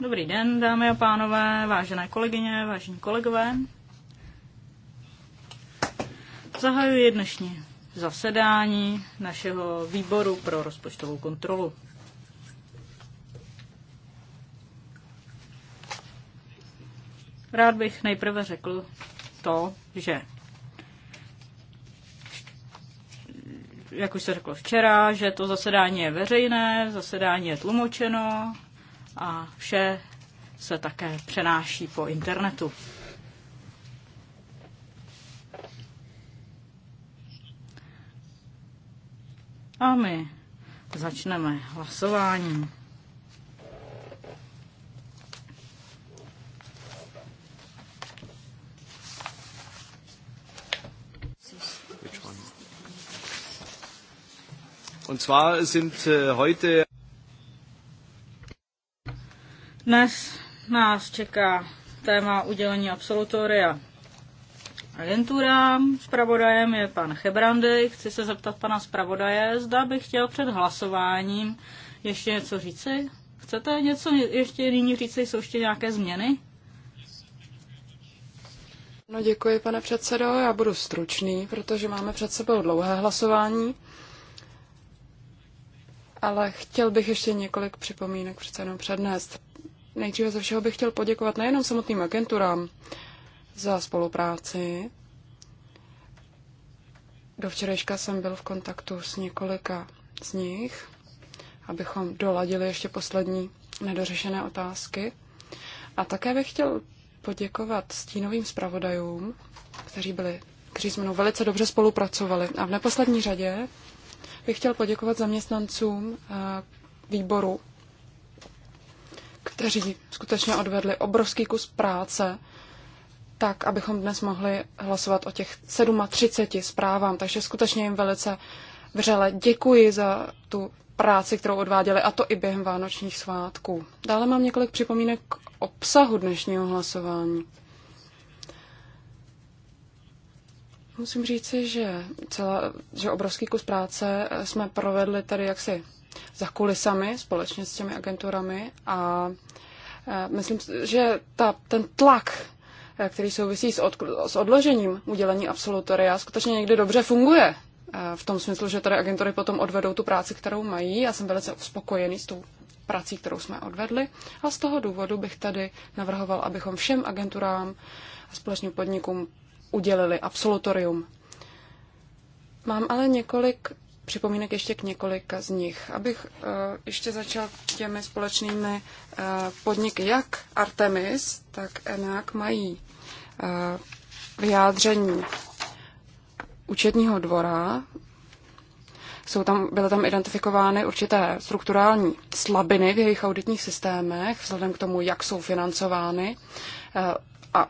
Dobrý den, dámy a pánové, vážené kolegyně, vážení kolegové. Zahajuji dnešní zasedání našeho výboru pro rozpočtovou kontrolu. Rád bych nejprve řekl to, že jak už se řeklo včera, že to zasedání je veřejné, zasedání je tlumočeno a vše se také přenáší po internetu. A my začneme hlasováním. Und zwar sind äh, heute Dnes nás čeká téma udělení absolutoria agenturám. Spravodajem je pan Hebrandy. Chci se zeptat pana zpravodaje, zda bych chtěl před hlasováním ještě něco říci. Chcete něco ještě nyní říci? Jsou ještě nějaké změny? No děkuji, pane předsedo. Já budu stručný, protože máme před sebou dlouhé hlasování ale chtěl bych ještě několik připomínek přece jenom přednést. Nejdříve ze všeho bych chtěl poděkovat nejenom samotným agenturám za spolupráci. Do včerejška jsem byl v kontaktu s několika z nich, abychom doladili ještě poslední nedořešené otázky. A také bych chtěl poděkovat stínovým zpravodajům, kteří byli, kteří s mnou velice dobře spolupracovali. A v neposlední řadě bych chtěl poděkovat zaměstnancům eh, výboru, kteří skutečně odvedli obrovský kus práce, tak, abychom dnes mohli hlasovat o těch 37 zprávám. Takže skutečně jim velice vřele děkuji za tu práci, kterou odváděli, a to i během vánočních svátků. Dále mám několik připomínek k obsahu dnešního hlasování. Musím říci, že, celá, že obrovský kus práce jsme provedli tady jaksi za kulisami společně s těmi agenturami a e, myslím, že ta, ten tlak, e, který souvisí s, od, s odložením udělení absolutoria, skutečně někdy dobře funguje. E, v tom smyslu, že tady agentury potom odvedou tu práci, kterou mají. Já jsem velice uspokojený s tou prací, kterou jsme odvedli. A z toho důvodu bych tady navrhoval, abychom všem agenturám a společným podnikům udělili absolutorium. Mám ale několik připomínek ještě k několika z nich. Abych uh, ještě začal těmi společnými uh, podniky. Jak Artemis, tak Enak mají uh, vyjádření účetního dvora. Jsou tam, byly tam identifikovány určité strukturální slabiny v jejich auditních systémech, vzhledem k tomu, jak jsou financovány. Uh, a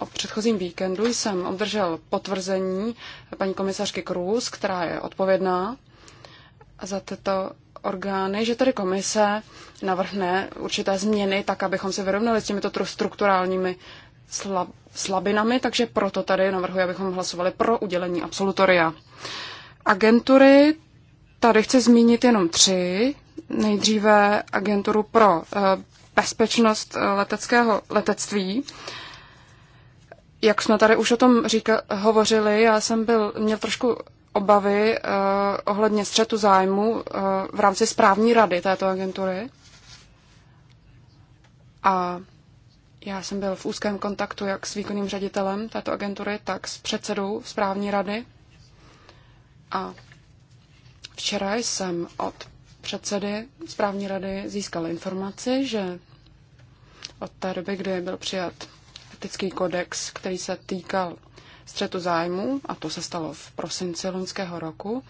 o předchozím víkendu jsem obdržel potvrzení paní komisařky Krůz, která je odpovědná za tyto orgány, že tedy komise navrhne určité změny, tak abychom se vyrovnali s těmito strukturálními slab, slabinami, takže proto tady navrhuji, abychom hlasovali pro udělení absolutoria. Agentury, tady chci zmínit jenom tři. Nejdříve agenturu pro eh, bezpečnost eh, leteckého letectví. Jak jsme tady už o tom říka, hovořili, já jsem byl, měl trošku obavy uh, ohledně střetu zájmu uh, v rámci správní rady této agentury. A já jsem byl v úzkém kontaktu jak s výkonným ředitelem této agentury, tak s předsedou správní rady. A včera jsem od předsedy správní rady získal informaci, že od té doby, kdy byl přijat etický kodex, který se týkal střetu zájmů, a to se stalo v prosinci loňského roku,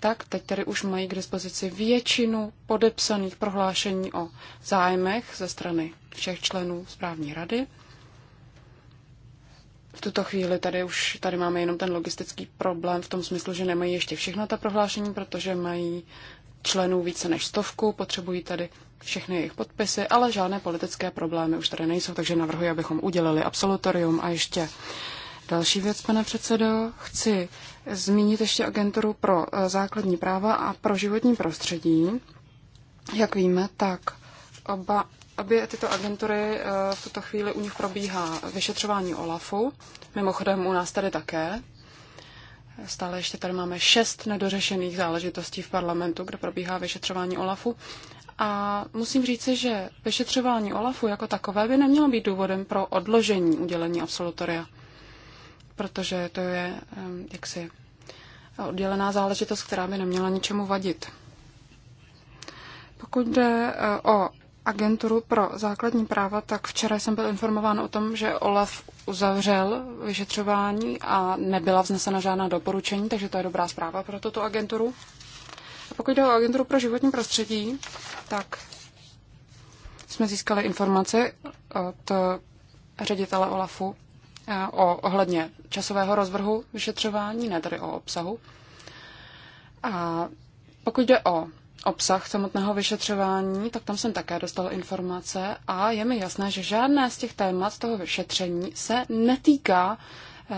tak teď tedy už mají k dispozici většinu podepsaných prohlášení o zájmech ze strany všech členů správní rady. V tuto chvíli tady už tady máme jenom ten logistický problém v tom smyslu, že nemají ještě všechna ta prohlášení, protože mají členů více než stovku, potřebují tady všechny jejich podpisy, ale žádné politické problémy už tady nejsou, takže navrhuji, abychom udělali absolutorium. A ještě další věc, pane předsedo, chci zmínit ještě agenturu pro eh, základní práva a pro životní prostředí. Jak víme, tak oba, obě tyto agentury eh, v tuto chvíli u nich probíhá vyšetřování OLAFu, mimochodem u nás tady také, Stále ještě tady máme šest nedořešených záležitostí v parlamentu, kde probíhá vyšetřování OLAFu. A musím říci, že vyšetřování OLAFu jako takové by nemělo být důvodem pro odložení udělení absolutoria, protože to je jaksi oddělená záležitost, která by neměla ničemu vadit. Pokud jde e, o agenturu pro základní práva, tak včera jsem byl informován o tom, že OLAF uzavřel vyšetřování a nebyla vznesena žádná doporučení, takže to je dobrá zpráva pro tuto agenturu. A pokud jde o agenturu pro životní prostředí, tak jsme získali informace od ředitele OLAFu eh, o, ohledně časového rozvrhu vyšetřování, ne tedy o obsahu. A pokud jde o obsah samotného vyšetřování, tak tam jsem také dostal informace a je mi jasné, že žádné z těch témat z toho vyšetření se netýká eh,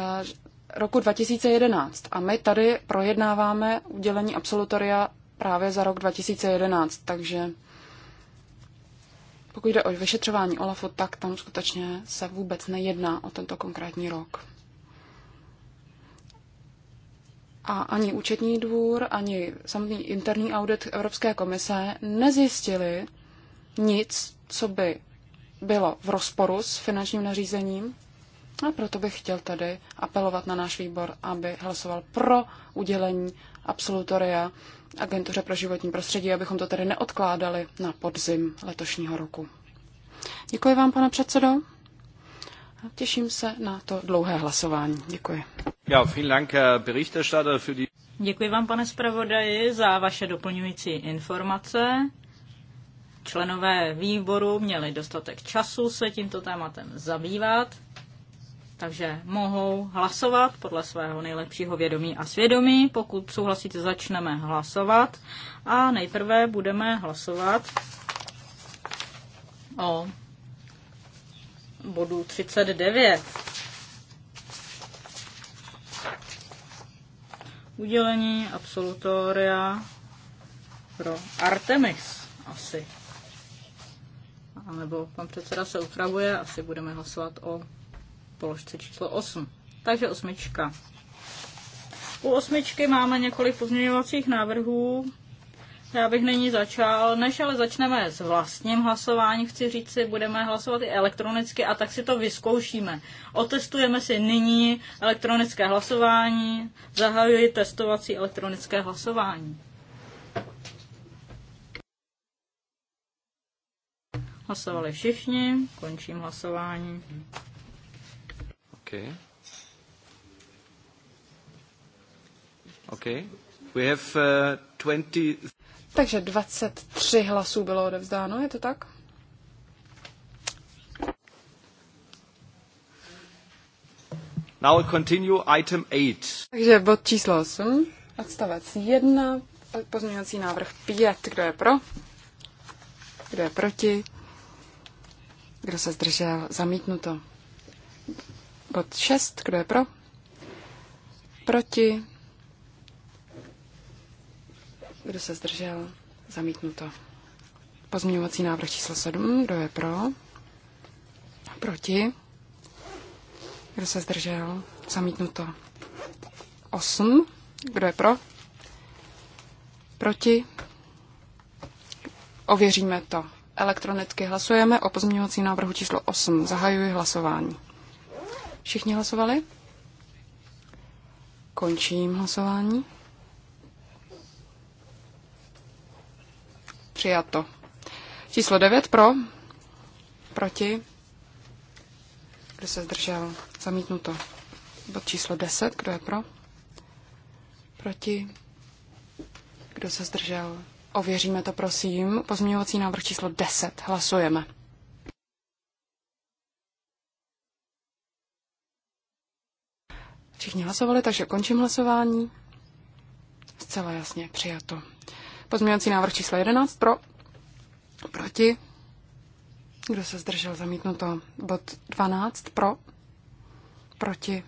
roku 2011. A my tady projednáváme udělení absolutoria právě za rok 2011, takže pokud jde o vyšetřování OLAFu, tak tam skutečně se vůbec nejedná o tento konkrétní rok. A ani účetní dvůr, ani samotný interní audit Evropské komise nezjistili nic, co by bylo v rozporu s finančním nařízením. A proto bych chtěl tady apelovat na náš výbor, aby hlasoval pro udělení absolutoria agentuře pro životní prostředí, abychom to tedy neodkládali na podzim letošního roku. Děkuji vám, pane předsedo. A těším se na to dlouhé hlasování. Děkuji. Ja, vielen Dank, Berichterstatter, für die... Děkuji vám, pane zpravodaji, za vaše doplňující informace. Členové výboru měli dostatek času se tímto tématem zabývat takže mohou hlasovat podle svého nejlepšího vědomí a svědomí. Pokud souhlasíte, začneme hlasovat. A nejprve budeme hlasovat o bodu 39. Udělení absolutoria pro Artemis asi. A nebo pan předseda se upravuje, asi budeme hlasovat o položce číslo 8. Takže osmička. U osmičky máme několik pozměňovacích návrhů. Já bych nyní začal. Než ale začneme s vlastním hlasováním, chci říct si, budeme hlasovat i elektronicky a tak si to vyzkoušíme. Otestujeme si nyní elektronické hlasování. Zahajuji testovací elektronické hlasování. Hlasovali všichni, končím hlasování. Okay. Okay. We have, uh, 20... Takže 23 hlasů bylo odevzdáno, je to tak? Now continue item eight. Takže bod číslo 8, odstavec 1, pozměňovací návrh 5. Kdo je pro? Kdo je proti? Kdo se zdržel? Zamítnuto. Bod 6, kdo je pro? Proti? Kdo se zdržel? Zamítnuto. Pozměňovací návrh číslo 7, kdo je pro? Proti? Kdo se zdržel? Zamítnuto. 8, kdo je pro? Proti? Ověříme to. Elektronicky hlasujeme o pozměňovacím návrhu číslo 8. Zahajuji hlasování. Všichni hlasovali? Končím hlasování. Přijato. Číslo 9 pro, proti, kdo se zdržel, zamítnuto. Bod číslo 10, kdo je pro, proti, kdo se zdržel. Ověříme to, prosím. Pozměňovací návrh číslo 10. Hlasujeme. Všichni hlasovali, takže končím hlasování. Zcela jasně přijato. Pozměňovací návrh číslo 11 pro, proti, kdo se zdržel zamítnuto, bod 12 pro, proti,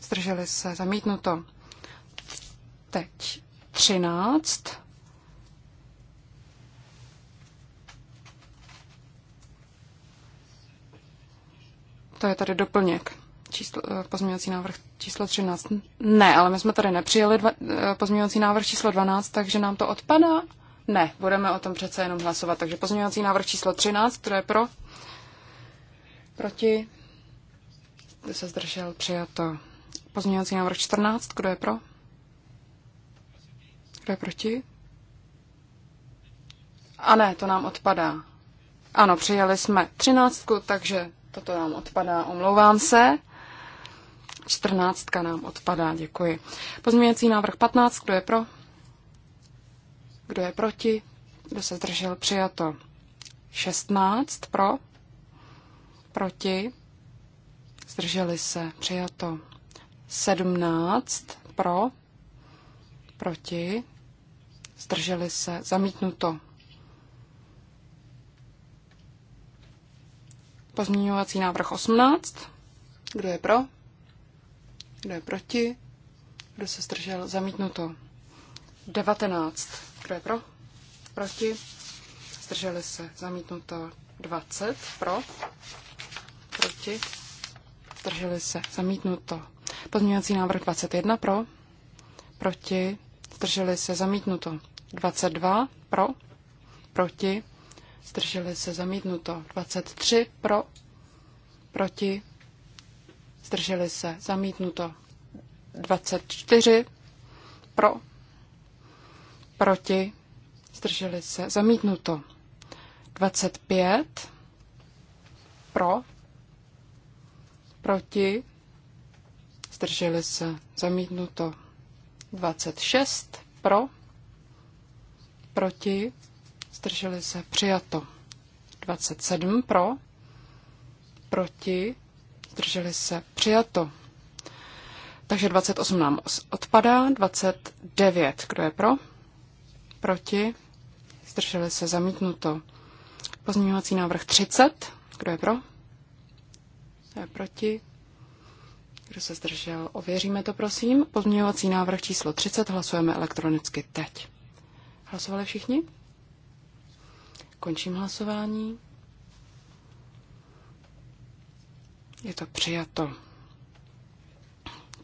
zdrželi se zamítnuto. Teď 13. To je tady doplněk, číslo, eh, pozměňovací návrh číslo 13. Ne, ale my jsme tady nepřijeli dva, eh, pozměňovací návrh číslo 12, takže nám to odpadá. Ne, budeme o tom přece jenom hlasovat. Takže pozměňovací návrh číslo 13, kdo je pro? Proti? Kdo se zdržel? Přijato. Pozměňovací návrh 14, kdo je pro? Kdo je proti? A ne, to nám odpadá. Ano, přijeli jsme 13, takže toto nám odpadá, omlouvám se. 14 nám odpadá, děkuji. Pozměňovací návrh 15, kdo je pro? Kdo je proti? Kdo se zdržel? Přijato. 16 pro? Proti? Zdrželi se? Přijato. 17 pro? Proti? Zdrželi se? Zamítnuto. Pozměňovací návrh 18. Kdo je pro? Kdo je proti? Kdo se zdržel? Zamítnuto. 19. Kdo je pro? Proti? Zdrželi se. Zamítnuto. 20. Pro? Proti? Zdrželi se. Zamítnuto. Pozměňovací návrh 21. Pro? Proti? Zdrželi se. Zamítnuto. 22. Pro? Proti? Zdrželi se. Zamítnuto. 23. Pro? Proti? zdrželi se, zamítnuto. 24 pro, proti, zdrželi se, zamítnuto. 25 pro, proti, zdrželi se, zamítnuto. 26 pro, proti, zdrželi se, přijato. 27 pro, proti, zdrželi se, přijato. Takže 28 nám odpadá, 29, kdo je pro, proti, zdrželi se, zamítnuto. Pozměňovací návrh 30, kdo je pro, kdo je proti, kdo se zdržel, ověříme to, prosím. Pozměňovací návrh číslo 30 hlasujeme elektronicky teď. Hlasovali všichni? Končím hlasování. Je to přijato.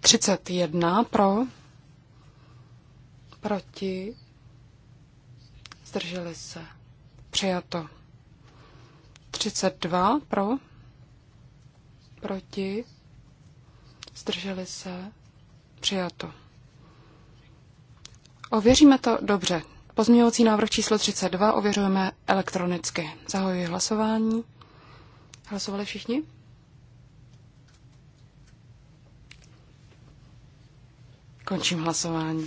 31 pro, proti, zdrželi se. Přijato. 32 pro, proti, zdrželi se. Přijato. Ověříme to dobře. Pozměňovací návrh číslo 32 ověřujeme elektronicky. Zahajuji hlasování. Hlasovali všichni? Končím hlasování.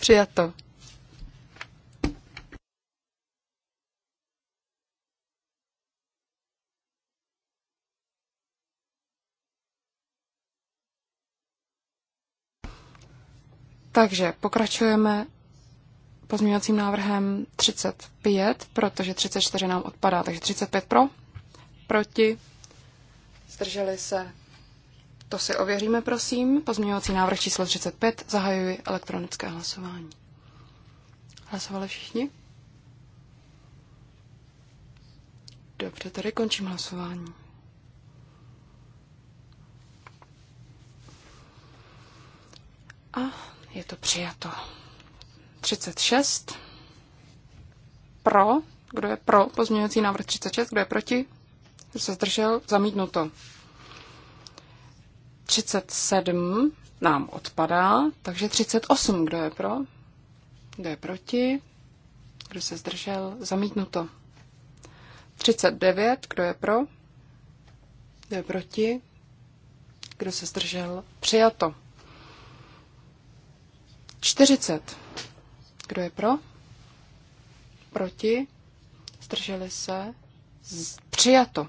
Přijato. Takže pokračujeme pozměňovacím návrhem 35, protože 34 nám odpadá. Takže 35 pro, proti, Zdrželi se? To si ověříme, prosím. Pozměňovací návrh číslo 35. Zahajuji elektronické hlasování. Hlasovali všichni? Dobře, tady končím hlasování. A je to přijato. 36. Pro. Kdo je pro pozměňovací návrh 36? Kdo je proti? kdo se zdržel, zamítnuto. 37 nám odpadá, takže 38, kdo je pro, kdo je proti, kdo se zdržel, zamítnuto. 39, kdo je pro, kdo je proti, kdo se zdržel, přijato. 40, kdo je pro, proti, zdrželi se, z... přijato.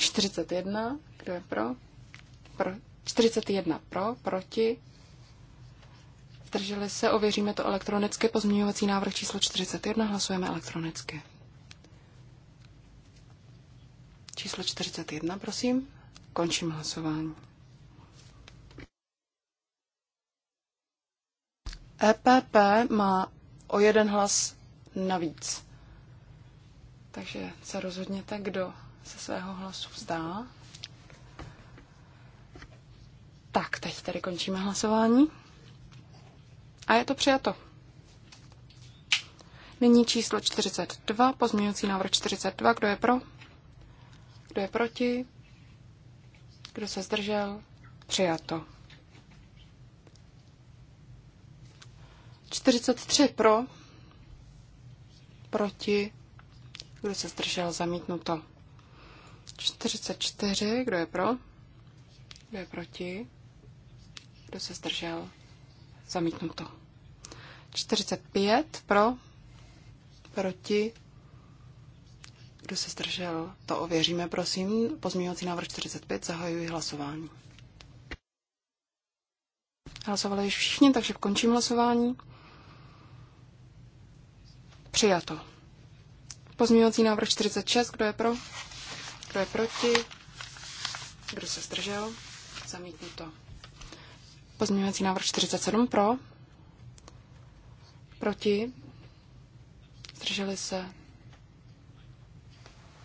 41, kdo je pro? pro 41 pro, proti. Zdrželi se, ověříme to elektronicky. Pozměňovací návrh číslo 41, hlasujeme elektronicky. Číslo 41, prosím. Končím hlasování. EPP má o jeden hlas navíc. Takže se rozhodněte, kdo se svého hlasu vzdá. Tak, teď tady končíme hlasování. A je to přijato. Nyní číslo 42, pozměňující návrh 42. Kdo je pro? Kdo je proti? Kdo se zdržel? Přijato. 43 pro, proti, kdo se zdržel, zamítnuto. 44, kdo je pro? Kdo je proti? Kdo se zdržel? Zamítnuto. 45 pro, proti, kdo se zdržel, to ověříme, prosím. Pozměňovací návrh 45, zahajuji hlasování. Hlasovali již všichni, takže končím hlasování. Přijato. Pozměňovací návrh 46, kdo je pro? Kdo je proti? Kdo se zdržel? Zamítnuto. Pozměňovací návrh 47 pro. Proti. Zdrželi se.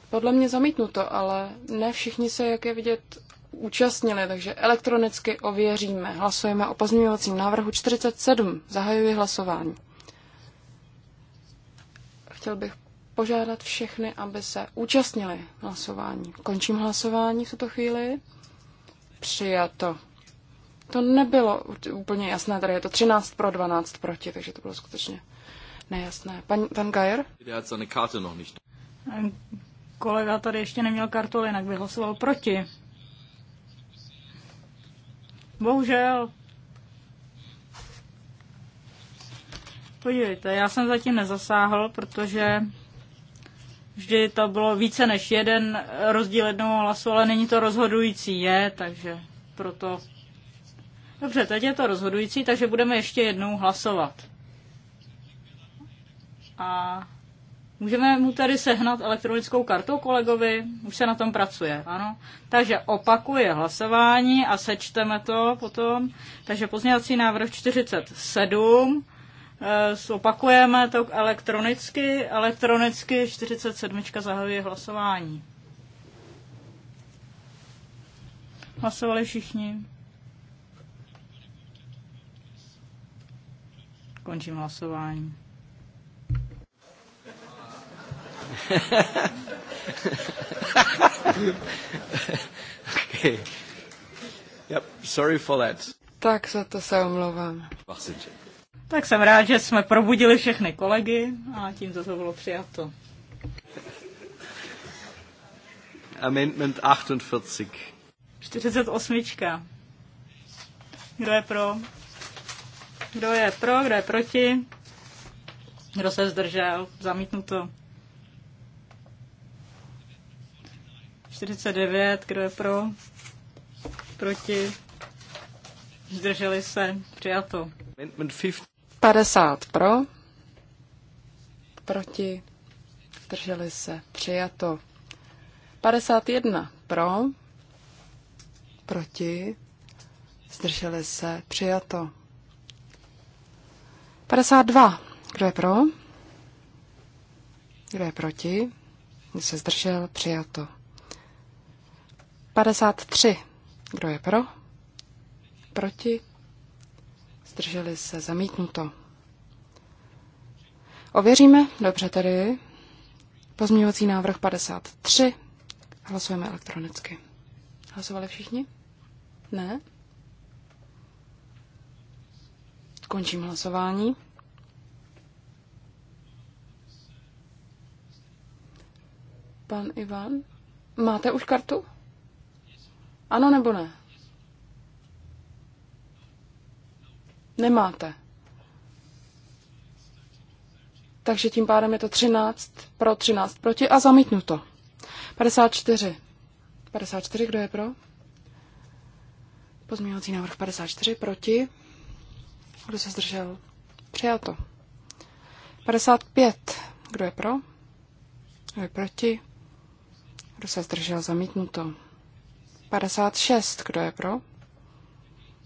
Podle mě zamítnuto, ale ne všichni se, jak je vidět, účastnili, takže elektronicky ověříme. Hlasujeme o pozměňovacím návrhu 47. Zahajuji hlasování. Chtěl bych požádat všechny, aby se účastnili hlasování. Končím hlasování v tuto chvíli. Přijato. To nebylo úplně jasné, tady je to 13 pro 12 proti, takže to bylo skutečně nejasné. Pan, pan Geier? Kolega tady ještě neměl kartu, jinak by hlasoval proti. Bohužel. Podívejte, já jsem zatím nezasáhl, protože vždy to bylo více než jeden rozdíl jednoho hlasu, ale není to rozhodující je, takže proto... Dobře, teď je to rozhodující, takže budeme ještě jednou hlasovat. A můžeme mu tady sehnat elektronickou kartu kolegovi, už se na tom pracuje, ano. Takže opakuje hlasování a sečteme to potom. Takže pozměňovací návrh 47, Zopakujeme eh, to elektronicky. Elektronicky 47. zahajuje hlasování. Hlasovali všichni. Končím hlasování. okay. yep, sorry for that. Tak za to se omlouvám. Vlastně. Tak jsem rád, že jsme probudili všechny kolegy a tím to bylo přijato. Amendment 48. 48. Kdo je pro? Kdo je pro, kdo je proti? Kdo se zdržel? Zamítnuto. 49, kdo je pro? Proti? Zdrželi se? Přijato. Amendment 50. 50 pro, proti, zdrželi se, přijato. 51 pro, proti, zdrželi se, přijato. 52, kdo je pro? Kdo je proti? Kdo se zdržel, přijato. 53, kdo je pro? Proti, zdrželi se, zamítnuto. Ověříme? Dobře tedy. Pozměňovací návrh 53. Hlasujeme elektronicky. Hlasovali všichni? Ne? Končím hlasování. Pan Ivan, máte už kartu? Ano nebo ne? nemáte. Takže tím pádem je to 13 pro, 13 proti a zamítnuto. 54. 54, kdo je pro? Pozměňovací návrh 54 proti. Kdo se zdržel? Přijato. 55. Kdo je pro? Kdo je proti? Kdo se zdržel? Zamítnuto. 56. Kdo je pro?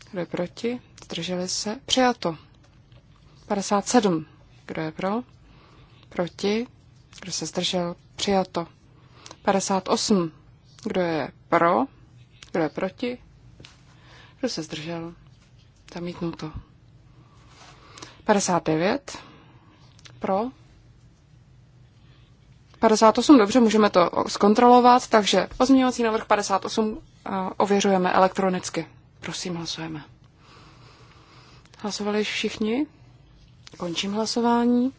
Kdo je proti? zdrželi se, přijato. 57, kdo je pro, proti, kdo se zdržel, přijato. 58, kdo je pro, kdo je proti, kdo se zdržel, zamítnuto. 59, pro, 58, dobře, můžeme to zkontrolovat, takže pozměňovací návrh 58 eh, ověřujeme elektronicky. Prosím, hlasujeme. Hlasovali všichni? Končím hlasování.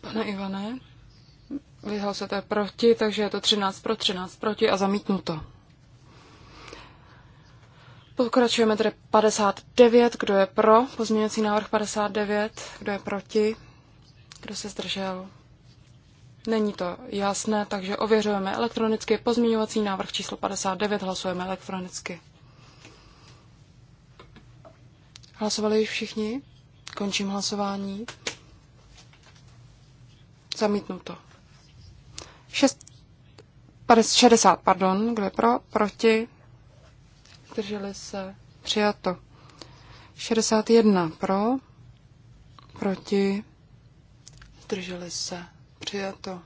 Pane Ivane, vy hlasujete proti, takže je to 13 pro, 13 proti a zamítnuto. Pokračujeme tedy 59, kdo je pro, pozměňovací návrh 59, kdo je proti, kdo se zdržel. Není to jasné, takže ověřujeme elektronicky pozměňovací návrh číslo 59, hlasujeme elektronicky. Hlasovali všichni? Končím hlasování. Zamítnuto. 6, 50, 60, pardon, kdo je pro, proti, zdrželi se, přijato. 61 pro, proti, zdrželi se, přijato.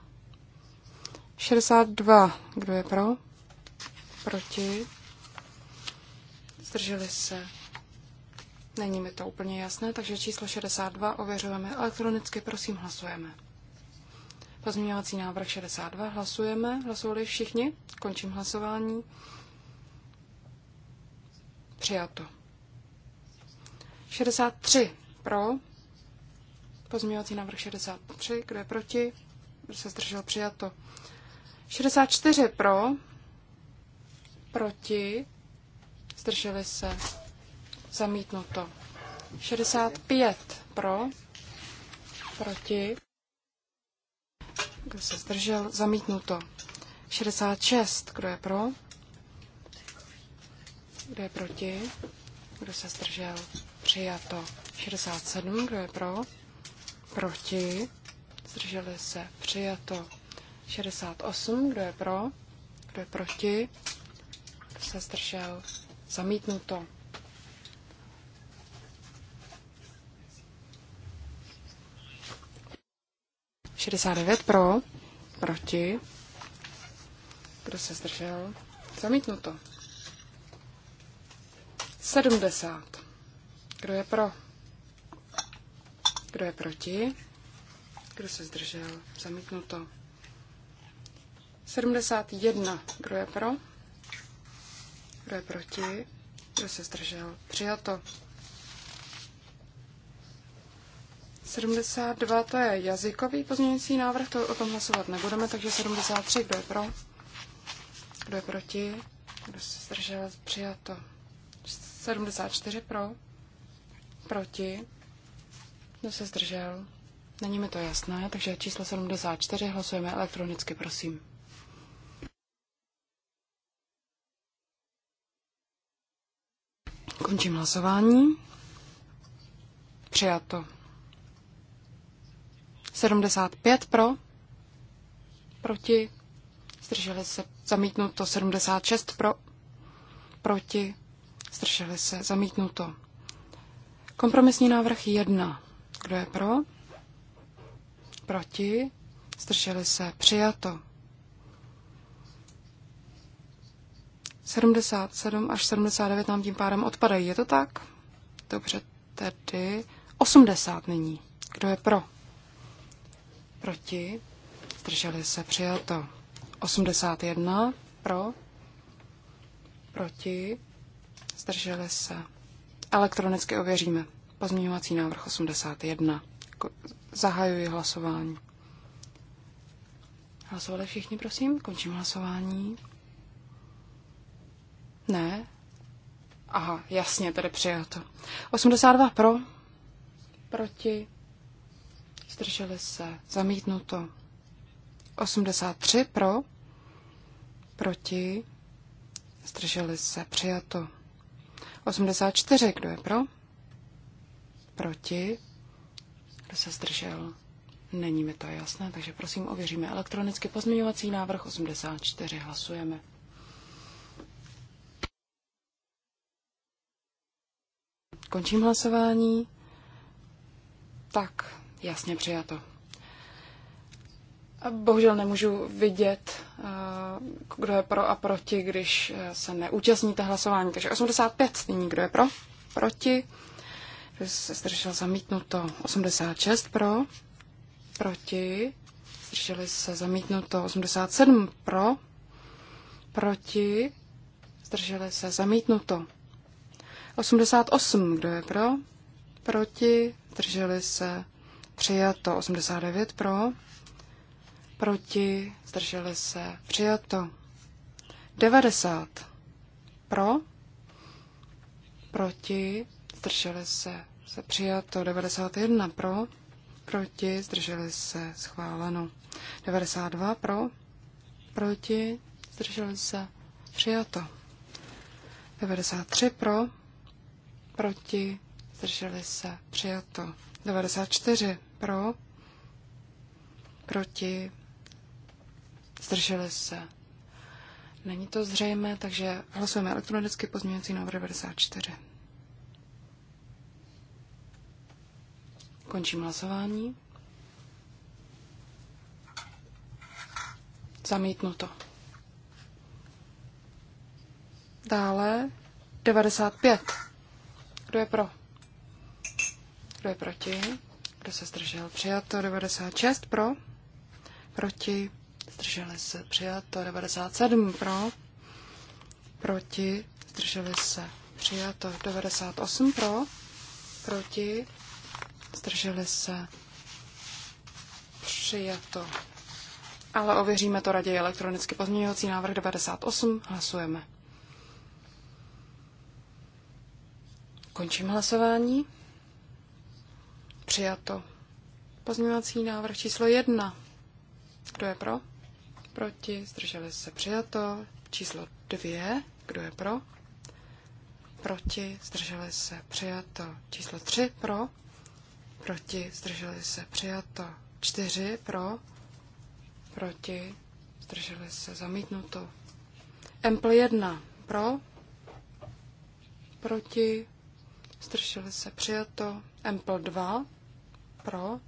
62, kdo je pro, proti, zdrželi se, Není mi to úplně jasné, takže číslo 62 ověřujeme elektronicky, prosím hlasujeme. Pozměňovací návrh 62 hlasujeme, hlasovali všichni, končím hlasování. Přijato. 63 pro, pozměňovací návrh 63, kdo je proti, kdo se zdržel, přijato. 64 pro, proti, zdrželi se, Zamítnuto. 65 pro, proti, kdo se zdržel, zamítnuto. 66, kdo je pro, kdo je proti, kdo se zdržel, přijato. 67, kdo je pro, proti, zdrželi se, přijato. 68, kdo je pro, kdo je proti, kdo se zdržel, zamítnuto. 69 pro, proti, kdo se zdržel, zamítnuto. 70. Kdo je pro? Kdo je proti? Kdo se zdržel? Zamítnuto. 71. Kdo je pro? Kdo je proti? Kdo se zdržel? Přijato. 72 to je jazykový pozměňující návrh, to o tom hlasovat nebudeme, takže 73, kdo je pro, kdo je proti, kdo se zdržel, přijato. 74 pro, proti, kdo se zdržel, není mi to jasné, takže číslo 74 hlasujeme elektronicky, prosím. Končím hlasování. Přijato. 75 pro, proti, zdrželi se zamítnuto 76 pro, proti, zdrželi se zamítnuto. Kompromisní návrh 1. Kdo je pro? Proti, zdrželi se přijato. 77 až 79 nám tím pádem odpadají. Je to tak? Dobře, tedy 80 nyní. Kdo je pro? Proti? Zdrželi se přijato. 81 pro? Proti? Zdrželi se. Elektronicky ověříme. Pozměňovací návrh 81. Zahajuji hlasování. Hlasovali všichni, prosím? Končím hlasování. Ne? Aha, jasně, tedy přijato. 82 pro, proti, zdrželi se, zamítnuto. 83 pro, proti, zdrželi se, přijato. 84, kdo je pro? Proti, kdo se zdržel? Není mi to jasné, takže prosím ověříme elektronicky pozměňovací návrh 84. Hlasujeme. Končím hlasování. Tak, Jasně přijato. Bohužel nemůžu vidět, eh, kdo je pro a proti, když eh, se neúčastníte hlasování. Takže 85 nyní, kdo je pro, proti. Kdo se zdržel zamítnuto 86 pro, proti. Zdrželi se zamítnuto 87 pro, proti. Zdrželi se zamítnuto 88, kdo je pro, proti. Zdrželi se přijato 89 pro, proti, zdrželi se, přijato 90 pro, proti, zdrželi se, se přijato 91 pro, proti, zdrželi se, schváleno 92 pro, proti, zdrželi se, přijato 93 pro, proti, zdrželi se, přijato 94 pro, proti, zdrželi se. Není to zřejmé, takže hlasujeme elektronicky pozměňující návrh 94. Končím hlasování. Zamítnuto. Dále 95. Kdo je pro? Kdo je proti? kdo se zdržel, přijato 96 pro, proti, zdrželi se, přijato 97 pro, proti, zdrželi se, přijato 98 pro, proti, zdrželi se, přijato. Ale ověříme to raději elektronicky. Pozměňovací návrh 98, hlasujeme. Končím hlasování. Přijato. Pozměňovací návrh číslo 1. Kdo je pro? Proti. Zdrželi se. Přijato. Číslo 2. Kdo je pro? Proti. Zdrželi se. Přijato. Číslo 3. Pro. Proti. Zdrželi se. Přijato. 4. Pro. Proti. Zdrželi se. Zamítnuto. Empl 1. Pro. Proti. Zdrželi se. Přijato. Empl 2 pro,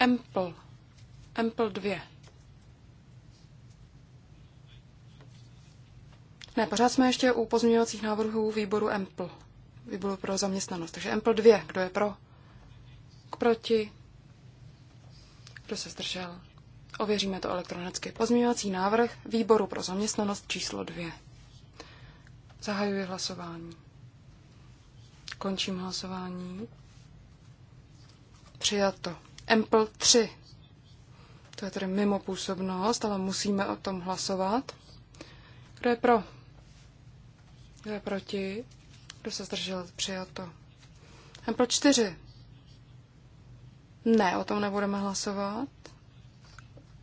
Ample, Ample 2. Ne, pořád jsme ještě u pozměňovacích návrhů výboru Ample, výboru pro zaměstnanost. Takže Ample 2, kdo je pro? K proti? Kdo se zdržel? Ověříme to elektronicky. Pozměňovací návrh výboru pro zaměstnanost číslo 2. Zahajuji hlasování. Končím hlasování. Přijato. Empl 3. To je tedy mimo působnost, ale musíme o tom hlasovat. Kdo je pro? Kdo je proti? Kdo se zdržel? Přijato. Empl 4. Ne, o tom nebudeme hlasovat.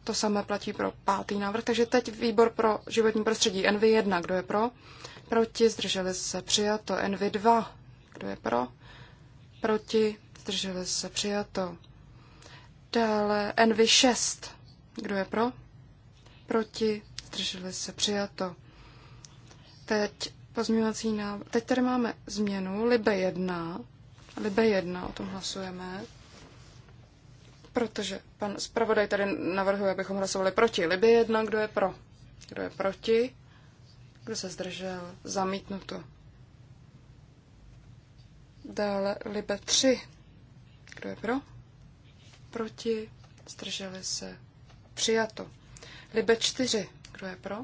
To samé platí pro pátý návrh, takže teď výbor pro životní prostředí NV1. Kdo je pro? Proti zdrželi se přijato NV2. Kdo je pro? Proti? Zdrželi se přijato. Dále NV6. Kdo je pro? Proti? Zdrželi se přijato. Teď pozměňovací návrh. Teď tady máme změnu. Libe 1. Libe 1, o tom hlasujeme. Protože pan zpravodaj tady navrhuje, abychom hlasovali proti. Libě 1, kdo je pro? Kdo je proti? Kdo se zdržel? Zamítnuto. Dále Libe 3. Kdo je pro? Proti? Zdrželi se? Přijato. Libe 4. Kdo je pro?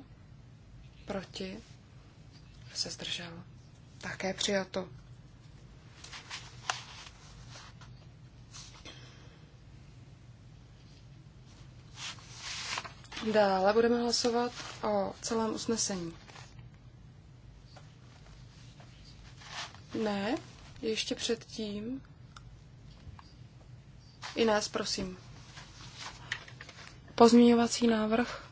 Proti? Kdo se zdržel? Také přijato. Dále budeme hlasovat o celém usnesení. Ne, ještě předtím. I nás, prosím. Pozměňovací návrh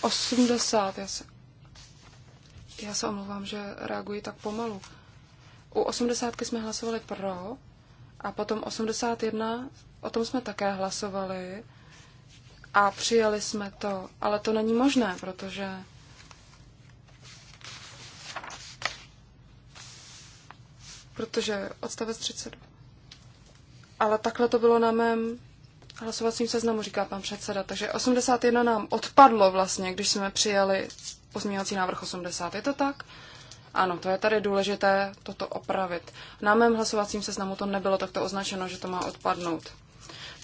80. Já se, já se omlouvám, že reaguji tak pomalu. U 80 jsme hlasovali pro a potom 81, o tom jsme také hlasovali a přijali jsme to, ale to není možné, protože protože odstavec 32. Ale takhle to bylo na mém hlasovacím seznamu, říká pan předseda. Takže 81 nám odpadlo vlastně, když jsme přijali pozměňovací návrh 80. Je to tak? Ano, to je tady důležité toto opravit. Na mém hlasovacím seznamu to nebylo takto označeno, že to má odpadnout.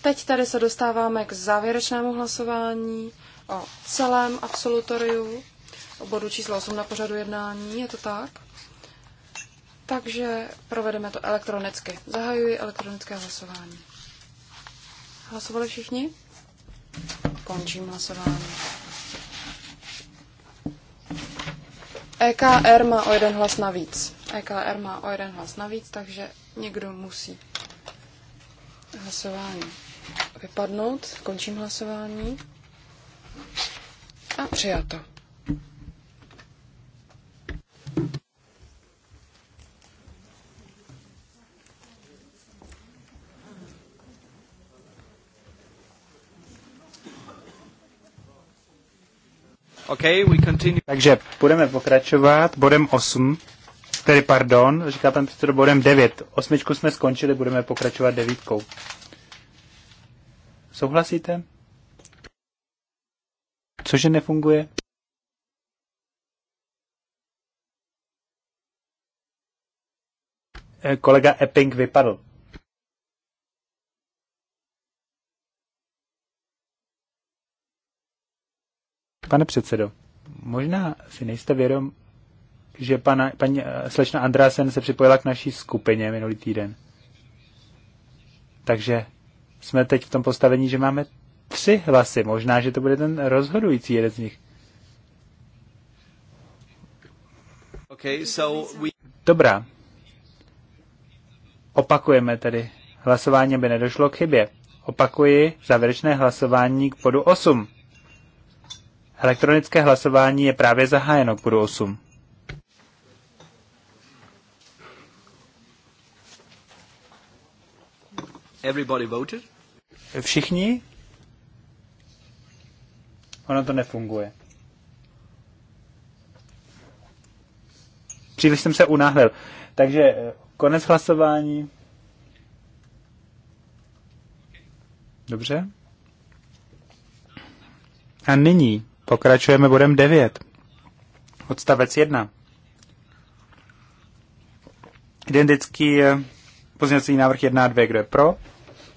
Teď tady se dostáváme k závěrečnému hlasování o celém absolutoriu, o bodu číslo 8 na pořadu jednání, je to tak? Takže provedeme to elektronicky. Zahajuji elektronické hlasování. Hlasovali všichni? Končím hlasování. EKR má o jeden hlas navíc. EKR má o jeden hlas navíc, takže někdo musí hlasování vypadnout. Končím hlasování. A přijato. Okay, we continue. Takže budeme pokračovat bodem 8, tedy pardon, říká pan předseda bodem 9. Osmičku jsme skončili, budeme pokračovat devítkou. Souhlasíte? Cože nefunguje? Eh, kolega Epping vypadl. Pane předsedo, možná si nejste vědom, že pana, paní eh, slečna Andrásen se připojila k naší skupině minulý týden. Takže jsme teď v tom postavení, že máme tři hlasy. Možná, že to bude ten rozhodující jeden z nich. Okay, so we... Dobrá. Opakujeme tedy hlasování, aby nedošlo k chybě. Opakuji závěrečné hlasování k bodu 8. Elektronické hlasování je právě zahájeno k bodu 8. Everybody voted? Všichni? Ono to nefunguje. Příliš jsem se unáhlil. Takže eh, konec hlasování. Dobře. A nyní Pokračujeme bodem 9. Odstavec 1. Identický eh, pozměňovací návrh 1 a 2. Kdo je pro?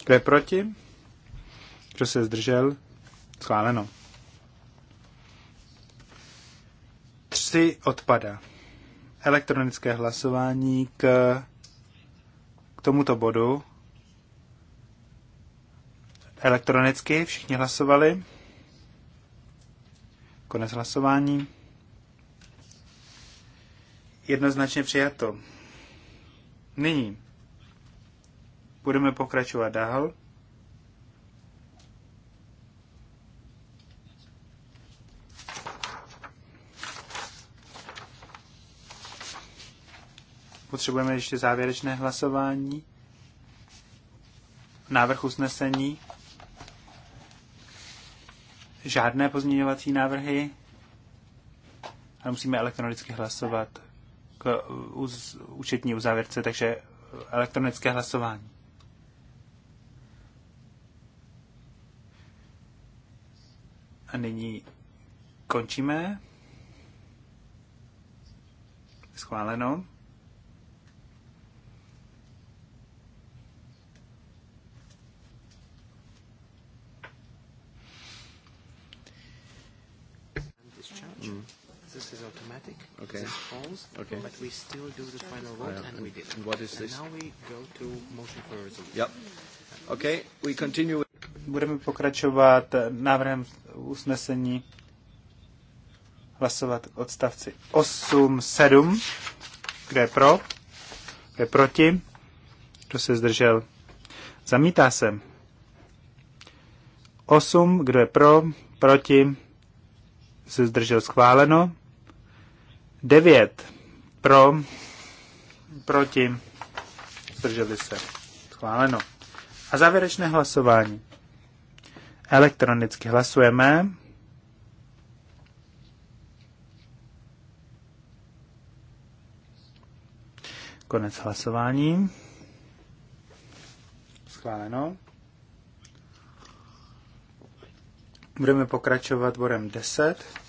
Kdo je proti? Kdo se zdržel? Schváleno. 3 odpada. Elektronické hlasování k, k tomuto bodu. Elektronicky všichni hlasovali. Konec hlasování. Jednoznačně přijato. Nyní budeme pokračovat dál. Potřebujeme ještě závěrečné hlasování. Návrh usnesení žádné pozměňovací návrhy, a musíme elektronicky hlasovat k uz, uzávěrce, takže elektronické hlasování. A nyní končíme. Schváleno. automatic. Okay. This falls. Okay. But we still do the final vote, yeah. and we did. And what is this? And now we go to motion for resolution. Yep. Okay. We continue. Budeme pokračovat návrhem usnesení hlasovat odstavci 8, 7. Kde je pro? Kde je proti? Kdo se zdržel? Zamítá se. 8. Kdo je pro? Proti? se zdržel schváleno. 9 pro, proti, zdrželi se. Schváleno. A závěrečné hlasování. Elektronicky hlasujeme. Konec hlasování. Schváleno. Budeme pokračovat bodem 10.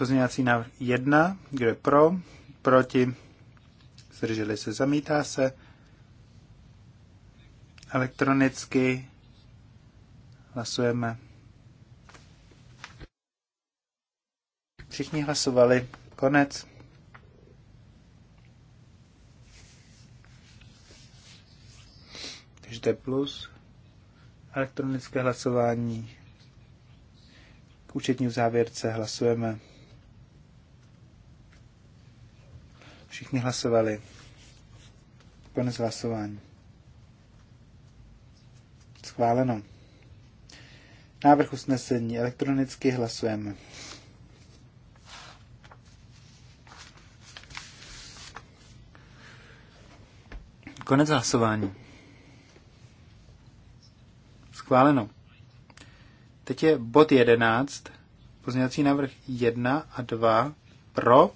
Pozměňovací návrh 1, kdo je pro, proti, zdrželi se, zamítá se. Elektronicky hlasujeme. Všichni hlasovali. Konec. Takže to je plus. Elektronické hlasování. K účetní závěrce hlasujeme. Všichni hlasovali. Konec hlasování. Schváleno. Návrh usnesení. Elektronicky hlasujeme. Konec hlasování. Schváleno. Teď je bod 11, pozměňovací návrh 1 a 2 pro,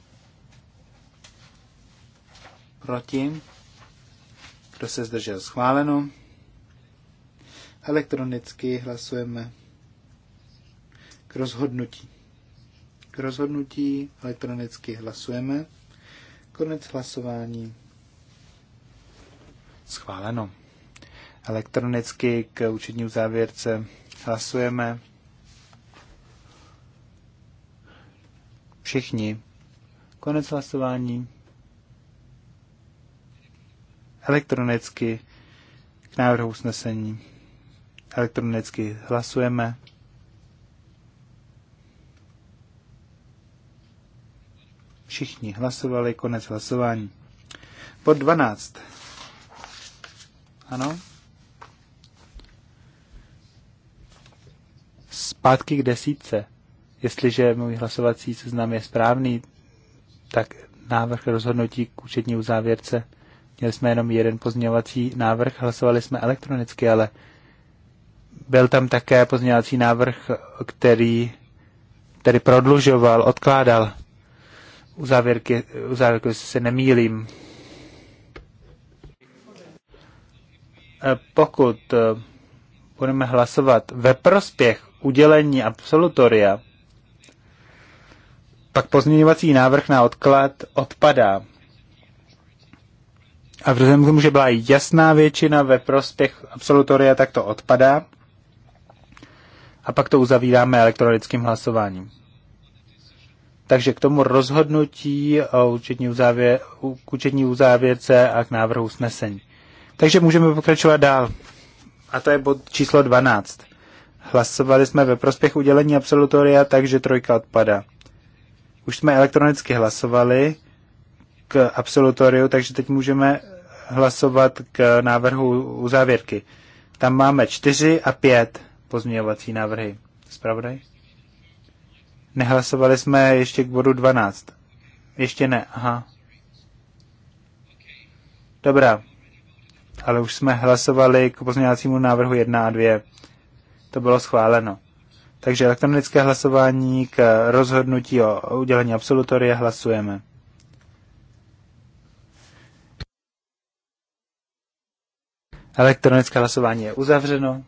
Proti? Kdo se zdržel? Schváleno. Elektronicky hlasujeme k rozhodnutí. K rozhodnutí elektronicky hlasujeme. Konec hlasování. Schváleno. Elektronicky k účetní závěrce hlasujeme. Všichni. Konec hlasování elektronicky k návrhu usnesení. Elektronicky hlasujeme. Všichni hlasovali, konec hlasování. Pod 12. Ano? Zpátky k desítce. Jestliže můj hlasovací seznam je správný, tak návrh rozhodnutí k účetní uzávěrce Měli jsme jenom jeden pozměňovací návrh, hlasovali jsme elektronicky, ale byl tam také pozměňovací návrh, který který prodlužoval, odkládal u závěrky, u závěrky se nemýlím. E, pokud e, budeme hlasovat ve prospěch udělení absolutoria, pak pozměňovací návrh na odklad odpadá a vzhledem k tomu, že byla jasná většina ve prospěch absolutoria, tak to odpadá. A pak to uzavíráme elektronickým hlasováním. Takže k tomu rozhodnutí o účetní, uzávě, k účetní uzávěrce a k návrhu usnesení. Takže můžeme pokračovat dál. A to je bod číslo 12. Hlasovali jsme ve prospěch udělení absolutoria, takže trojka odpada. Už jsme elektronicky hlasovali k absolutoriu, takže teď můžeme hlasovat k návrhu uzávěrky. Tam máme čtyři a pět pozměňovací návrhy. Spravodaj? Nehlasovali jsme ještě k bodu 12. Ještě ne, aha. Dobrá. Ale už jsme hlasovali k pozměňovacímu návrhu 1 a 2. To bylo schváleno. Takže elektronické hlasování k rozhodnutí o udělení absolutoria hlasujeme. Elektronické hlasování je uzavřeno.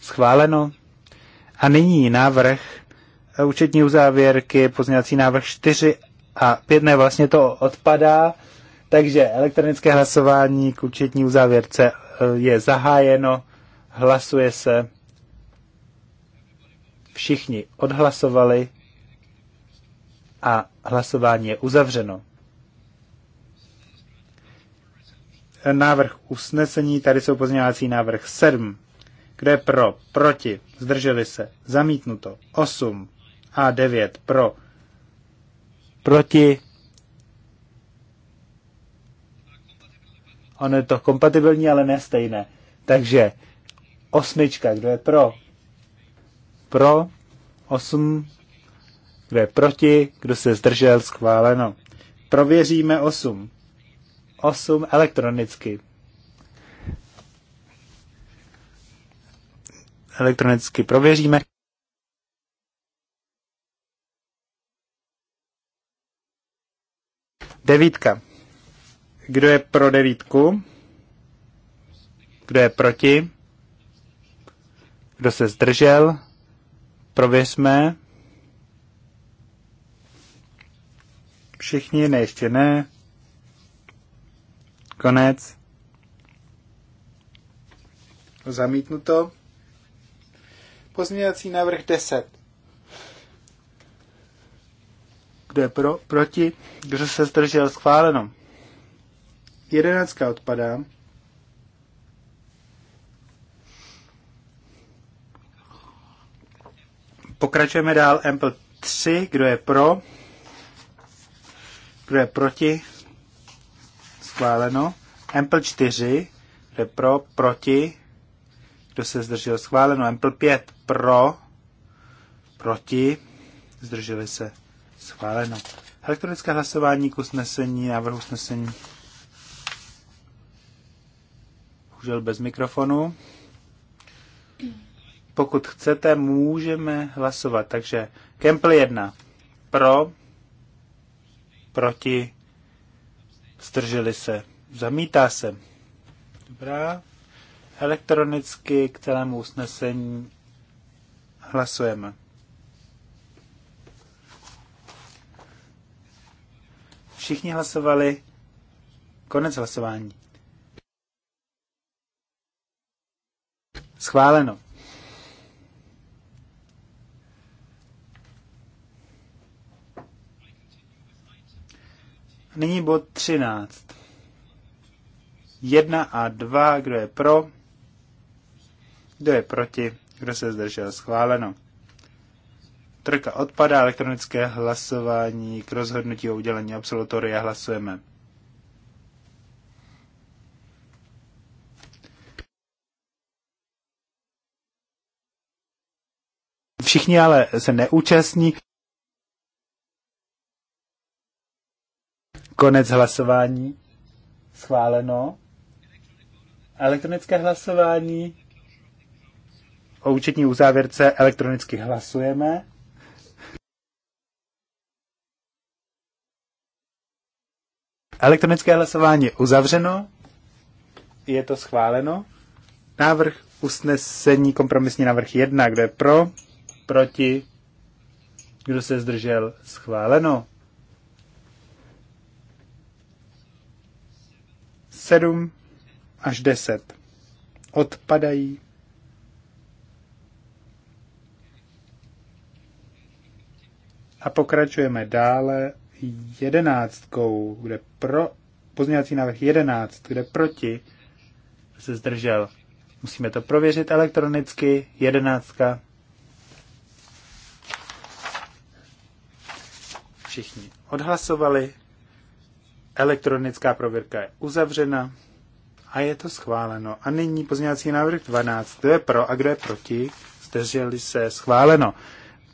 Schváleno. A nyní návrh účetní uzávěrky, pozměňovací návrh 4 a 5, ne, vlastně to odpadá. Takže elektronické hlasování k účetní uzávěrce eh, je zahájeno, hlasuje se. Všichni odhlasovali a hlasování je uzavřeno. návrh usnesení, tady jsou pozměňovací návrh 7. Kde pro, proti, zdrželi se, zamítnuto, 8 a 9 pro, proti, ono je to kompatibilní, ale ne stejné. Takže osmička, kdo je pro, pro, 8, kdo je proti, kdo se zdržel, schváleno. Prověříme 8. 8 elektronicky. Elektronicky prověříme. Devítka. Kdo je pro devítku? Kdo je proti? Kdo se zdržel? Prověřme. Všichni, ne, ještě ne. Konec. Zamítnuto. Pozměňovací návrh 10. Kdo je pro, proti? Kdo se zdržel? Schváleno. Jedenáctka odpadá. Pokračujeme dál. Ample 3. Kdo je pro? Kdo je proti? schváleno. Ample 4, kdo je pro, proti, kdo se zdržel, schváleno. Ample 5, pro, proti, zdrželi se, schváleno. Elektronické hlasování k usnesení, návrh usnesení. Bohužel bez mikrofonu. Pokud chcete, můžeme hlasovat. Takže Kempl 1. Pro, proti, zdrželi se, zamítá se. Dobrá. Elektronicky k celému usnesení hlasujeme. Všichni hlasovali. Konec hlasování. Schváleno. Nyní bod 13. 1 a 2, kdo je pro, kdo je proti, kdo se zdržel, schváleno. Trka odpadá, elektronické hlasování k rozhodnutí o udělení absolutoria hlasujeme. Všichni ale se neúčastní. Konec hlasování. Schváleno. Elektronické hlasování. O účetní uzávěrce elektronicky hlasujeme. Elektronické hlasování je uzavřeno. Je to schváleno. Návrh usnesení, kompromisní návrh 1, kde je pro, proti, kdo se zdržel, schváleno. 7 až 10 odpadají. A pokračujeme dále jedenáctkou, kde pro pozměňovací návrh jedenáct kde proti se zdržel. Musíme to prověřit elektronicky. Jedenáctka. Všichni odhlasovali. Elektronická prověrka je uzavřena a je to schváleno. A nyní pozměňovací návrh 12. Kdo je pro a kdo je proti? Zdrželi se schváleno.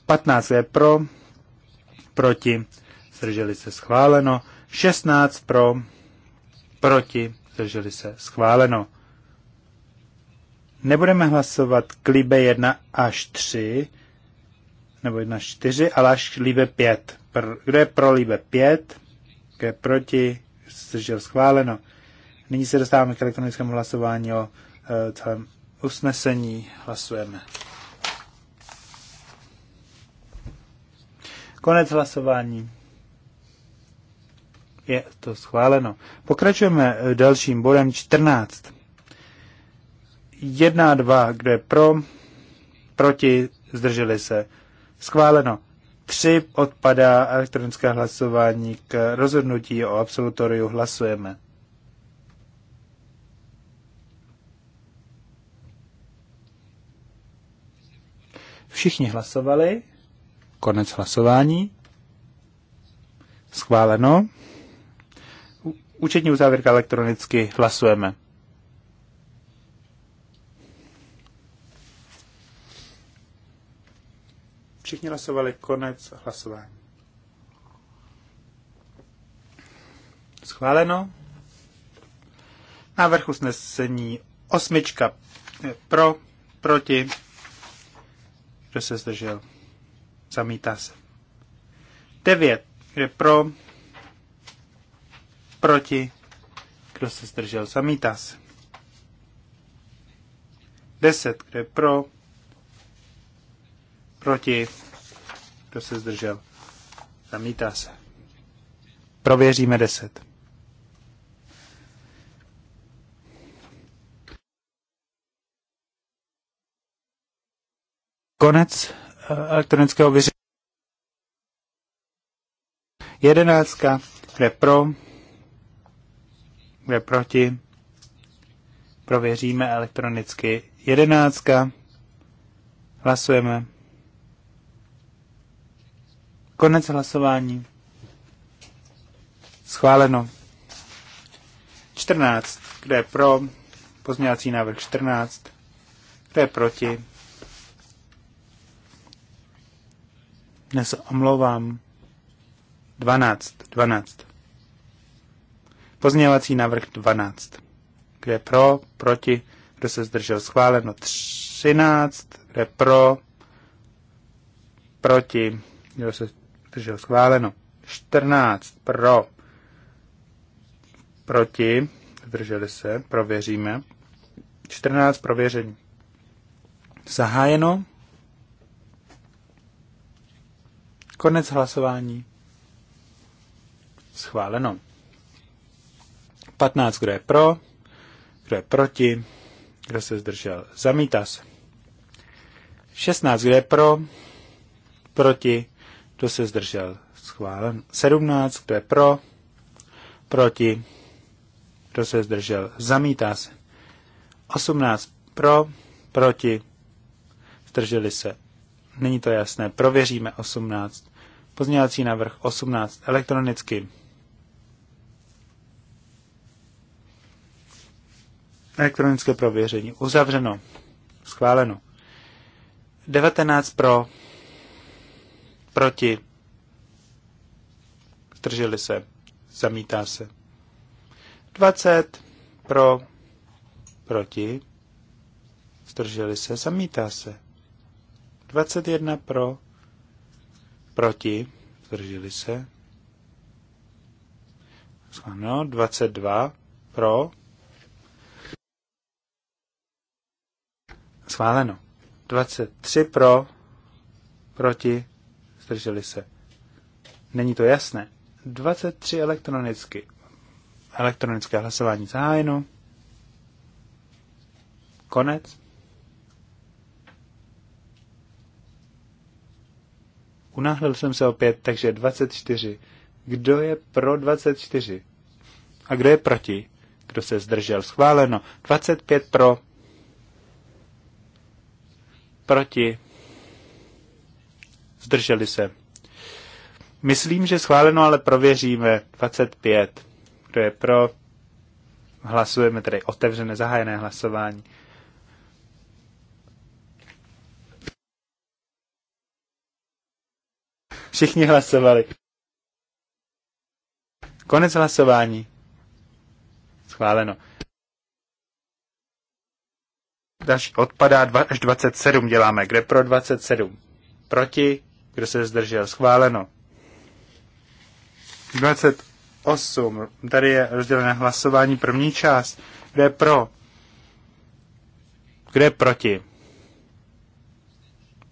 15 je pro, proti, zdrželi se schváleno. 16 pro, proti, zdrželi se schváleno. Nebudeme hlasovat k líbe 1 až 3, nebo 1 až 4, ale až líbe 5. Kdo je pro líbe 5? je proti, zdržel schváleno. Nyní se dostáváme k elektronickému hlasování o e, celém usnesení. Hlasujeme. Konec hlasování. Je to schváleno. Pokračujeme e, dalším bodem 14. 1 a 2, je pro, proti, zdrželi se. Schváleno. 3 odpadá elektronické hlasování k rozhodnutí o absolutoriu. Hlasujeme. Všichni hlasovali. Konec hlasování. Schváleno. Účetní uzávěrka elektronicky hlasujeme. Všichni hlasovali konec hlasování. Schváleno. Návrh usnesení osmička pro, proti, kdo se zdržel, zamítá se. Devět, kde pro, proti, kdo se zdržel, zamítá se. Deset, kde pro, Proti? Kdo se zdržel? Zamítá se. Prověříme 10. Konec eh, elektronického vyřešení. Jedenáctka. Kde pro? Kde proti? Prověříme elektronicky. Jedenáctka. Hlasujeme. Konec hlasování. Schváleno. 14. Kdo je pro? Pozměňovací návrh 14. Kdo je proti? Dnes omlouvám. 12. 12. Pozměňovací návrh 12. Kdo je pro? Proti? Kdo se zdržel? Schváleno 13. Kdo je pro? Proti? Kdo se zdržel schváleno. 14 pro, proti, zdrželi se, prověříme. 14 prověření. Zahájeno. Konec hlasování. Schváleno. 15, kdo je pro, kdo je proti, kdo se zdržel, zamítá se. 16, kdo je pro, proti, kdo se zdržel? Schválen. 17. Kdo je pro? Proti? Kdo se zdržel? Zamítá se. 18. Pro? Proti? Zdrželi se. Není to jasné. Prověříme 18. Pozměňovací návrh 18 elektronicky. Elektronické prověření. Uzavřeno. Schváleno. 19 pro, Proti. Zdrželi se. Zamítá se. 20 pro. Proti. Zdrželi se. Zamítá se. 21 pro. Proti. Zdrželi se. Ano, 22 pro. Schváleno. 23 pro, proti, zdrželi se. Není to jasné. 23 elektronicky. Elektronické hlasování zahájeno. Konec. Unáhlil jsem se opět, takže 24. Kdo je pro 24? A kdo je proti? Kdo se zdržel? Schváleno. 25 pro. Proti zdrželi se. Myslím, že schváleno, ale prověříme. 25. Kdo je pro? Hlasujeme tedy otevřené, zahájené hlasování. Všichni hlasovali. Konec hlasování. Schváleno. Další odpadá dva, až 27 děláme. Kde pro 27? Proti? kdo se zdržel, schváleno. 28. Tady je rozdělené hlasování první část. Kde je pro? Kde je proti?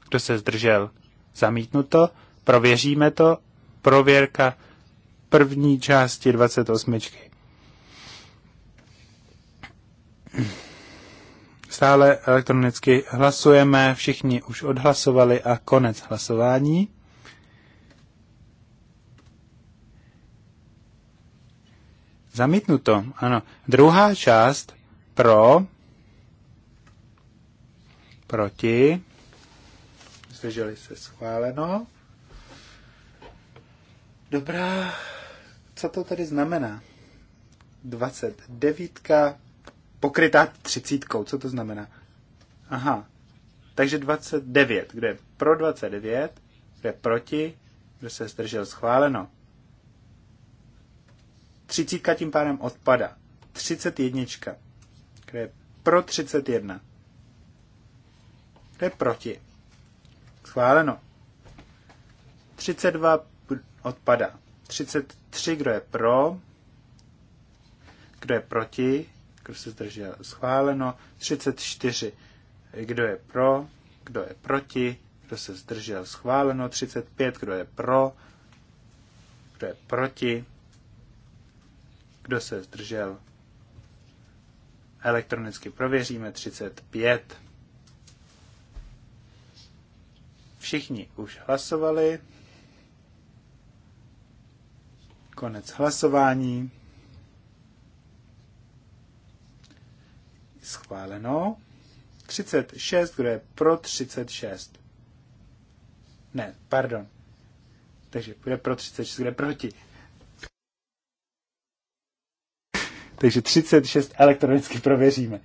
Kdo se zdržel? Zamítnuto? Prověříme to? Prověrka první části 28. Stále elektronicky hlasujeme. Všichni už odhlasovali a konec hlasování. Zamítnuto, ano. Druhá část pro, proti, zdrželi se schváleno. Dobrá, co to tady znamená? 29 pokrytá třicítkou. Co to znamená? Aha. Takže 29. Kde je pro 29? Kde je proti? kde se zdržel? Schváleno. Třicítka tím pádem odpada. 31. Kde je pro 31? Kde je proti? Schváleno. 32 odpada. 33, kdo je pro, kdo je proti, kdo jako se zdržel, schváleno. 34, kdo je pro, kdo je proti, kdo se zdržel, schváleno. 35, kdo je pro, kdo je proti, kdo se zdržel. Elektronicky prověříme 35. Všichni už hlasovali. Konec hlasování. Schváleno. 36, kdo je pro 36? Ne, pardon. Takže bude pro 36, bude proti. Takže 36 elektronicky prověříme.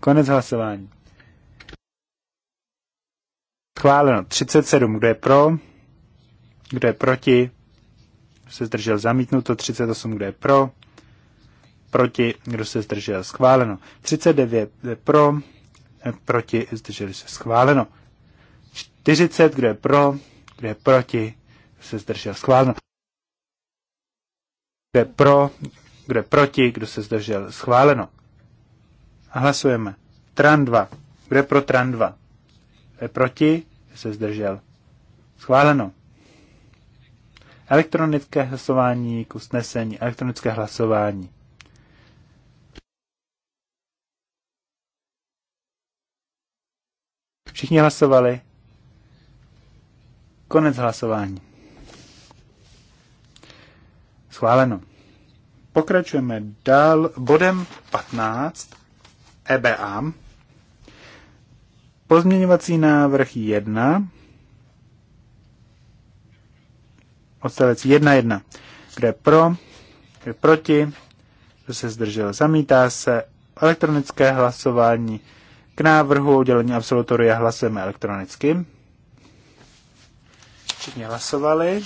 Konec hlasování. Schváleno 37. Kdo je pro? Kdo je proti? se zdržel zamítnuto, 38, kdo je pro, proti, kdo se zdržel schváleno, 39 kdo je pro, eh, proti, zdrželi se schváleno, 40, kdo je pro, kdo je proti, kdo se zdržel schváleno, kdo je pro, kdo je proti, kdo se zdržel schváleno. A hlasujeme. Tran 2. Kdo je pro Tran 2? Kdo je proti, kdo se zdržel schváleno. Elektronické hlasování k usnesení, elektronické hlasování. Všichni hlasovali. Konec hlasování. Schváleno. Pokračujeme dál bodem 15 EBA. Pozměňovací návrh 1 odstavec 1.1. Kde pro, kde proti, kdo se zdržel, zamítá se elektronické hlasování k návrhu udělení absolutoria hlasujeme elektronicky. Všichni hlasovali.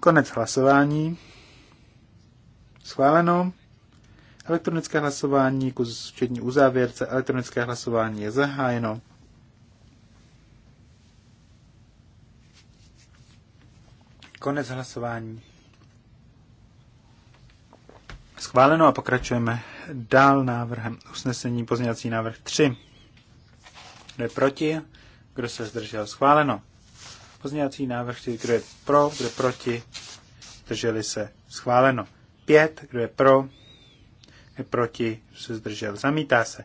Konec hlasování. Schváleno. Elektronické hlasování, včetní uzávěrce, elektronické hlasování je zahájeno. Konec hlasování. Schváleno a pokračujeme dál návrhem usnesení pozněvací návrh 3. Kdo je proti? Kdo se zdržel? Schváleno. Pozněvací návrh 4. Kdo je pro? Kdo je proti? Zdrželi se? Schváleno. 5. Kdo je pro? Kdo je proti? Kdo se zdržel? Zamítá se.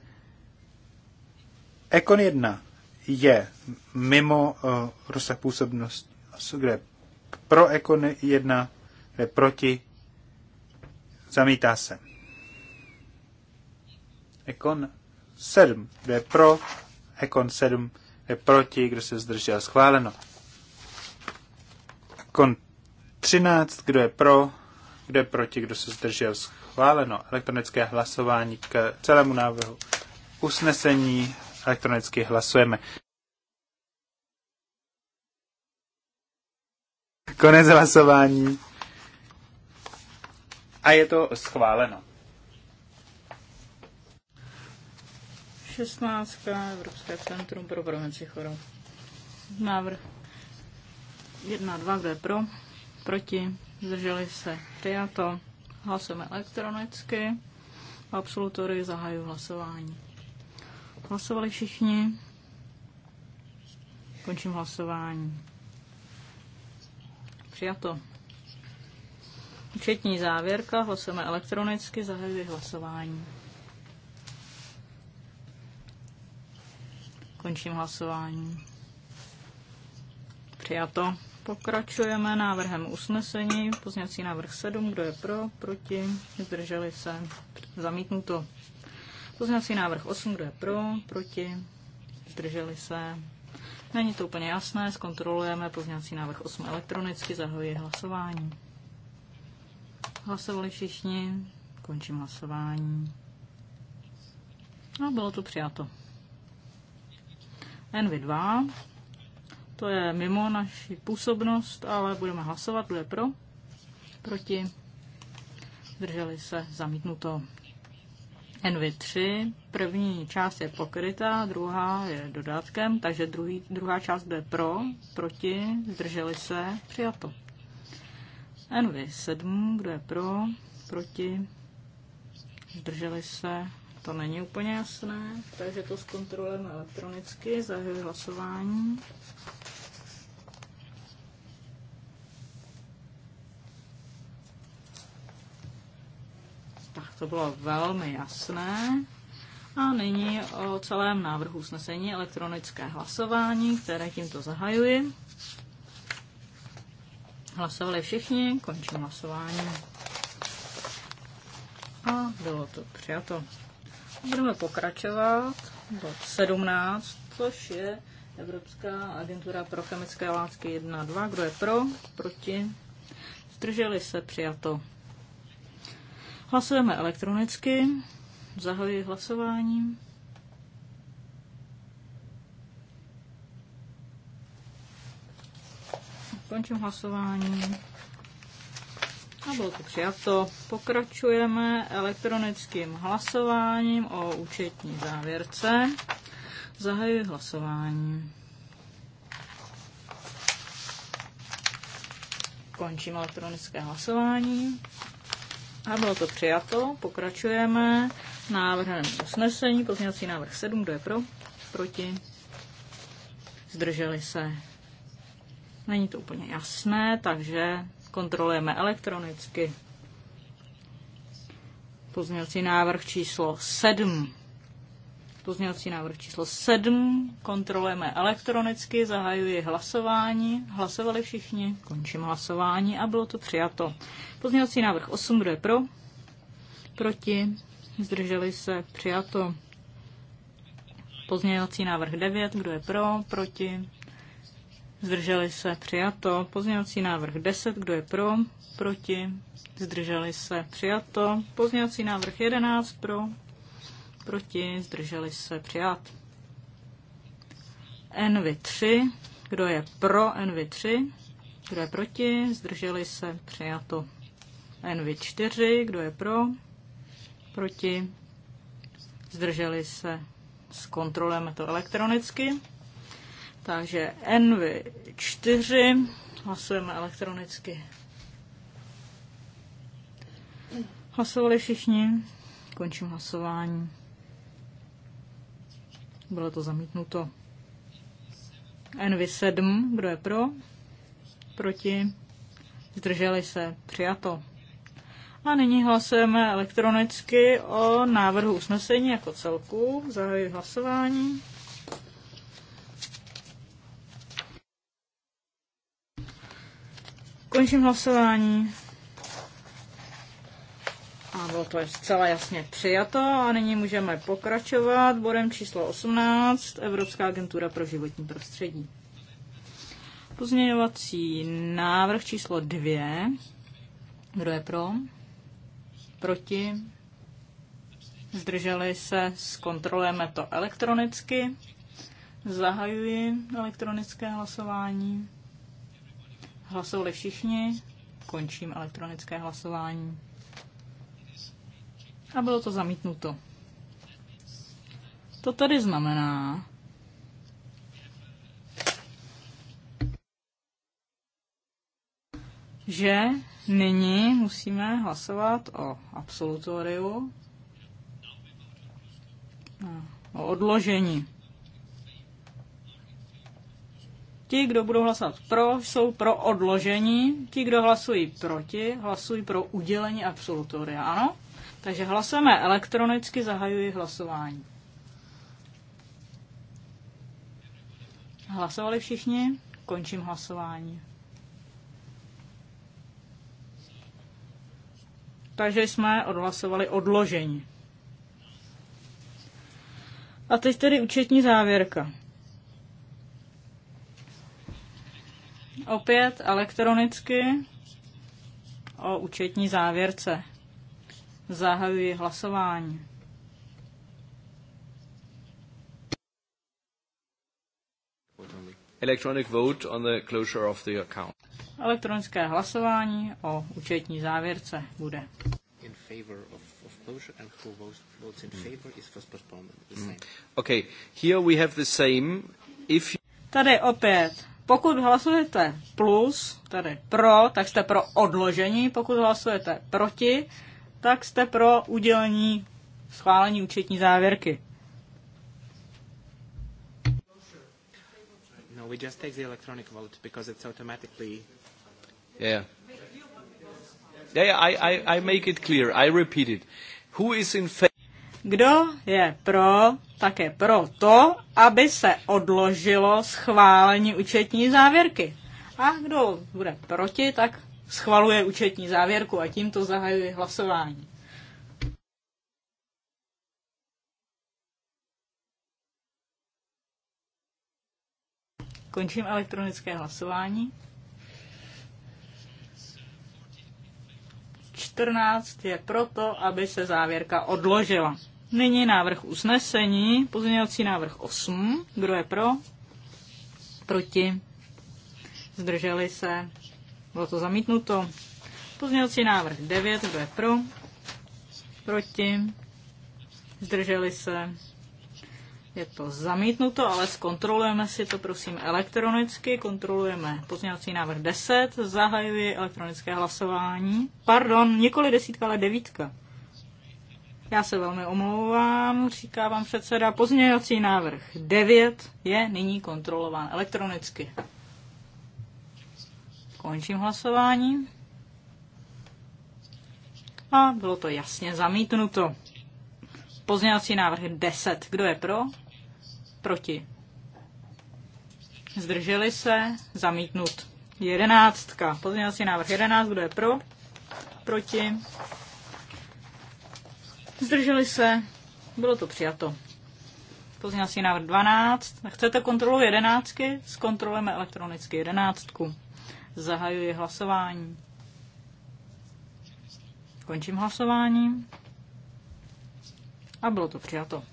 Ekon 1 je mimo uh, rozsah působnosti, kde je pro eko 1, je proti, zamítá se. Ekon 7, kde je pro, Ekon 7, je proti, kdo se zdržel, schváleno. Ekon 13, kdo je pro, kdo je proti, kdo se zdržel, schváleno. Elektronické hlasování k celému návrhu usnesení elektronicky hlasujeme. Konec hlasování. A je to schváleno. 16. Evropské centrum pro prevenci chorob. Návrh 1, 2, kde pro, proti, zdrželi se, přijato. Hlasujeme elektronicky. Absolutory zahajují hlasování. Hlasovali všichni. Končím hlasování. Přijato. Účetní závěrka, hlasujeme elektronicky, zahajuji hlasování. Končím hlasování. Přijato. Pokračujeme návrhem usnesení. Pozněcí návrh 7. Kdo je pro? Proti? Zdrželi se? Zamítnuto. Pozněcí návrh 8. Kdo je pro? Proti? Zdrželi se? Není to úplně jasné, zkontrolujeme pozměňovací návrh 8 elektronicky, zahoji hlasování. Hlasovali všichni, končím hlasování. A no, bylo to přijato. NV2, to je mimo naši působnost, ale budeme hlasovat, kdo je pro, proti, Drželi se, zamítnuto. NV3, první část je pokrytá, druhá je dodatkem, takže druhý, druhá část bude pro, proti, zdrželi se, přijato. NV7 je pro, proti, zdrželi se, to není úplně jasné, takže to zkontrolujeme elektronicky, zahajuji hlasování. to bylo velmi jasné. A nyní o celém návrhu usnesení elektronické hlasování, které tímto zahajuji. Hlasovali všichni, končím hlasování. A bylo to přijato. Budeme pokračovat. Bod 17, což je Evropská agentura pro chemické látky 1 2. Kdo je pro? Proti? Zdrželi se přijato. Hlasujeme elektronicky. Zahajuji hlasování. Končím hlasování. A bylo to přijato. Pokračujeme elektronickým hlasováním o účetní závěrce. Zahajuji hlasování. Končím elektronické hlasování. A bylo to přijato. Pokračujeme návrhem usnesení. Pozměňovací návrh 7. Kdo je pro? Proti? Zdrželi se. Není to úplně jasné, takže kontrolujeme elektronicky. Pozměňovací návrh číslo 7. Pozměňovací návrh číslo 7. Kontrolujeme elektronicky, zahajuji hlasování. Hlasovali všichni, končím hlasování a bylo to přijato. Pozměňovací návrh 8, kdo je pro? Proti? Zdrželi se? Přijato. Pozměňovací návrh 9, kdo je pro? Proti? Zdrželi se? Přijato. Pozměňovací návrh 10, kdo je pro? Proti? Zdrželi se? Přijato. Pozměňovací návrh 11, pro? proti, zdrželi se přijat. NV3, kdo je pro NV3, kdo je proti, zdrželi se přijato. NV4, kdo je pro, proti, zdrželi se, zkontrolujeme to elektronicky. Takže NV4, hlasujeme elektronicky. Hlasovali všichni, končím hlasování. Bylo to zamítnuto. NV7, kdo je pro? Proti? Zdrželi se? Přijato. A nyní hlasujeme elektronicky o návrhu usnesení jako celku. Zahajuji hlasování. Končím hlasování. A bylo to zcela jasně přijato a nyní můžeme pokračovat bodem číslo 18, Evropská agentura pro životní prostředí. Pozměňovací návrh číslo 2. Kdo je pro? Proti? Zdrželi se? Zkontrolujeme to elektronicky. Zahajuji elektronické hlasování. Hlasovali všichni. Končím elektronické hlasování a bylo to zamítnuto. To tady znamená, že nyní musíme hlasovat o absolutoriu, o odložení. Ti, kdo budou hlasovat pro, jsou pro odložení, ti, kdo hlasují proti, hlasují pro udělení absolutoria, ano? Takže hlasujeme elektronicky, zahajuji hlasování. Hlasovali všichni? Končím hlasování. Takže jsme odhlasovali odložení. A teď tedy účetní závěrka. Opět elektronicky o účetní závěrce. Zahajuji hlasování. Electronic vote on the closure of the account. Elektronické hlasování o účetní závěrce bude. In favor of, of closure and who votes, votes in favor is for postponement. The same. Mm. Okay, here we have the same. If you... Tady opět, pokud hlasujete plus, tady pro, tak jste pro odložení, pokud hlasujete proti, tak jste pro udělení schválení účetní závěrky. No, we just take the electronic vote because it's automatically... Yeah. Yeah, yeah I, I, I make it clear. I repeat it. Who is in favor? Kdo je pro, tak je pro to, aby se odložilo schválení účetní závěrky. A kdo bude proti, tak schvaluje účetní závěrku a tímto zahajuji hlasování. Končím elektronické hlasování. 14 je proto, aby se závěrka odložila. Nyní návrh usnesení, pozměňovací návrh 8. Kdo je pro? Proti? Zdrželi se? Bylo to zamítnuto. Pozměňovací návrh 9, kdo je pro? Proti? Zdrželi se? Je to zamítnuto, ale zkontrolujeme si to, prosím, elektronicky. Kontrolujeme pozměňovací návrh 10, zahajuji elektronické hlasování. Pardon, nikoli desítka, ale devítka. Já se velmi omlouvám, říká vám předseda. Pozměňovací návrh 9 je nyní kontrolován elektronicky. Končím hlasování. A bylo to jasně zamítnuto. Pozměňovací návrh 10. Kdo je pro? Proti. Zdrželi se? Zamítnut. Jedenáctka. Pozměňovací návrh 11. Kdo je pro? Proti. Zdrželi se? Bylo to přijato. Pozměňovací návrh 12. Chcete kontrolu jedenáctky? Zkontrolujeme elektronicky jedenáctku. Zahajuji hlasování. Končím hlasování. A bylo to přijato.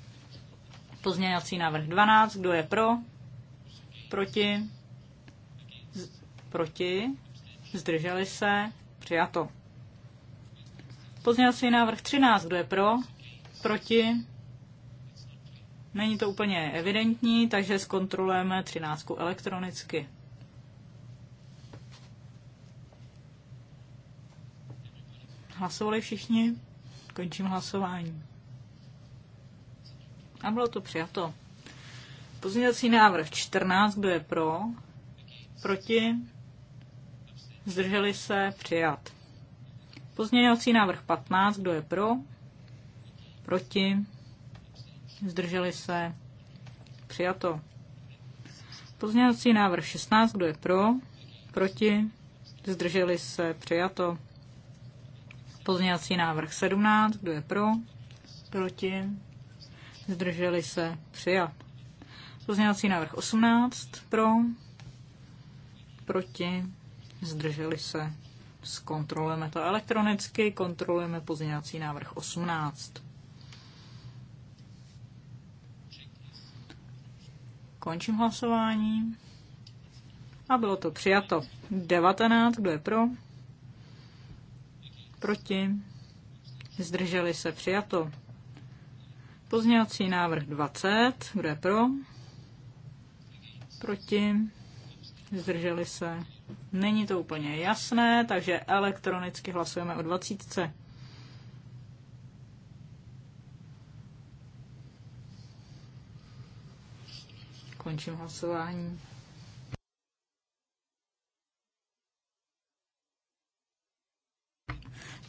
Pozměňovací návrh 12. Kdo je pro? Proti? Z- proti? Zdrželi se? Přijato. Pozměňovací návrh 13. Kdo je pro? Proti? Není to úplně evidentní, takže zkontrolujeme 13 elektronicky. Hlasovali všichni? Končím hlasování. A bylo to přijato. Pozměňovací návrh 14, kdo je pro? Proti? Zdrželi se? Přijat. Pozměňovací návrh 15, kdo je pro? Proti? Zdrželi se? Přijato. Pozměňovací návrh 16, kdo je pro? Proti? Zdrželi se? Přijato. Pozměňovací návrh 17, kdo je pro? Proti? Zdrželi se? Přijat. Pozměňovací návrh 18, pro? Proti? Zdrželi se? Zkontrolujeme to elektronicky, kontrolujeme pozměňovací návrh 18. Končím hlasování. A bylo to přijato. 19, kdo je pro? proti, zdrželi se přijato. Pozněvací návrh 20, kdo je pro, proti, zdrželi se. Není to úplně jasné, takže elektronicky hlasujeme o 20. Končím hlasování.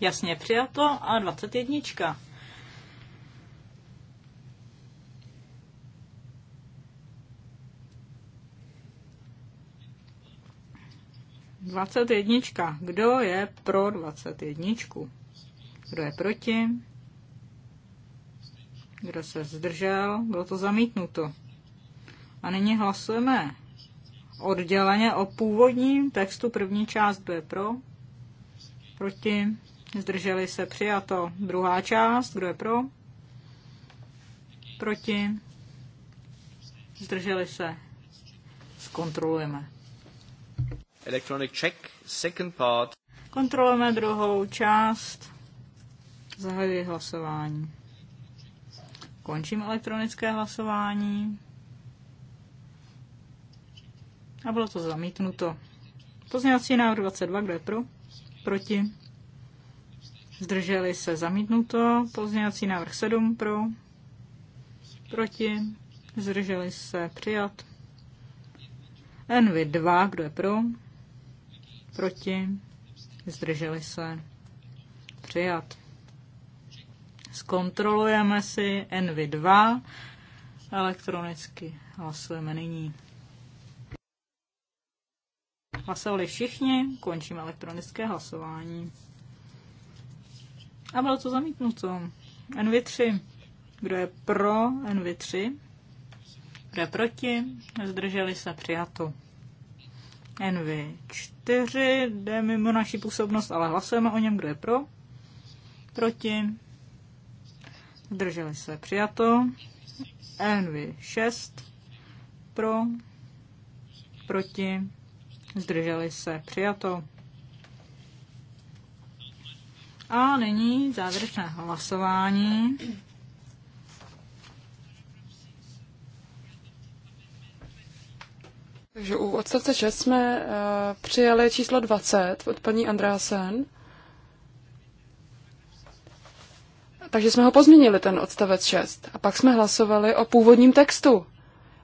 Jasně přijato a 21. Dvacet jednička. Kdo je pro dvacet jedničku? Kdo je proti? Kdo se zdržel? Bylo to zamítnuto. A nyní hlasujeme odděleně o původním textu. První část, kdo je pro? Proti? Zdrželi se přijato. Druhá část, kdo je pro? Proti? Zdrželi se. Zkontrolujeme. Electronic check, second part. Kontrolujeme druhou část. Zahajuji hlasování. Končím elektronické hlasování. A bylo to zamítnuto. Pozměňovací návrh 22, kdo je pro? Proti? zdrželi se zamítnuto, pozměňovací návrh 7 pro, proti, zdrželi se přijat. nv 2, kdo je pro, proti, zdrželi se přijat. Zkontrolujeme si nv 2, elektronicky hlasujeme nyní. Hlasovali všichni, končím elektronické hlasování. A bylo to zamítnuto. NV3. Kdo je pro NV3? Kdo je proti? Zdrželi se přijato. NV4 jde mimo naši působnost, ale hlasujeme o něm, kdo je pro. Proti. Zdrželi se přijato. NV6 pro. Proti. Zdrželi se přijato. A nyní závěrečné hlasování. Takže u odstavce 6 jsme uh, přijali číslo 20 od paní Andrásen. Takže jsme ho pozměnili, ten odstavec 6. A pak jsme hlasovali o původním textu.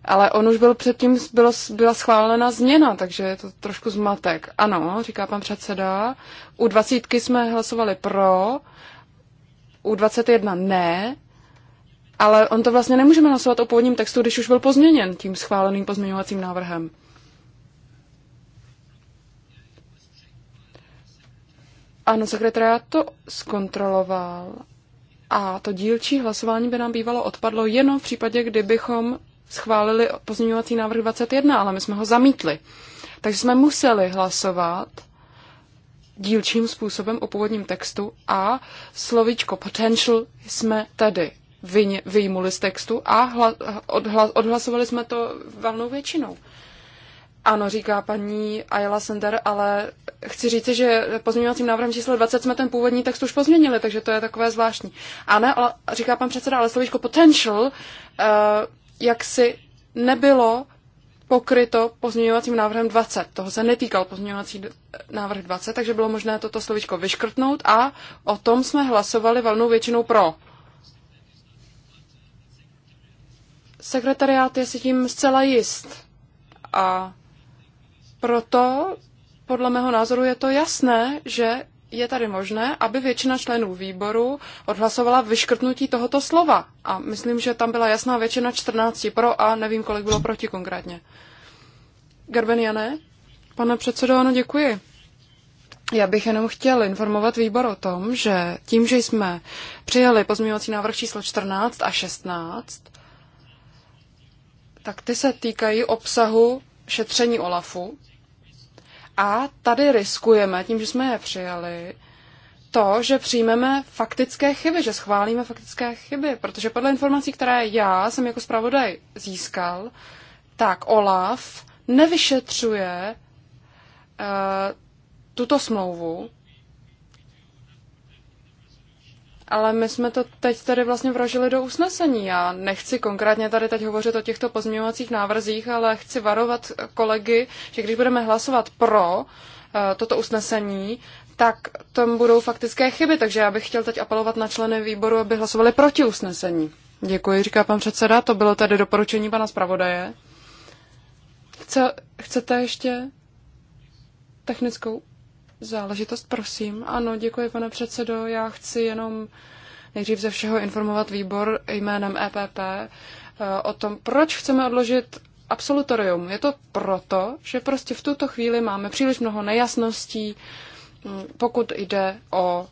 Ale on už byl předtím, bylo, byla schválena změna, takže je to trošku zmatek. Ano, říká pan předseda, u dvacítky jsme hlasovali pro, u 21 ne, ale on to vlastně nemůžeme hlasovat o původním textu, když už byl pozměněn tím schváleným pozměňovacím návrhem. Ano, sekretariát to zkontroloval a to dílčí hlasování by nám bývalo odpadlo jenom v případě, kdybychom schválili pozměňovací návrh 21, ale my jsme ho zamítli. Takže jsme museli hlasovat dílčím způsobem o původním textu a slovičko potential jsme tady vyjmuli z textu a hla, odhla, odhlasovali jsme to valnou většinou. Ano, říká paní Ayala Sender, ale chci říct, že pozměňovacím návrhem číslo 20 jsme ten původní text už pozměnili, takže to je takové zvláštní. Ano, ale, říká pan předseda, ale slovičko potential uh, jaksi nebylo pokryto pozměňovacím návrhem 20. Toho se netýkal pozměňovací návrh 20, takže bylo možné toto slovičko vyškrtnout a o tom jsme hlasovali valnou většinou pro. Sekretariát je si tím zcela jist a proto podle mého názoru je to jasné, že je tady možné, aby většina členů výboru odhlasovala vyškrtnutí tohoto slova. A myslím, že tam byla jasná většina 14 pro a nevím, kolik bylo proti konkrétně. Jané, Pane předsedo, ano, děkuji. Já bych jenom chtěl informovat výbor o tom, že tím, že jsme přijali pozměňovací návrh číslo 14 a 16, tak ty se týkají obsahu šetření OLAFu, a tady riskujeme, tím, že jsme je přijali, to, že přijmeme faktické chyby, že schválíme faktické chyby, protože podle informací, které já jsem jako zpravodaj získal, tak OLAF nevyšetřuje uh, tuto smlouvu ale my jsme to teď tady vlastně vrožili do usnesení. Já nechci konkrétně tady teď hovořit o těchto pozměňovacích návrzích, ale chci varovat kolegy, že když budeme hlasovat pro eh, toto usnesení, tak tam budou faktické chyby, takže já bych chtěl teď apelovat na členy výboru, aby hlasovali proti usnesení. Děkuji, říká pan předseda. To bylo tady doporučení pana zpravodaje. Chce, chcete ještě technickou záležitost, prosím. Ano, děkuji, pane předsedo. Já chci jenom nejdřív ze všeho informovat výbor jménem EPP eh, o tom, proč chceme odložit absolutorium. Je to proto, že prostě v tuto chvíli máme příliš mnoho nejasností, hm, pokud jde o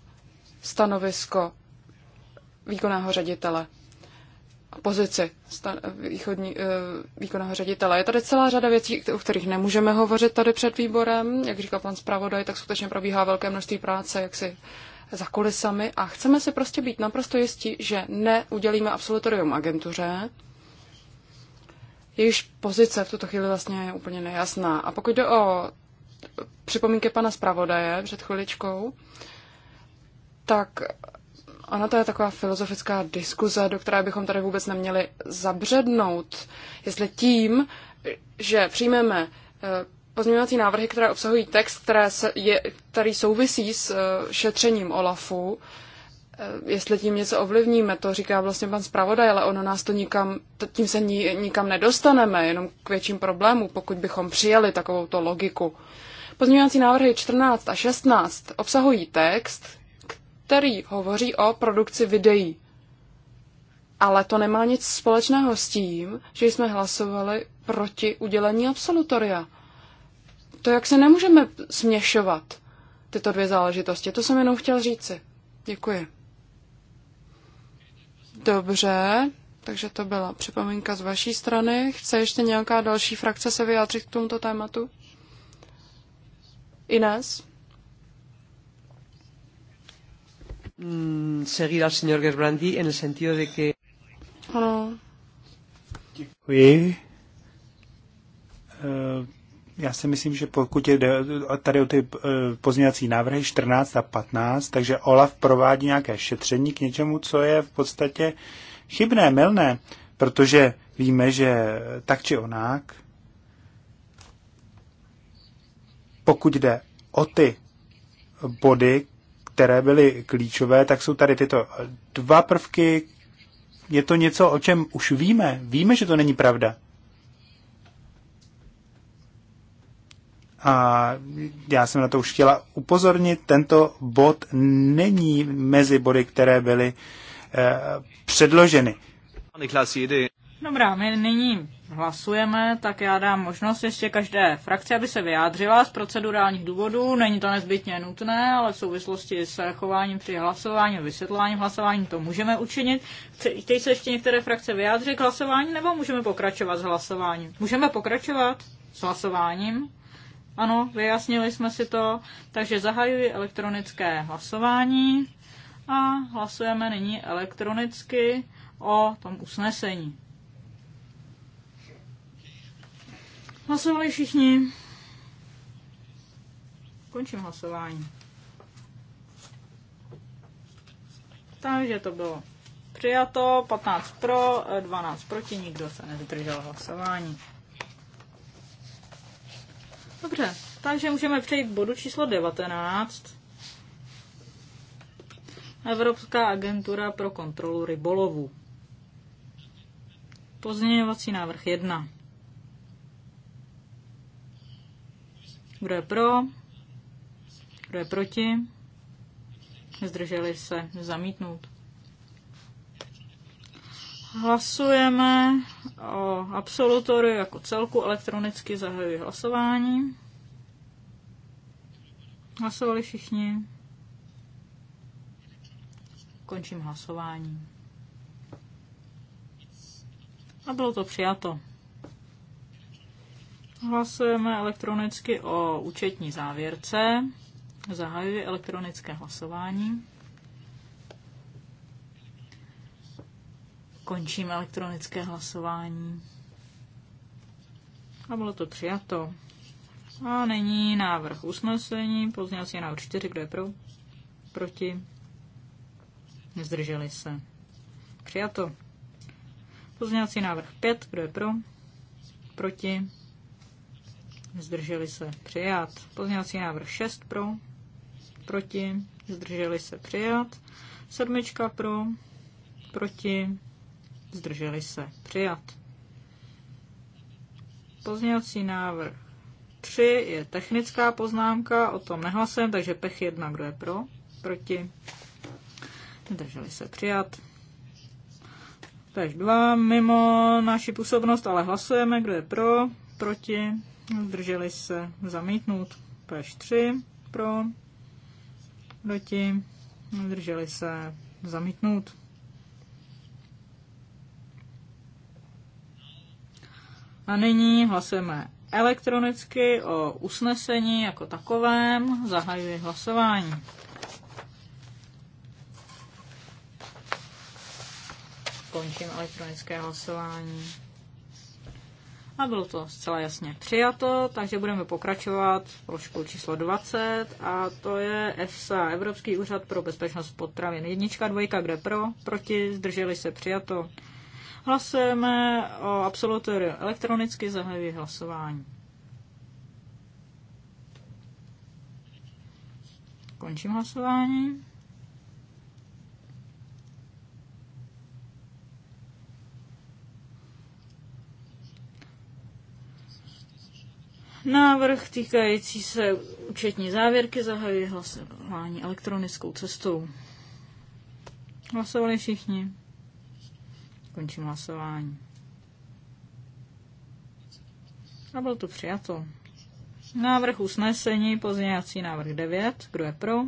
stanovisko výkonného ředitele pozici stan- východní, eh, výkonného ředitele. Je tady celá řada věcí, o kterých nemůžeme hovořit tady před výborem. Jak říkal pan zpravodaj, tak skutečně probíhá velké množství práce, jak si za kulisami a chceme si prostě být naprosto jistí, že neudělíme absolutorium agentuře, jejíž pozice v tuto chvíli vlastně je úplně nejasná. A pokud jde o připomínky pana zpravodaje před chviličkou, tak ano, to je taková filozofická diskuze, do které bychom tady vůbec neměli zabřednout. Jestli tím, že přijmeme eh, pozměňovací návrhy, které obsahují text, které se je, který souvisí s eh, šetřením OLAFu, eh, jestli tím něco ovlivníme, to říká vlastně pan zpravodaj, ale ono nás to nikam, tím se ni, nikam nedostaneme, jenom k větším problému, pokud bychom přijali takovouto logiku. Pozměňovací návrhy 14 a 16 obsahují text, který hovoří o produkci videí. Ale to nemá nic společného s tím, že jsme hlasovali proti udělení absolutoria. To jak se nemůžeme směšovat tyto dvě záležitosti. To jsem jenom chtěl říci. Děkuji. Dobře, takže to byla připomínka z vaší strany. Chce ještě nějaká další frakce se vyjádřit k tomuto tématu? Ines? Mm, seguir al señor Gerbrandy en el sentido de que... Ano. Děkuji. Eh, já si myslím, že pokud je tady o ty eh, pozměňovací návrhy 14 a 15, takže OLAF provádí nějaké šetření k něčemu, co je v podstatě chybné, milné, protože víme, že tak či onak, pokud jde o ty body, které byly klíčové, tak jsou tady tyto dva prvky. Je to něco, o čem už víme. Víme, že to není pravda. A já jsem na to už chtěla upozornit, tento bod není mezi body, které byly eh, předloženy. Dobrá, my nyní hlasujeme, tak já dám možnost ještě každé frakci, aby se vyjádřila z procedurálních důvodů. Není to nezbytně nutné, ale v souvislosti s chováním při hlasování, vysvětlováním hlasování to můžeme učinit. Chtějí se ještě některé frakce vyjádřit k hlasování, nebo můžeme pokračovat s hlasováním? Můžeme pokračovat s hlasováním. Ano, vyjasnili jsme si to, takže zahajuji elektronické hlasování a hlasujeme nyní elektronicky o tom usnesení. Hlasovali všichni. Končím hlasování. Takže to bylo přijato, 15 pro, 12 proti, nikdo se nezdržel hlasování. Dobře, takže můžeme přejít k bodu číslo 19. Evropská agentura pro kontrolu rybolovu. Pozměňovací návrh 1. Kdo je pro? Kdo je proti? Zdrželi se zamítnout. Hlasujeme o absolutoru jako celku. Elektronicky zahajuji hlasování. Hlasovali všichni. Končím hlasování. A bylo to přijato. Hlasujeme elektronicky o účetní závěrce. Zahajuji elektronické hlasování. Končím elektronické hlasování. A bylo to přijato. A není návrh usnesení, si návrh 4, kdo je pro, proti, nezdrželi se. Přijato. si návrh 5, kdo je pro, proti, zdrželi se přijat. Pozměňovací návrh 6 pro, proti, zdrželi se přijat. Sedmička pro, proti, zdrželi se přijat. Pozměňovací návrh 3 je technická poznámka, o tom nehlasujeme, takže pech 1, kdo je pro, proti, zdrželi se přijat. Pech 2 mimo naši působnost, ale hlasujeme, kdo je pro, proti, drželi se zamítnout p 3 pro, proti, drželi se zamítnout. A nyní hlasujeme elektronicky o usnesení jako takovém. Zahajuji hlasování. Končím elektronické hlasování. A bylo to zcela jasně přijato, takže budeme pokračovat v položku číslo 20 a to je EFSA, Evropský úřad pro bezpečnost potravin. Jednička, dvojka, kde pro, proti, zdrželi se přijato. Hlasujeme o absolutoriu elektronicky, zahajuji hlasování. Končím hlasování. Návrh týkající se účetní závěrky zahajuje hlasování elektronickou cestou. Hlasovali všichni. Končím hlasování. A bylo to přijato. Návrh usnesení, pozměňovací návrh 9. Kdo je pro?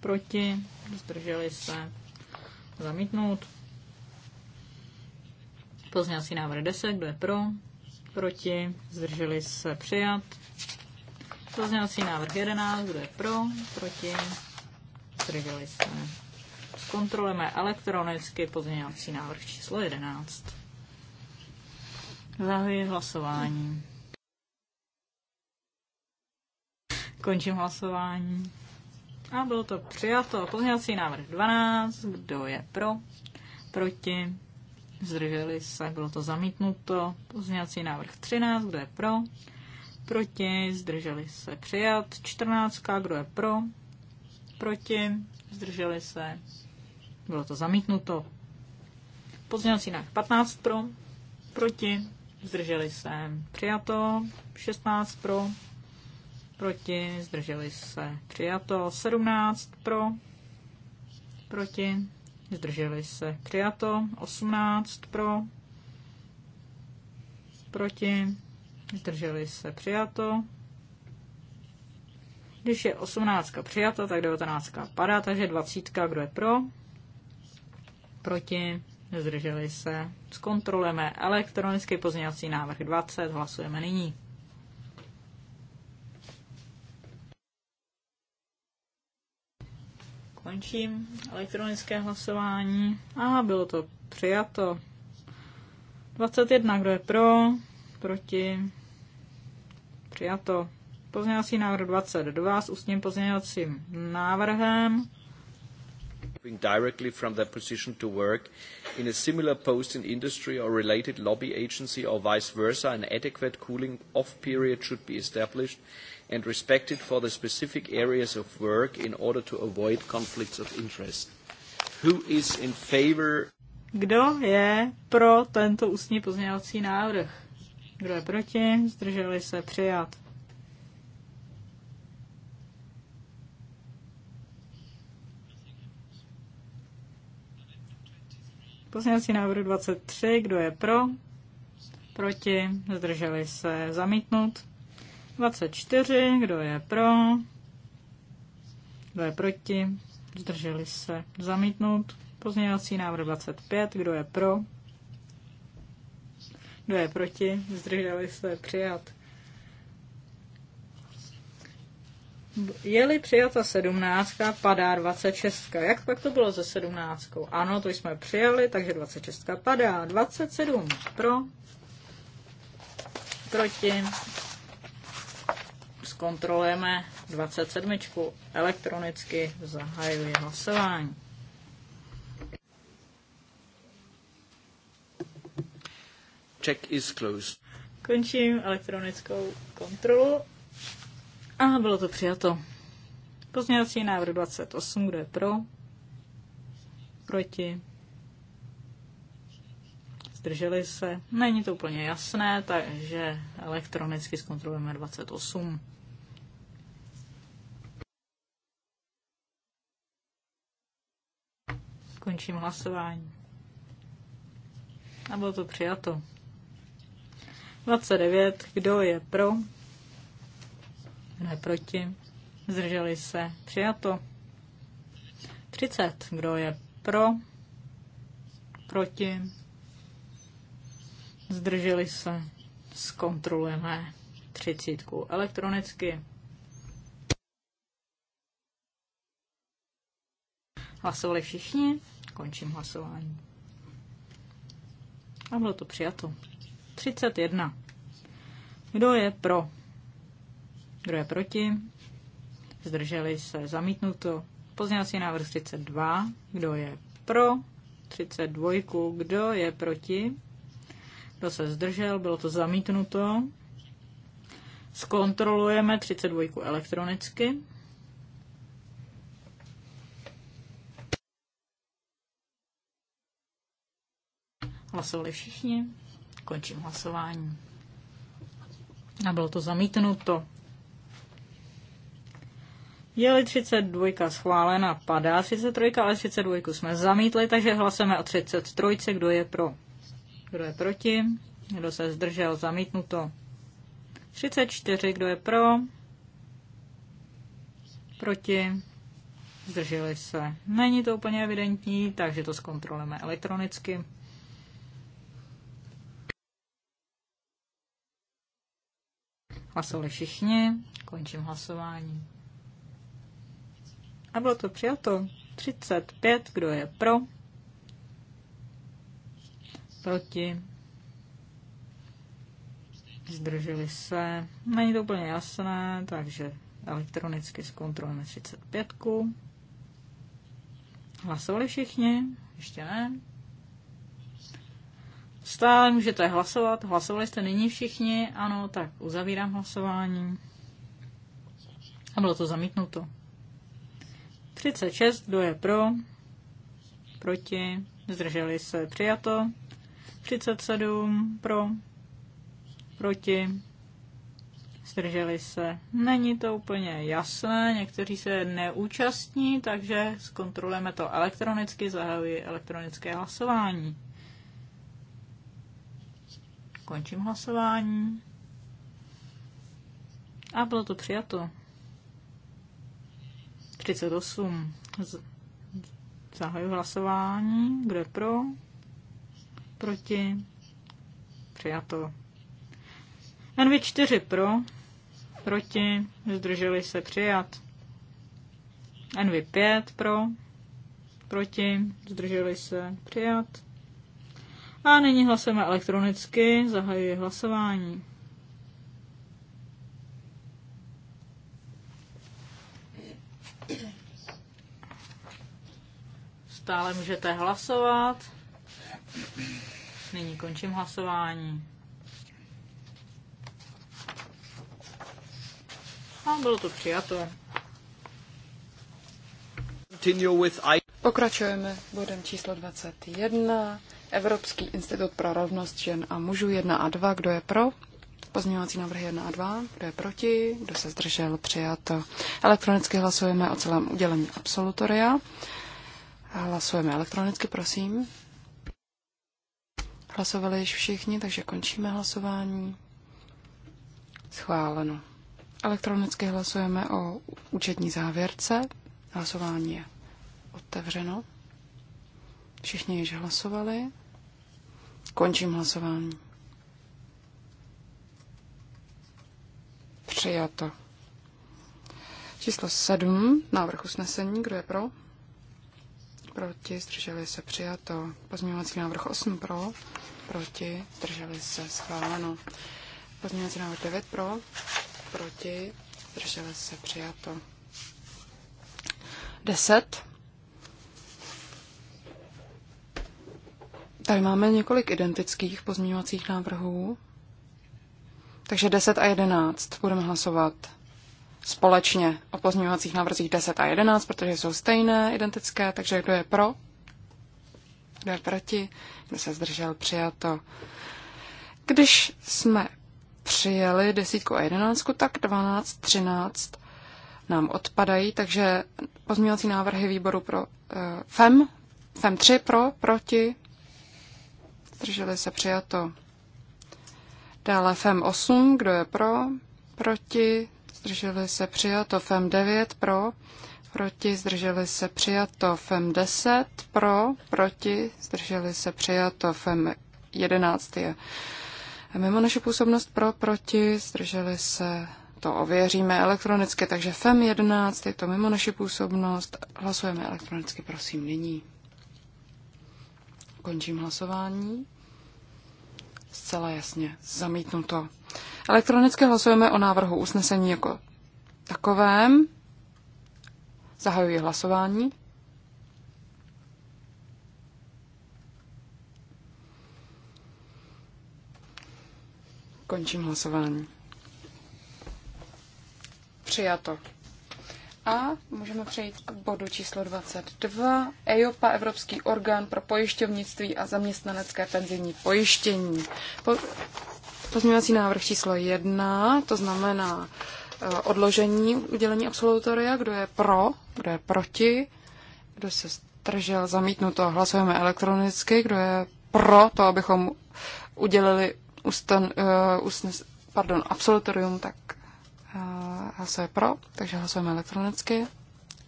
Proti? Zdrželi se? Zamítnout. Pozměňovací návrh 10. Kdo je pro? proti, zdrželi se přijat. Pozměňovací návrh 11, kdo je pro, proti, zdrželi se. Zkontrolujeme elektronicky pozměňovací návrh číslo 11. Zahajuji hlasování. Končím hlasování. A bylo to přijato. Pozměňovací návrh 12. Kdo je pro? Proti? Zdrželi se, bylo to zamítnuto. Pozměňovací návrh 13, kdo je pro? Proti, zdrželi se, přijat. 14, kdo je pro? Proti, zdrželi se, bylo to zamítnuto. Pozměňovací návrh 15 pro, proti, zdrželi se, přijato. 16 pro, proti, zdrželi se, přijato. 17 pro, proti, zdrželi se. Kriato 18 pro, proti, zdrželi se. Přijato. Když je 18 přijata, tak 19 padá, takže 20, kdo je pro, proti, zdrželi se. Zkontrolujeme elektronický pozměňovací návrh 20, hlasujeme nyní. Končím elektronické hlasování. A bylo to přijato. 21, kdo je pro, proti, přijato. Pozměňovací návrh 22 s ústním pozměňovacím návrhem. directly from their position to work in a similar post in industry or related lobby agency or vice versa, an adequate cooling off period should be established and respected for the specific areas of work in order to avoid conflicts of interest. Who is in favor? Kdo je pro tento ústní pozměňovací návrh? Kdo je proti? Zdrželi se přijat. Pozměňovací návrh 23, kdo je pro? Proti? Zdrželi se zamítnout. 24, kdo je pro? Kdo je proti? Zdrželi se. Zamítnout. Pozměňovací návrh 25, kdo je pro? Kdo je proti? Zdrželi se. Přijat. Je-li přijata sedmnáctka, padá 26. Jak pak to bylo se sedmnáctkou? Ano, to jsme přijali, takže 26 padá. 27 pro, proti, zkontrolujeme 27. Elektronicky zahajuji hlasování. Check is closed. Končím elektronickou kontrolu a bylo to přijato. Pozměňovací návrh 28, kdo je pro? Proti? Zdrželi se? Není to úplně jasné, takže elektronicky zkontrolujeme 28. Končím hlasování. A bylo to přijato. 29. Kdo je pro? Kdo je proti? Zdrželi se. Přijato. 30. Kdo je pro? Proti? Zdrželi se. Zkontrolujeme třicítku elektronicky. Hlasovali všichni. Končím hlasování. A bylo to přijato. 31. Kdo je pro? Kdo je proti? Zdrželi se zamítnuto. Pozněvací návrh 32. Kdo je pro? 32. Kdo je proti? Kdo se zdržel? Bylo to zamítnuto. Zkontrolujeme 32 elektronicky. Hlasovali všichni. Končím hlasování. A bylo to zamítnuto. Je-li 32 schválena, padá 33, ale 32 jsme zamítli, takže hlasujeme o 33, kdo je pro. Kdo je proti? Kdo se zdržel? Zamítnuto. 34, kdo je pro? Proti? Zdrželi se. Není to úplně evidentní, takže to zkontrolujeme elektronicky. Hlasovali všichni, končím hlasování. A bylo to přijato. 35, kdo je pro? Proti? Zdrželi se. Není to úplně jasné, takže elektronicky zkontrolujeme 35. Hlasovali všichni? Ještě ne. Stále můžete hlasovat. Hlasovali jste nyní všichni? Ano, tak uzavírám hlasování. A bylo to zamítnuto. 36, kdo je pro? Proti? Zdrželi se, přijato. 37, pro? Proti? Zdrželi se. Není to úplně jasné, někteří se neúčastní, takže zkontrolujeme to elektronicky, zahajuji elektronické hlasování. Končím hlasování. A bylo to přijato. 38. Zahajuji hlasování. Kdo je pro? Proti? Přijato. NV4 pro, proti, zdrželi se přijat. NV5 pro, proti, zdrželi se přijat. A nyní hlasujeme elektronicky, zahajuji hlasování. Stále můžete hlasovat. Nyní končím hlasování. A bylo to přijato. Pokračujeme bodem číslo 21. Evropský institut pro rovnost žen a mužů 1 a 2. Kdo je pro? Pozměňovací návrhy 1 a 2. Kdo je proti? Kdo se zdržel? Přijato. Elektronicky hlasujeme o celém udělení absolutoria. Hlasujeme elektronicky, prosím. Hlasovali již všichni, takže končíme hlasování. Schváleno. Elektronicky hlasujeme o účetní závěrce. Hlasování je otevřeno. Všichni již hlasovali. Končím hlasování. Přijato. Číslo 7, návrh usnesení, kdo je pro? Proti, zdrželi se, přijato. Pozměňovací návrh 8 pro, proti, zdrželi se, schváleno. Pozměňovací návrh 9 pro, proti, zdrželi se, přijato. 10 Tady máme několik identických pozměňovacích návrhů. Takže 10 a 11 budeme hlasovat společně o pozměňovacích návrzích 10 a 11, protože jsou stejné, identické, takže kdo je pro, kdo je proti, kdo se zdržel, přijato. Když jsme přijeli 10 a 11, tak 12, 13 nám odpadají, takže pozměňovací návrhy výboru pro eh, FEM, FEM 3 pro, proti, Zdrželi se přijato. Dále FEM 8, kdo je pro? Proti. Zdrželi se přijato. FEM 9 pro. Proti. Zdrželi se přijato. FEM 10 pro. Proti. Zdrželi se přijato. FEM 11 je a mimo naše působnost pro. Proti. Zdrželi se to ověříme elektronicky, takže FEM 11 je to mimo naši působnost. Hlasujeme elektronicky, prosím, nyní. Končím hlasování. Zcela jasně. Zamítnuto. Elektronicky hlasujeme o návrhu usnesení jako takovém. Zahajuji hlasování. Končím hlasování. Přijato. A můžeme přejít k bodu číslo 22. EIOPA, Evropský orgán pro pojišťovnictví a zaměstnanecké penzijní pojištění. Po, pozměňovací návrh číslo 1, to znamená e, odložení udělení absolutoria, kdo je pro, kdo je proti, kdo se zdržel zamítnuto, hlasujeme elektronicky, kdo je pro to, abychom udělili ustan, uh, usnes, pardon, absolutorium, tak hlasuje pro, takže hlasujeme elektronicky.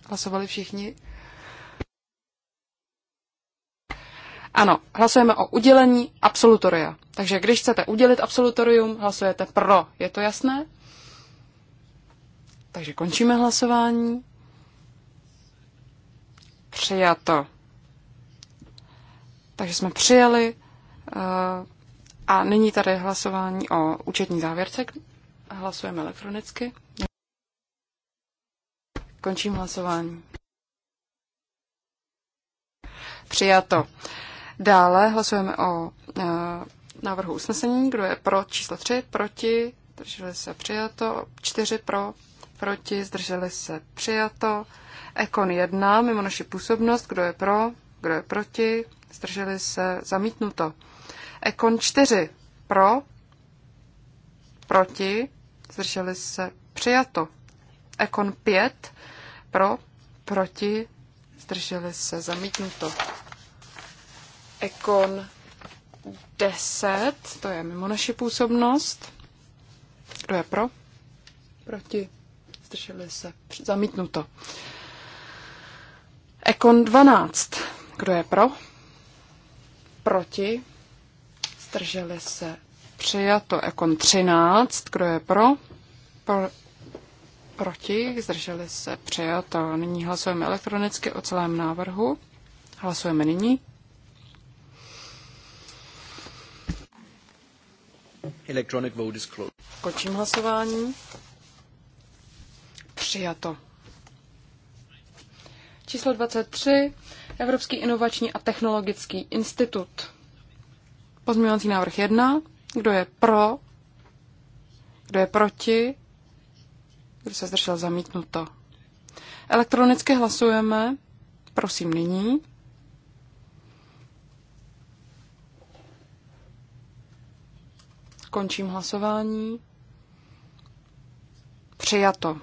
Hlasovali všichni. Ano, hlasujeme o udělení absolutoria. Takže když chcete udělit absolutorium, hlasujete pro. Je to jasné? Takže končíme hlasování. Přijato. Takže jsme přijali. Eh, a nyní tady hlasování o účetní závěrce. Hlasujeme elektronicky. Končím hlasování. Přijato. Dále hlasujeme o e, návrhu usnesení, kdo je pro číslo 3, proti, zdrželi se přijato, 4 pro, proti, zdrželi se přijato, Ekon 1, mimo naši působnost, kdo je pro, kdo je proti, zdrželi se zamítnuto. Ekon 4, pro, proti, zdrželi se, přijato. Ekon 5, pro, proti, zdrželi se, zamítnuto. Ekon 10, to je mimo naši působnost. Kdo je pro? Proti, zdrželi se, zamítnuto. Ekon 12, kdo je pro? Proti, zdrželi se, Přijato Ekon 13. Kdo je pro? pro proti? Zdrželi se? Přijato. Nyní hlasujeme elektronicky o celém návrhu. Hlasujeme nyní. Electronic vote is closed. Končím hlasování. Přijato. Číslo 23. Evropský inovační a technologický institut. Pozměňovací návrh 1. Kdo je pro? Kdo je proti? Kdo se zdržel zamítnuto? Elektronicky hlasujeme. Prosím nyní. Končím hlasování. Přijato.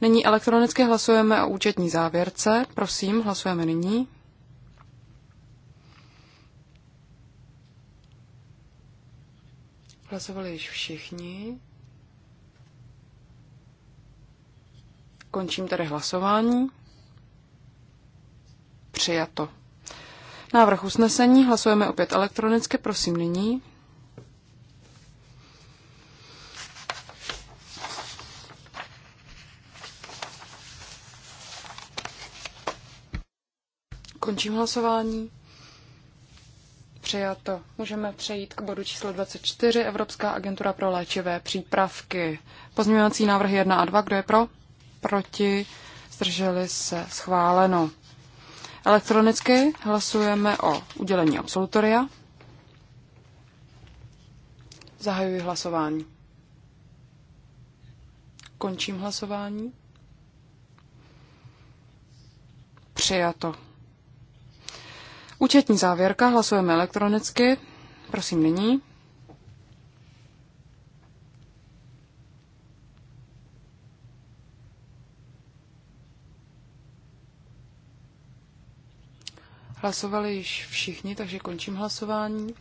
Nyní elektronicky hlasujeme o účetní závěrce. Prosím, hlasujeme nyní. Hlasovali již všichni. Končím tedy hlasování. Přijato. Návrh usnesení hlasujeme opět elektronicky, prosím nyní. Končím hlasování. Přijato. Můžeme přejít k bodu číslo 24, Evropská agentura pro léčivé přípravky. Pozměňovací návrhy 1 a 2, kdo je pro? Proti? Zdrželi se? Schváleno. Elektronicky hlasujeme o udělení absolutoria. Zahajuji hlasování. Končím hlasování. Přijato. Účetní závěrka, hlasujeme elektronicky. Prosím nyní. Hlasovali již všichni, takže končím hlasování.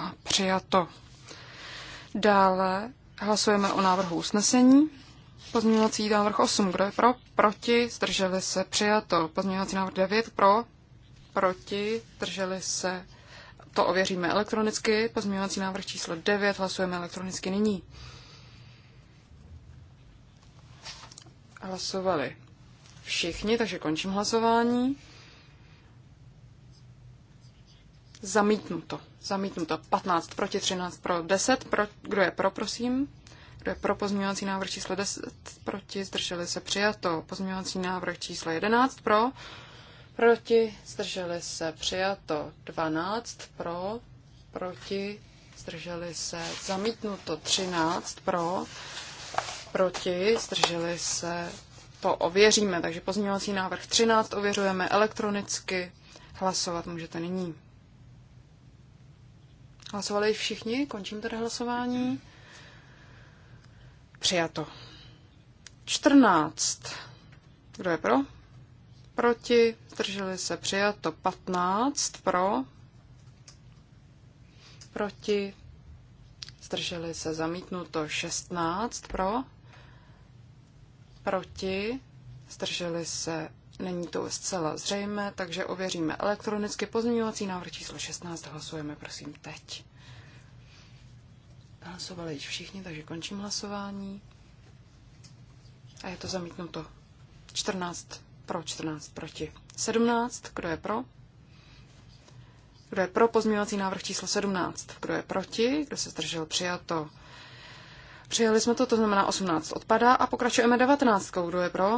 A přijato. Dále hlasujeme o návrhu usnesení. Pozměňovací návrh 8, kdo je pro? Proti, zdrželi se, přijato. Pozměňovací návrh 9, pro? Proti, zdrželi se. To ověříme elektronicky. Pozměňovací návrh číslo 9, hlasujeme elektronicky nyní. Hlasovali všichni, takže končím hlasování. Zamítnuto. Zamítnuto. 15 proti 13 pro 10. Pro, kdo je pro, prosím? Kdo je pro pozměňovací návrh číslo 10? Proti? Zdrželi se? Přijato. Pozměňovací návrh číslo 11? Pro? Proti? Zdrželi se? Přijato. 12? Pro? Proti? Zdrželi se? Zamítnuto. 13? Pro? Proti? Zdrželi se? To ověříme. Takže pozměňovací návrh 13 ověřujeme elektronicky. Hlasovat můžete nyní. Hlasovali všichni, končím tedy hlasování. Přijato. 14. Kdo je pro? Proti. Drželi se. Přijato. 15. Pro. Proti. Zdrželi se. Zamítnuto. 16. Pro. Proti. Zdrželi se. Není to zcela zřejmé, takže ověříme elektronicky pozměňovací návrh číslo 16. Hlasujeme prosím teď. Hlasovali již všichni, takže končím hlasování. A je to zamítnuto. 14 pro, 14 proti. 17, kdo je pro? Kdo je pro pozměňovací návrh číslo 17? Kdo je proti? Kdo se zdržel? Přijato. Přijali jsme to, to znamená 18 odpadá a pokračujeme 19. Kdo je pro?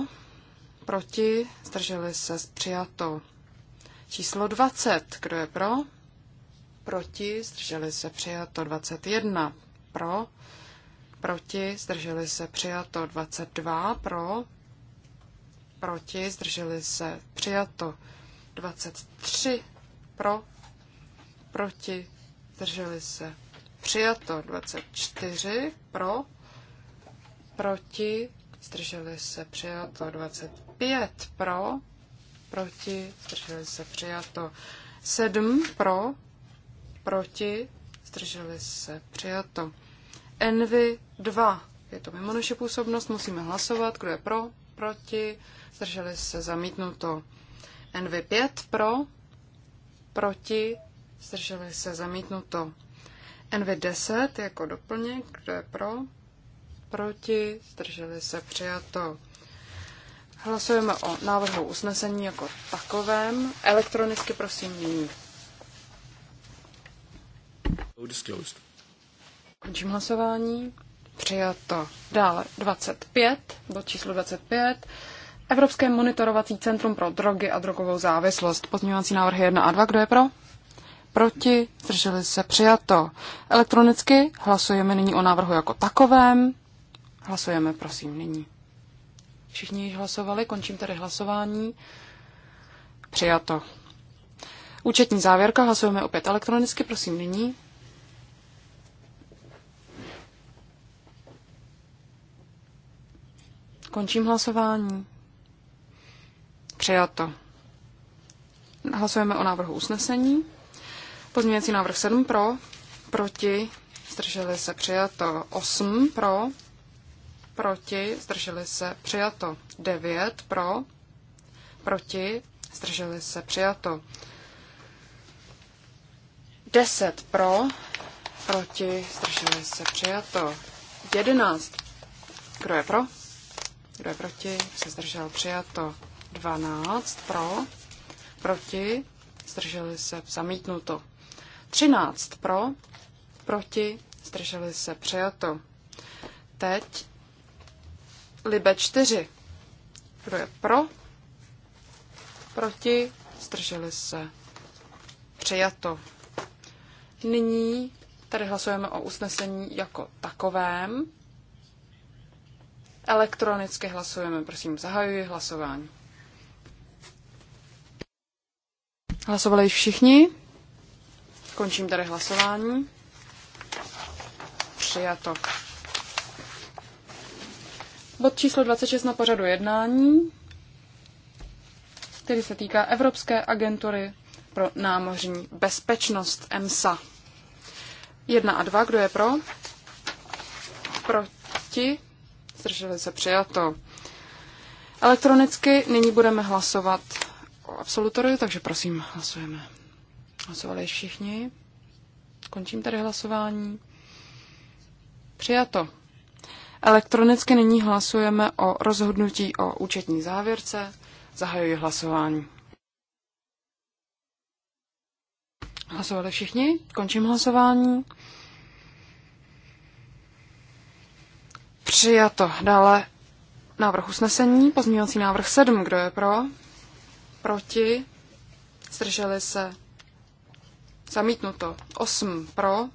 Proti? Zdrželi se? Přijato. Číslo 20. Kdo je pro? Proti? Zdrželi se? Přijato. 21 pro, proti, zdrželi se přijato 22 pro, proti, zdrželi se přijato 23 pro, proti, zdrželi se přijato 24 pro, proti, zdrželi se přijato 25 pro, proti, zdrželi se přijato 7 pro, proti, zdrželi se, přijato. Envy 2, je to mimo naše působnost, musíme hlasovat, kdo je pro, proti, zdrželi se, zamítnuto. Envy 5, pro, proti, zdrželi se, zamítnuto. Envy 10, jako doplněk, kdo je pro, proti, zdrželi se, přijato. Hlasujeme o návrhu usnesení jako takovém. Elektronicky prosím nyní. No končím hlasování. Přijato. Dále 25, bod číslo 25. Evropské monitorovací centrum pro drogy a drogovou závislost. Pozměňovací návrhy 1 a 2. Kdo je pro? Proti? Zdrželi se? Přijato. Elektronicky hlasujeme nyní o návrhu jako takovém. Hlasujeme, prosím, nyní. Všichni již hlasovali, končím tedy hlasování. Přijato. Účetní závěrka, hlasujeme opět elektronicky, prosím, nyní. Končím hlasování. Přijato. Hlasujeme o návrhu usnesení. Pozměňovací návrh 7 pro, proti, zdrželi se přijato 8 pro, proti, zdrželi se přijato 9 pro, proti, zdrželi se přijato 10 pro, proti, zdrželi se přijato 11. Kdo je pro? Kdo je proti? Se zdržel přijato. 12 pro. Proti? Zdrželi se zamítnuto. 13 pro. Proti? Zdrželi se přijato. Teď Libe 4. Kdo je pro? Proti? Zdrželi se přijato. Nyní tady hlasujeme o usnesení jako takovém. Elektronicky hlasujeme, prosím, zahajuji hlasování. Hlasovali již všichni. Končím tady hlasování. Přijato. Bod číslo 26 na pořadu jednání, který se týká Evropské agentury pro námořní bezpečnost EMSA. 1 a 2, kdo je pro? Proti? zdrželi se přijato. Elektronicky nyní budeme hlasovat o absolutoriu, takže prosím, hlasujeme. Hlasovali všichni. Končím tady hlasování. Přijato. Elektronicky nyní hlasujeme o rozhodnutí o účetní závěrce. Zahajuji hlasování. Hlasovali všichni? Končím hlasování. Přijato. Dále návrh usnesení, pozměňovací návrh 7. Kdo je pro? Proti? Zdrželi se? Zamítnuto. 8 pro?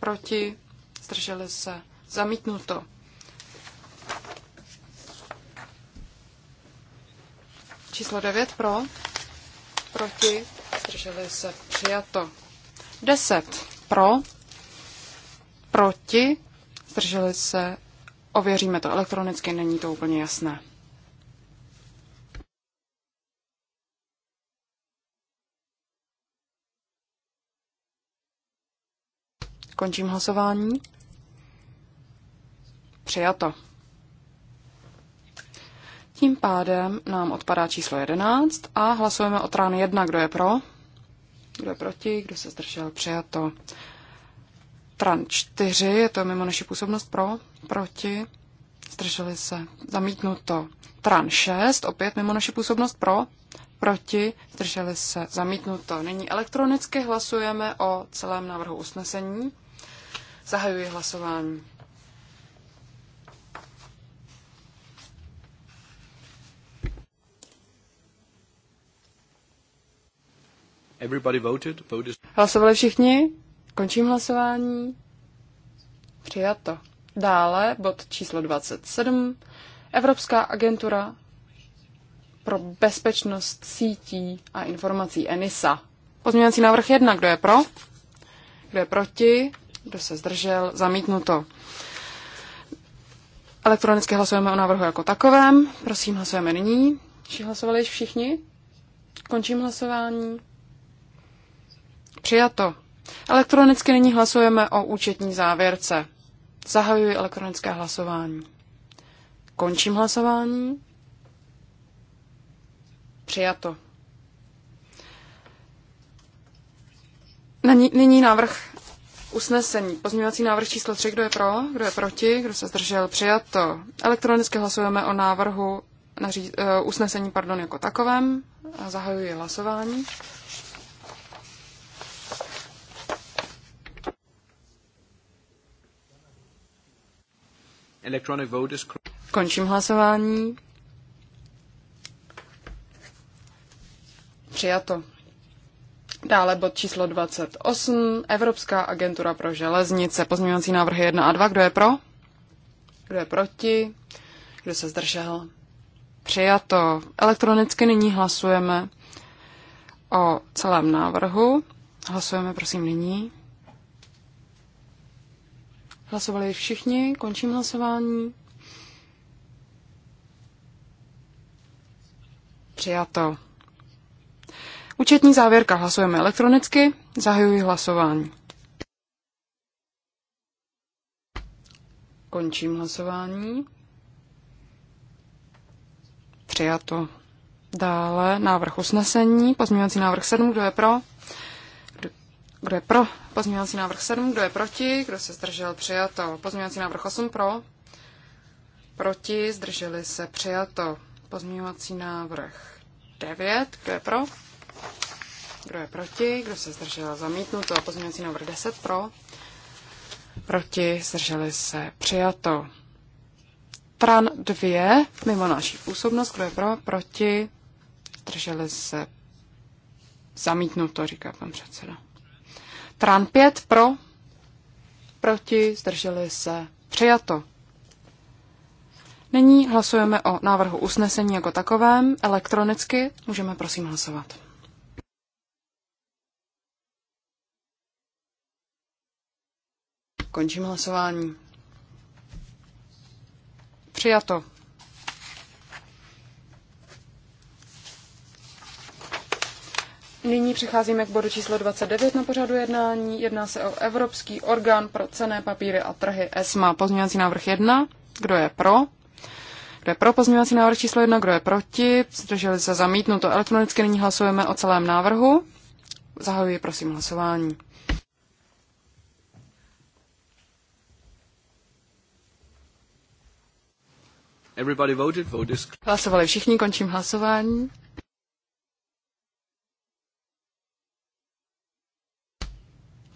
Proti? Zdrželi se? Zamítnuto. Číslo 9 pro? Proti? Zdrželi se? Přijato. 10 pro? Proti? zdrželi se, ověříme to elektronicky, není to úplně jasné. Končím hlasování. Přijato. Tím pádem nám odpadá číslo 11 a hlasujeme o trán 1, kdo je pro, kdo je proti, kdo se zdržel, přijato. Tran 4, je to mimo naši působnost pro, proti, zdrželi se, zamítnuto. Tran 6, opět mimo naši působnost pro, proti, zdrželi se, zamítnuto. Nyní elektronicky hlasujeme o celém návrhu usnesení. Zahajuji hlasování. Everybody voted. Voted. Hlasovali všichni? Končím hlasování. Přijato. Dále bod číslo 27. Evropská agentura pro bezpečnost sítí a informací ENISA. Pozměňovací návrh 1. Kdo je pro? Kdo je proti? Kdo se zdržel? Zamítnuto. Elektronicky hlasujeme o návrhu jako takovém. Prosím, hlasujeme nyní. Či hlasovali již všichni? Končím hlasování. Přijato. Elektronicky nyní hlasujeme o účetní závěrce. Zahajuji elektronické hlasování. Končím hlasování. Přijato. Nyní návrh usnesení. Pozměňovací návrh číslo 3. Kdo je pro? Kdo je proti? Kdo se zdržel? Přijato. Elektronicky hlasujeme o návrhu naří, uh, usnesení pardon, jako takovém. Zahajuji hlasování. Electronic vote is... Končím hlasování. Přijato. Dále bod číslo 28, Evropská agentura pro železnice, pozměňovací návrhy 1 a 2. Kdo je pro? Kdo je proti? Kdo se zdržel? Přijato. Elektronicky nyní hlasujeme o celém návrhu. Hlasujeme prosím nyní. Hlasovali všichni, končím hlasování. Přijato. Účetní závěrka hlasujeme elektronicky. Zahajuji hlasování. Končím hlasování. Přijato. Dále návrh usnesení, pozměňovací návrh 7, kdo je pro? Kdo je pro pozměňovací návrh 7? Kdo je proti? Kdo se zdržel? Přijato. Pozměňovací návrh 8 pro. Proti? Zdrželi se? Přijato. Pozměňovací návrh 9. Kdo je pro? Kdo je proti? Kdo se zdržel? Zamítnuto. Pozměňovací návrh 10 pro. Proti? Zdrželi se? Přijato. Tran 2, mimo naší působnost, kdo je pro, proti, zdrželi se zamítnuto, říká pan předseda. Tran 5 pro, proti, zdrželi se, přijato. Nyní hlasujeme o návrhu usnesení jako takovém. Elektronicky můžeme prosím hlasovat. Končím hlasování. Přijato. Nyní přecházíme k bodu číslo 29 na pořadu jednání. Jedná se o Evropský orgán pro cené papíry a trhy ESMA. Pozměňovací návrh 1. Kdo je pro? Kdo je pro pozměňovací návrh číslo 1? Kdo je proti? Zdrželi se zamítnuto. Elektronicky nyní hlasujeme o celém návrhu. Zahajuji prosím hlasování. Everybody voted, voted. Hlasovali všichni, končím hlasování.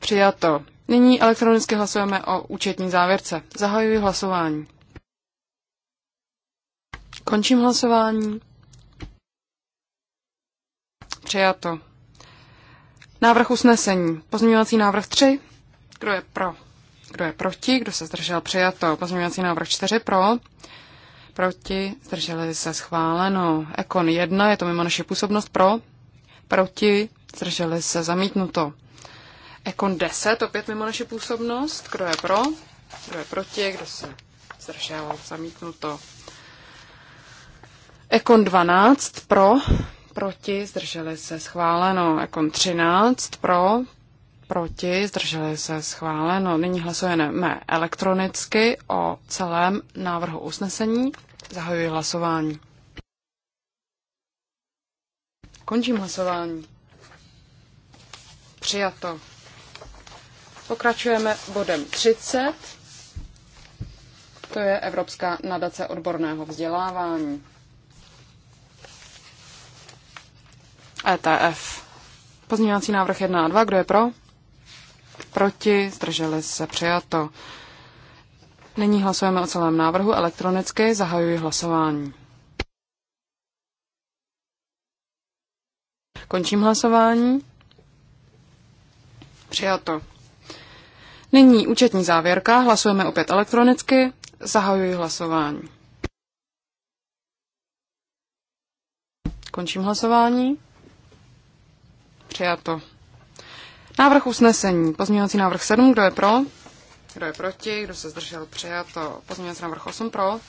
Přijato. Nyní elektronicky hlasujeme o účetní závěrce. Zahajuji hlasování. Končím hlasování. Přijato. Návrh usnesení. Pozměňovací návrh 3. Kdo je pro? Kdo je proti? Kdo se zdržel? Přijato. Pozměňovací návrh 4 pro. Proti. Zdrželi se schváleno. Ekon 1. Je to mimo naše působnost pro. Proti. Zdrželi se zamítnuto. Ekon 10, opět mimo naši působnost. Kdo je pro? Kdo je proti? Kdo se zdržel? Zamítnuto. Ekon 12 pro, proti, zdrželi se schváleno. Ekon 13 pro, proti, zdrželi se schváleno. Nyní hlasujeme elektronicky o celém návrhu usnesení. Zahajuji hlasování. Končím hlasování. Přijato. Pokračujeme bodem 30. To je Evropská nadace odborného vzdělávání. ETF. Pozměňovací návrh 1 a 2. Kdo je pro? Proti? Zdrželi se přijato. Nyní hlasujeme o celém návrhu elektronicky. Zahajuji hlasování. Končím hlasování. Přijato. Nyní účetní závěrka, hlasujeme opět elektronicky, zahajuji hlasování. Končím hlasování. Přijato. Návrh usnesení. Pozměňovací návrh 7. Kdo je pro? Kdo je proti? Kdo se zdržel? Přijato. Pozměňovací návrh 8. Pro?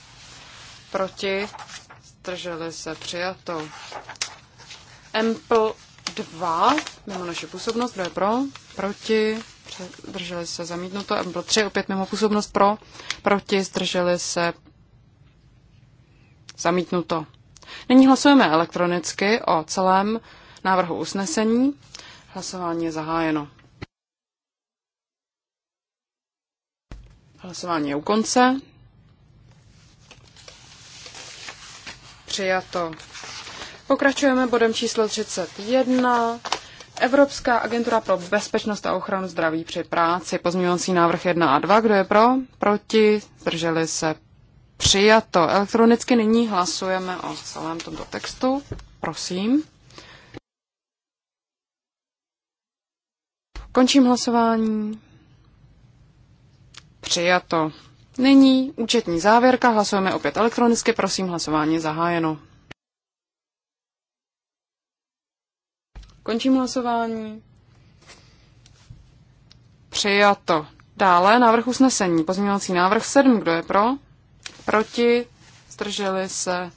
Proti? Zdrželi se? Přijato. Empl 2. Mimo naše působnost. Kdo je pro? Proti? zdrželi se zamítnuto, bylo 3 opět mimo působnost pro, proti, zdrželi se zamítnuto. Nyní hlasujeme elektronicky o celém návrhu usnesení. Hlasování je zahájeno. Hlasování je u konce. Přijato. Pokračujeme bodem číslo 31. Evropská agentura pro bezpečnost a ochranu zdraví při práci. Pozměňovací návrh 1 a 2. Kdo je pro? Proti? Zdrželi se? Přijato. Elektronicky nyní hlasujeme o celém tomto textu. Prosím. Končím hlasování. Přijato. Nyní účetní závěrka. Hlasujeme opět elektronicky. Prosím, hlasování zahájeno. Končím hlasování. Přijato. Dále návrh usnesení. Pozměňovací návrh 7. Kdo je pro? Proti? Zdrželi se?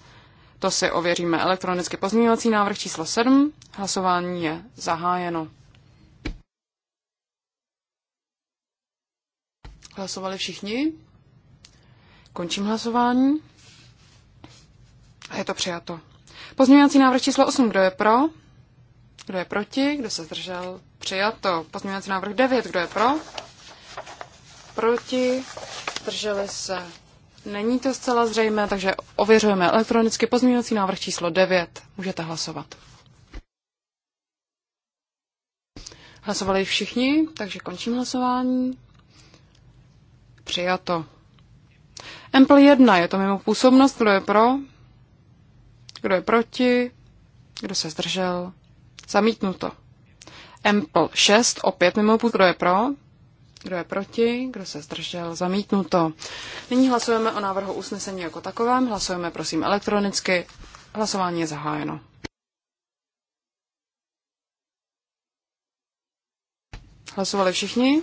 To si ověříme elektronicky. Pozměňovací návrh číslo 7. Hlasování je zahájeno. Hlasovali všichni? Končím hlasování. A je to přijato. Pozměňovací návrh číslo 8. Kdo je pro? Kdo je proti? Kdo se zdržel? Přijato. Pozměňovací návrh 9. Kdo je pro? Proti? Zdrželi se? Není to zcela zřejmé, takže ověřujeme elektronicky pozměňovací návrh číslo 9. Můžete hlasovat. Hlasovali všichni, takže končím hlasování. Přijato. Empl 1, je to mimo působnost, kdo je pro, kdo je proti, kdo se zdržel. Zamítnuto. Ample 6, opět mimo půl. kdo je pro, kdo je proti, kdo se zdržel, zamítnuto. Nyní hlasujeme o návrhu usnesení jako takovém, hlasujeme prosím elektronicky, hlasování je zahájeno. Hlasovali všichni?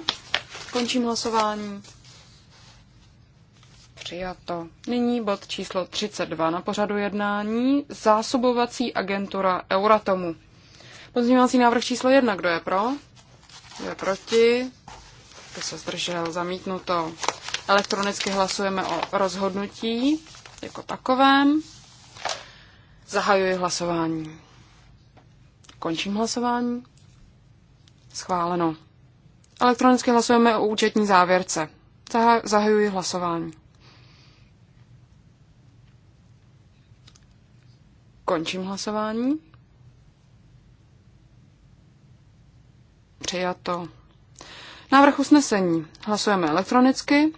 Končím hlasování. Přijato. Nyní bod číslo 32 na pořadu jednání. Zásobovací agentura Euratomu. Pozměňovací návrh číslo jedna. Kdo je pro? Kdo je proti? Kdo se zdržel? Zamítnuto. Elektronicky hlasujeme o rozhodnutí jako takovém. Zahajuji hlasování. Končím hlasování. Schváleno. Elektronicky hlasujeme o účetní závěrce. Zahajuji hlasování. Končím hlasování. přijato. Návrh usnesení. Hlasujeme elektronicky.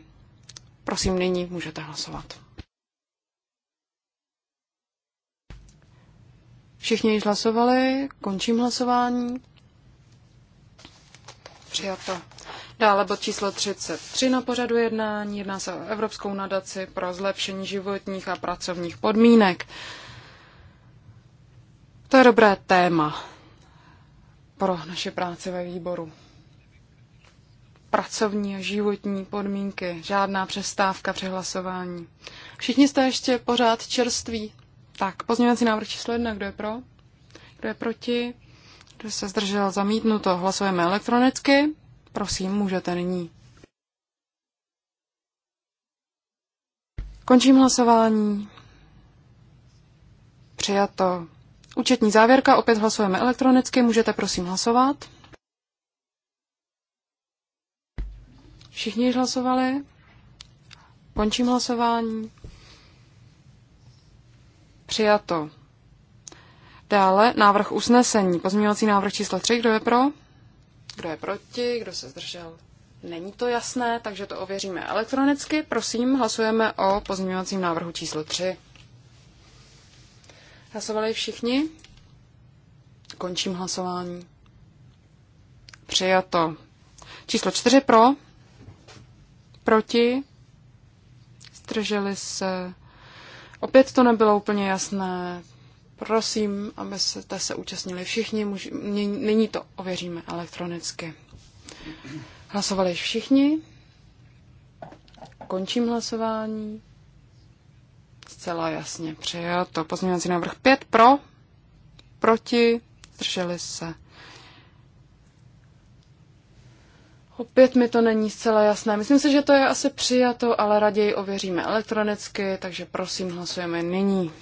Prosím, nyní můžete hlasovat. Všichni již hlasovali, končím hlasování. Přijato. Dále bod číslo 33 na pořadu jednání. Jedná se o Evropskou nadaci pro zlepšení životních a pracovních podmínek. To je dobré téma pro naše práce ve výboru. Pracovní a životní podmínky, žádná přestávka při hlasování. Všichni jste ještě pořád čerství. Tak, pozměňovací návrh číslo jedna, kdo je pro? Kdo je proti? Kdo se zdržel zamítnuto? Hlasujeme elektronicky. Prosím, můžete nyní. Končím hlasování. Přijato. Účetní závěrka, opět hlasujeme elektronicky, můžete prosím hlasovat. Všichni již hlasovali. Končím hlasování. Přijato. Dále návrh usnesení. Pozměňovací návrh číslo 3. Kdo je pro? Kdo je proti? Kdo se zdržel? Není to jasné, takže to ověříme elektronicky. Prosím, hlasujeme o pozměňovacím návrhu číslo 3. Hlasovali všichni? Končím hlasování. Přijato. Číslo čtyři pro, proti, Strželi se. Opět to nebylo úplně jasné. Prosím, abyste se účastnili všichni. Muž... Nyní to ověříme elektronicky. Hlasovali všichni. Končím hlasování. Zcela jasně přijato. Pozměňovací návrh 5 pro, proti, zdrželi se. Opět mi to není zcela jasné. Myslím si, že to je asi přijato, ale raději ověříme elektronicky, takže prosím hlasujeme nyní.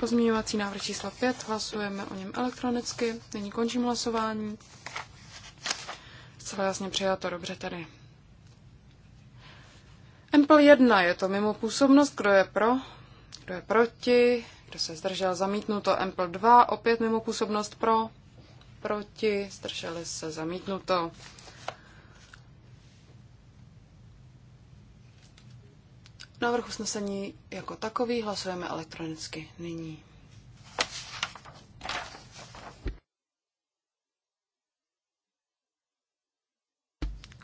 Pozměňovací návrh číslo 5, hlasujeme o něm elektronicky. Nyní končím hlasování. Zcela jasně přijato, dobře tady. Empl 1 je to mimo působnost, kdo je pro, kdo je proti, kdo se zdržel zamítnuto. Empl 2 opět mimo působnost pro, proti, zdrželi se zamítnuto. Návrh usnesení jako takový hlasujeme elektronicky nyní.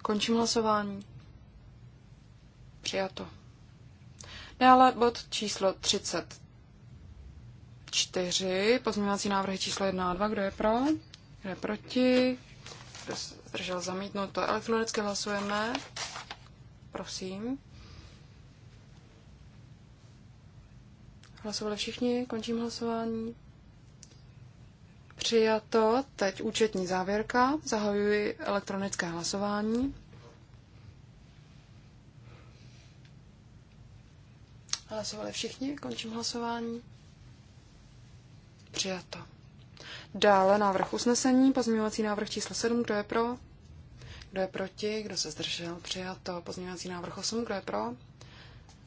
Končím hlasování. Přijato. Dále bod číslo 34, pozměňovací návrhy číslo 1 a 2, kdo je pro, kdo je proti, kdo se zdržel to Elektronicky hlasujeme, prosím. Hlasovali všichni, končím hlasování. Přijato, teď účetní závěrka, zahajuji elektronické hlasování. Hlasovali všichni, končím hlasování. Přijato. Dále návrh usnesení, pozměňovací návrh číslo 7, kdo je pro? Kdo je proti? Kdo se zdržel? Přijato. Pozměňovací návrh 8, kdo je pro?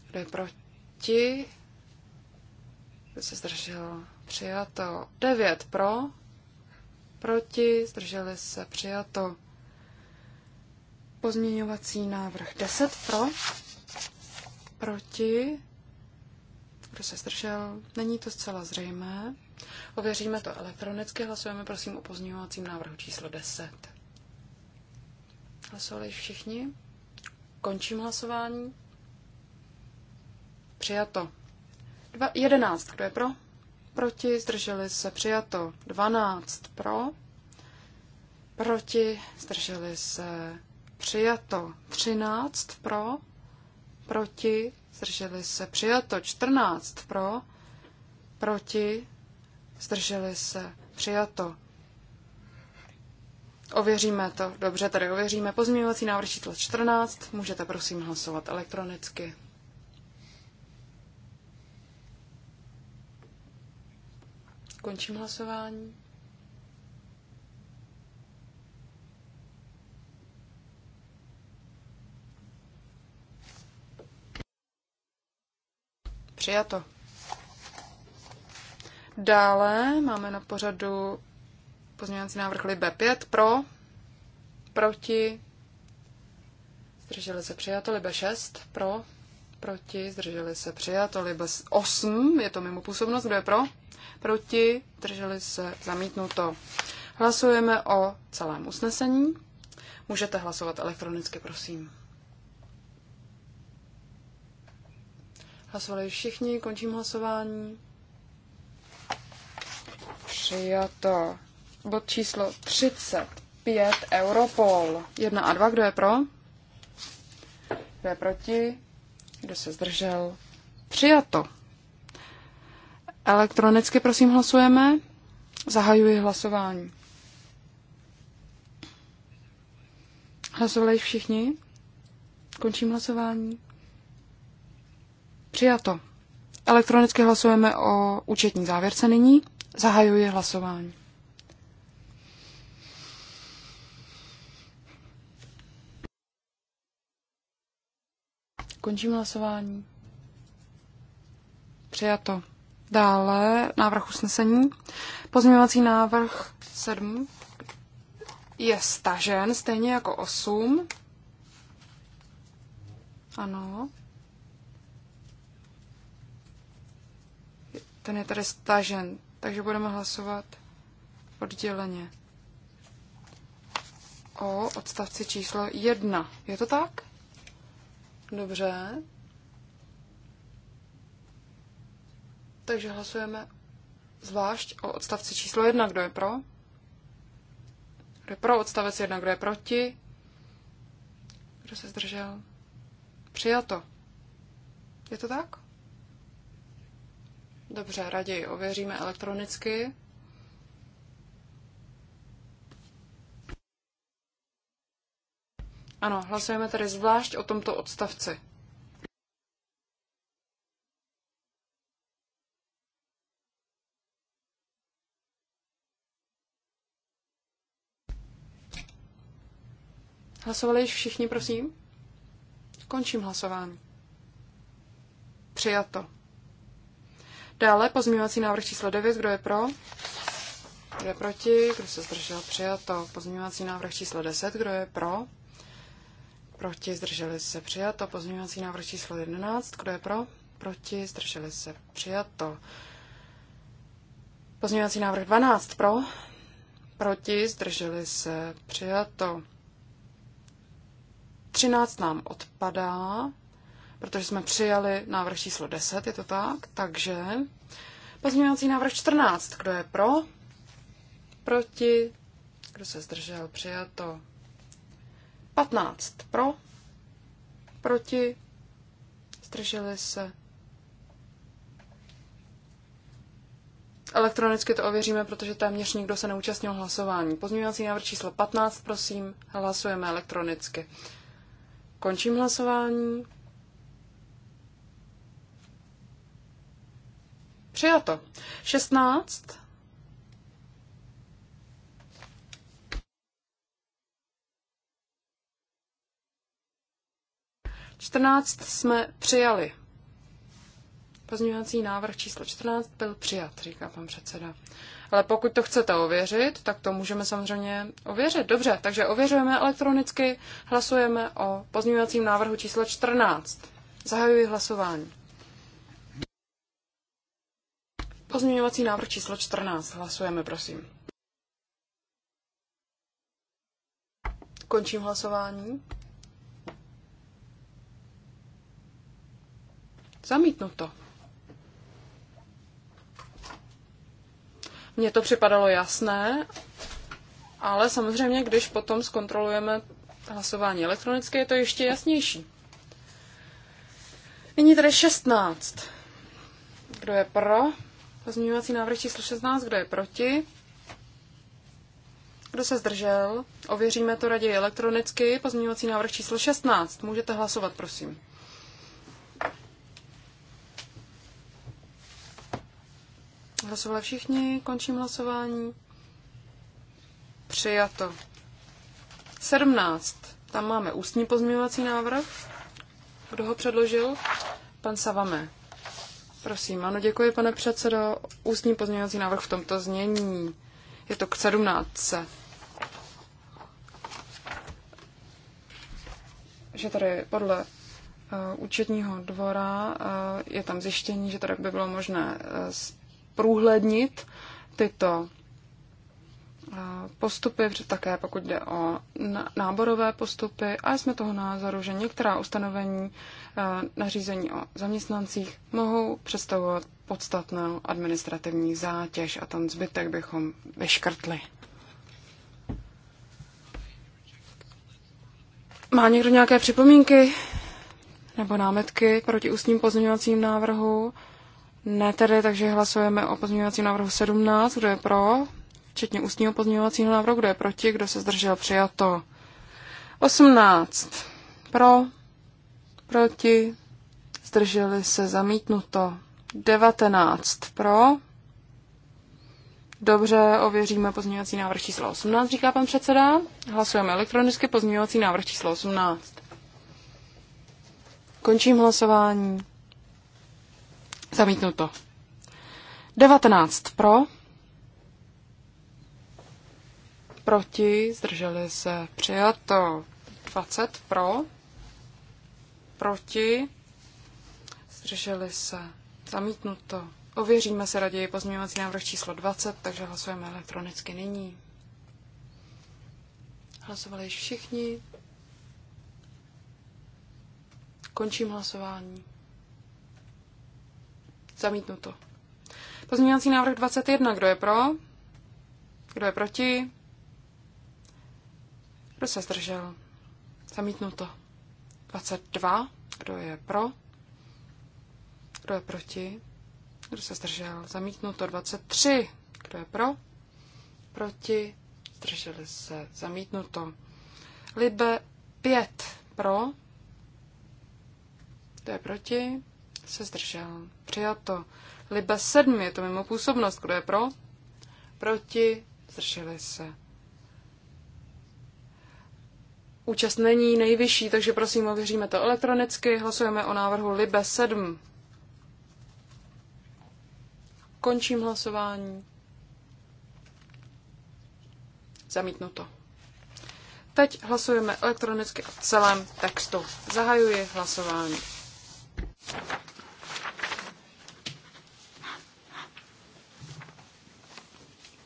Kdo je proti? Kdo se zdržel? Přijato. 9 pro? Proti? Zdrželi se? Přijato. Pozměňovací návrh 10 pro? Proti? Kdo se zdržel? Není to zcela zřejmé. Ověříme to elektronicky. Hlasujeme prosím o pozměňovacím návrhu číslo 10. Hlasovali všichni? Končím hlasování. Přijato. Dva, 11. Kdo je pro? Proti. Zdrželi se. Přijato. 12. Pro. Proti. Zdrželi se. Přijato. 13. Pro. Proti zdrželi se přijato. 14 pro, proti, zdrželi se přijato. Ověříme to. Dobře, tady ověříme pozměňovací návrh číslo 14. Můžete prosím hlasovat elektronicky. Končím hlasování. Přijato. Dále máme na pořadu pozměňovací návrh Libe 5 pro, proti, zdrželi se přijato, Libe 6 pro, proti, zdrželi se přijato, Libe 8, je to mimo působnost, kdo je pro, proti, zdrželi se zamítnuto. Hlasujeme o celém usnesení. Můžete hlasovat elektronicky, prosím. Hlasovali všichni, končím hlasování. Přijato. Bod číslo 35, Europol. 1 a 2, kdo je pro? Kdo je proti? Kdo se zdržel? Přijato. Elektronicky prosím hlasujeme. Zahajuji hlasování. Hlasovali všichni? Končím hlasování. Přijato. Elektronicky hlasujeme o účetní závěrce nyní. Zahajuji hlasování. Končím hlasování. Přijato. Dále návrh usnesení. Pozměňovací návrh 7 je stažen, stejně jako 8. Ano. Ten je tady stažen, takže budeme hlasovat odděleně o odstavci číslo jedna. Je to tak? Dobře. Takže hlasujeme zvlášť o odstavci číslo jedna. Kdo je pro? Kdo je pro odstavec jedna? Kdo je proti? Kdo se zdržel? Přijato. Je to tak? Dobře, raději ověříme elektronicky. Ano, hlasujeme tedy zvlášť o tomto odstavci. Hlasovali již všichni, prosím? Končím hlasování. Přijato. Dále pozměňovací návrh číslo 9. Kdo je pro? Kdo je proti? Kdo se zdržel? Přijato. Pozměňovací návrh číslo 10. Kdo je pro? Proti? Zdrželi se? Přijato. Pozměňovací návrh číslo 11. Kdo je pro? Proti? Zdrželi se? Přijato. Pozměňovací návrh 12. Pro? Proti? Zdrželi se? Přijato. 13 nám odpadá protože jsme přijali návrh číslo 10, je to tak, takže pozměňovací návrh 14, kdo je pro, proti, kdo se zdržel, přijato 15 pro, proti, zdrželi se. Elektronicky to ověříme, protože téměř nikdo se neúčastnil hlasování. Pozměňovací návrh číslo 15, prosím, hlasujeme elektronicky. Končím hlasování. Přijato. 16. Čtrnáct jsme přijali. Pozměňovací návrh číslo 14 byl přijat, říká pan předseda. Ale pokud to chcete ověřit, tak to můžeme samozřejmě ověřit. Dobře, takže ověřujeme elektronicky, hlasujeme o pozměňovacím návrhu číslo 14. Zahajuji hlasování. Pozměňovací návrh číslo 14. Hlasujeme, prosím. Končím hlasování. Zamítnuto. Mně to připadalo jasné, ale samozřejmě, když potom zkontrolujeme hlasování elektronické, je to ještě jasnější. Nyní tedy 16. Kdo je pro? Pozměňovací návrh číslo 16, kdo je proti? Kdo se zdržel? Ověříme to raději elektronicky. Pozměňovací návrh číslo 16. Můžete hlasovat, prosím. Hlasovali všichni, končím hlasování. Přijato. 17. Tam máme ústní pozměňovací návrh. Kdo ho předložil? Pan Savame. Prosím, ano, děkuji, pane předsedo. Ústní pozměňovací návrh v tomto znění. Je to k 17. Že tady podle eh, účetního dvora eh, je tam zjištění, že tady by bylo možné eh, průhlednit tyto postupy, také pokud jde o náborové postupy a jsme toho názoru, že některá ustanovení e, nařízení o zaměstnancích mohou představovat podstatnou administrativní zátěž a ten zbytek bychom vyškrtli. Má někdo nějaké připomínky nebo námetky proti ústním pozměňovacím návrhu? Ne tedy, takže hlasujeme o pozměňovacím návrhu 17. Kdo je pro? včetně ústního pozměňovacího návrhu, kdo je proti, kdo se zdržel, přijato. 18. Pro, proti, zdrželi se, zamítnuto. 19. Pro, Dobře, ověříme pozměňovací návrh číslo 18, říká pan předseda. Hlasujeme elektronicky pozměňovací návrh číslo 18. Končím hlasování. Zamítnuto. 19 pro, proti, zdrželi se přijato 20 pro, proti, zdrželi se zamítnuto. Ověříme se raději pozměňovací návrh číslo 20, takže hlasujeme elektronicky nyní. Hlasovali již všichni. Končím hlasování. Zamítnuto. Pozměňovací návrh 21. Kdo je pro? Kdo je proti? Kdo se zdržel? Zamítnuto. 22. Kdo je pro? Kdo je proti? Kdo se zdržel? Zamítnuto. 23. Kdo je pro? Proti? Zdrželi se. Zamítnuto. Libe 5. Pro? Kdo je proti? Se zdržel. Přijato. Libe 7. Je to mimo působnost. Kdo je pro? Proti? Zdrželi se účast není nejvyšší, takže prosím, ověříme to elektronicky. Hlasujeme o návrhu Libe 7. Končím hlasování. Zamítnuto. Teď hlasujeme elektronicky o celém textu. Zahajuji hlasování.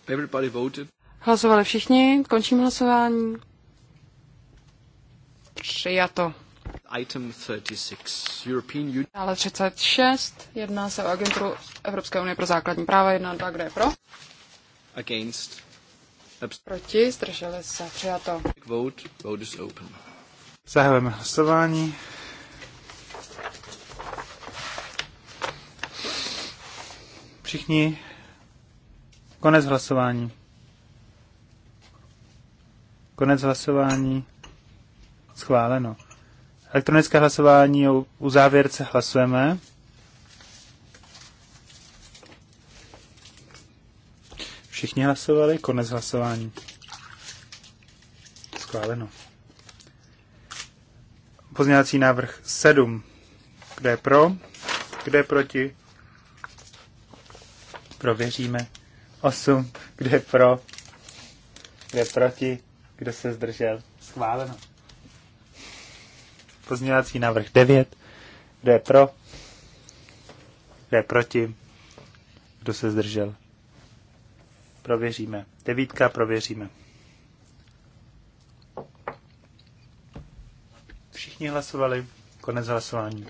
Everybody voted. Hlasovali všichni, končím hlasování. Přijato. Item 36. European Union. Dále 36. Jedná se o agenturu Evropské unie pro základní práva. Jedná dva, kde je pro? Against. Proti, zdrželi se. Přijato. Vote. Vote is open. Zahajujeme hlasování. Všichni. Konec hlasování. Konec hlasování. Schváleno. Elektronické hlasování u závěrce hlasujeme. Všichni hlasovali, konec hlasování. Schváleno. Pozměňovací návrh 7. Kde je pro? Kde je proti? Prověříme. 8. Kde je pro? Kde je proti? Kdo se zdržel? Schváleno. Pozměňovací návrh 9. Kdo je pro? Kdo je proti? Kdo se zdržel? Prověříme. Devítka prověříme. Všichni hlasovali. Konec hlasování.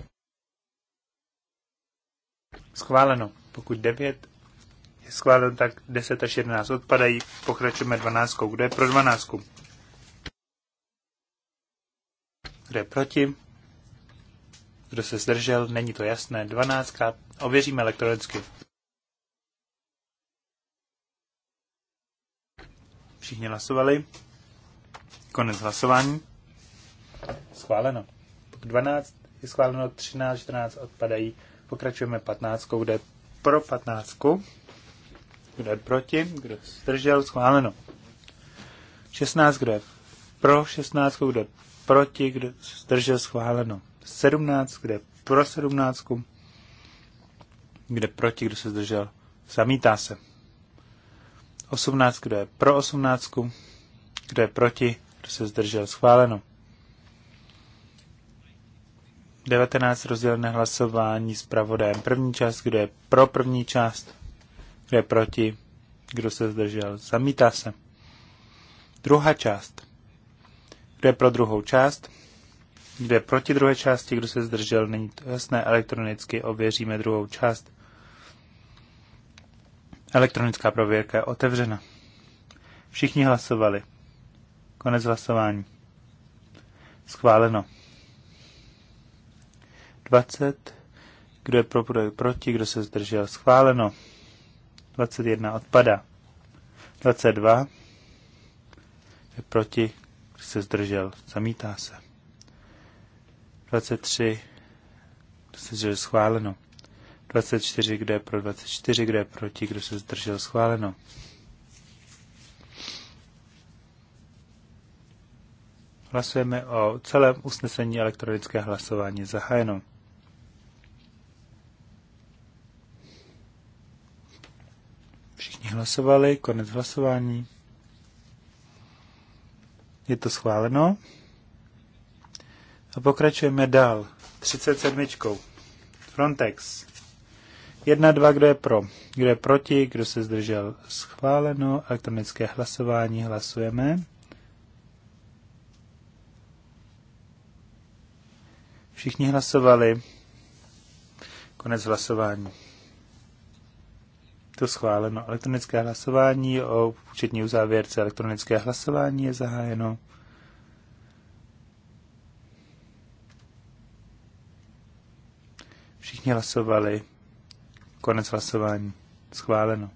Schváleno. Pokud 9 je schváleno, tak 10 až 11 odpadají. Pokračujeme 12. Kdo je pro 12? Kdo je proti? Kdo se zdržel? Není to jasné. 12. Ověříme elektronicky. Všichni hlasovali. Konec hlasování. Schváleno. 12 je schváleno, 13, 14 odpadají. Pokračujeme 15, kde je pro 15. Kdo je proti? Kdo zdržel? Schváleno. 16, kdo je pro 16, kdo je proti, kdo zdržel schváleno 17, kde pro 17, kde proti, kdo se zdržel, zamítá se. 18, kdo je pro 18, kdo je proti, kdo se zdržel, schváleno. 19 rozdělené hlasování s pravodajem první část, kdo je pro první část, kdo je proti, kdo se zdržel, zamítá se. Druhá část, kdo je pro druhou část? Kdo je proti druhé části? Kdo se zdržel? Není to jasné. Elektronicky ověříme druhou část. Elektronická prověrka je otevřena. Všichni hlasovali. Konec hlasování. Schváleno. 20. Kdo je pro, kdo je proti, kdo se zdržel? Schváleno. 21 odpada. 22 je proti, se zdržel, zamítá se. 23, kdo se zdržel, schváleno. 24, kde je pro, 24, kde je proti, kdo se zdržel, schváleno. Hlasujeme o celém usnesení elektronické hlasování zahájeno. Všichni hlasovali, konec hlasování. Je to schváleno. A pokračujeme dál. 37. Frontex. 1, 2, kdo je pro, kdo je proti, kdo se zdržel. Schváleno. Elektronické hlasování. Hlasujeme. Všichni hlasovali. Konec hlasování to schváleno. Elektronické hlasování o účetní uzávěrce. Elektronické hlasování je zahájeno. Všichni hlasovali. Konec hlasování. Schváleno.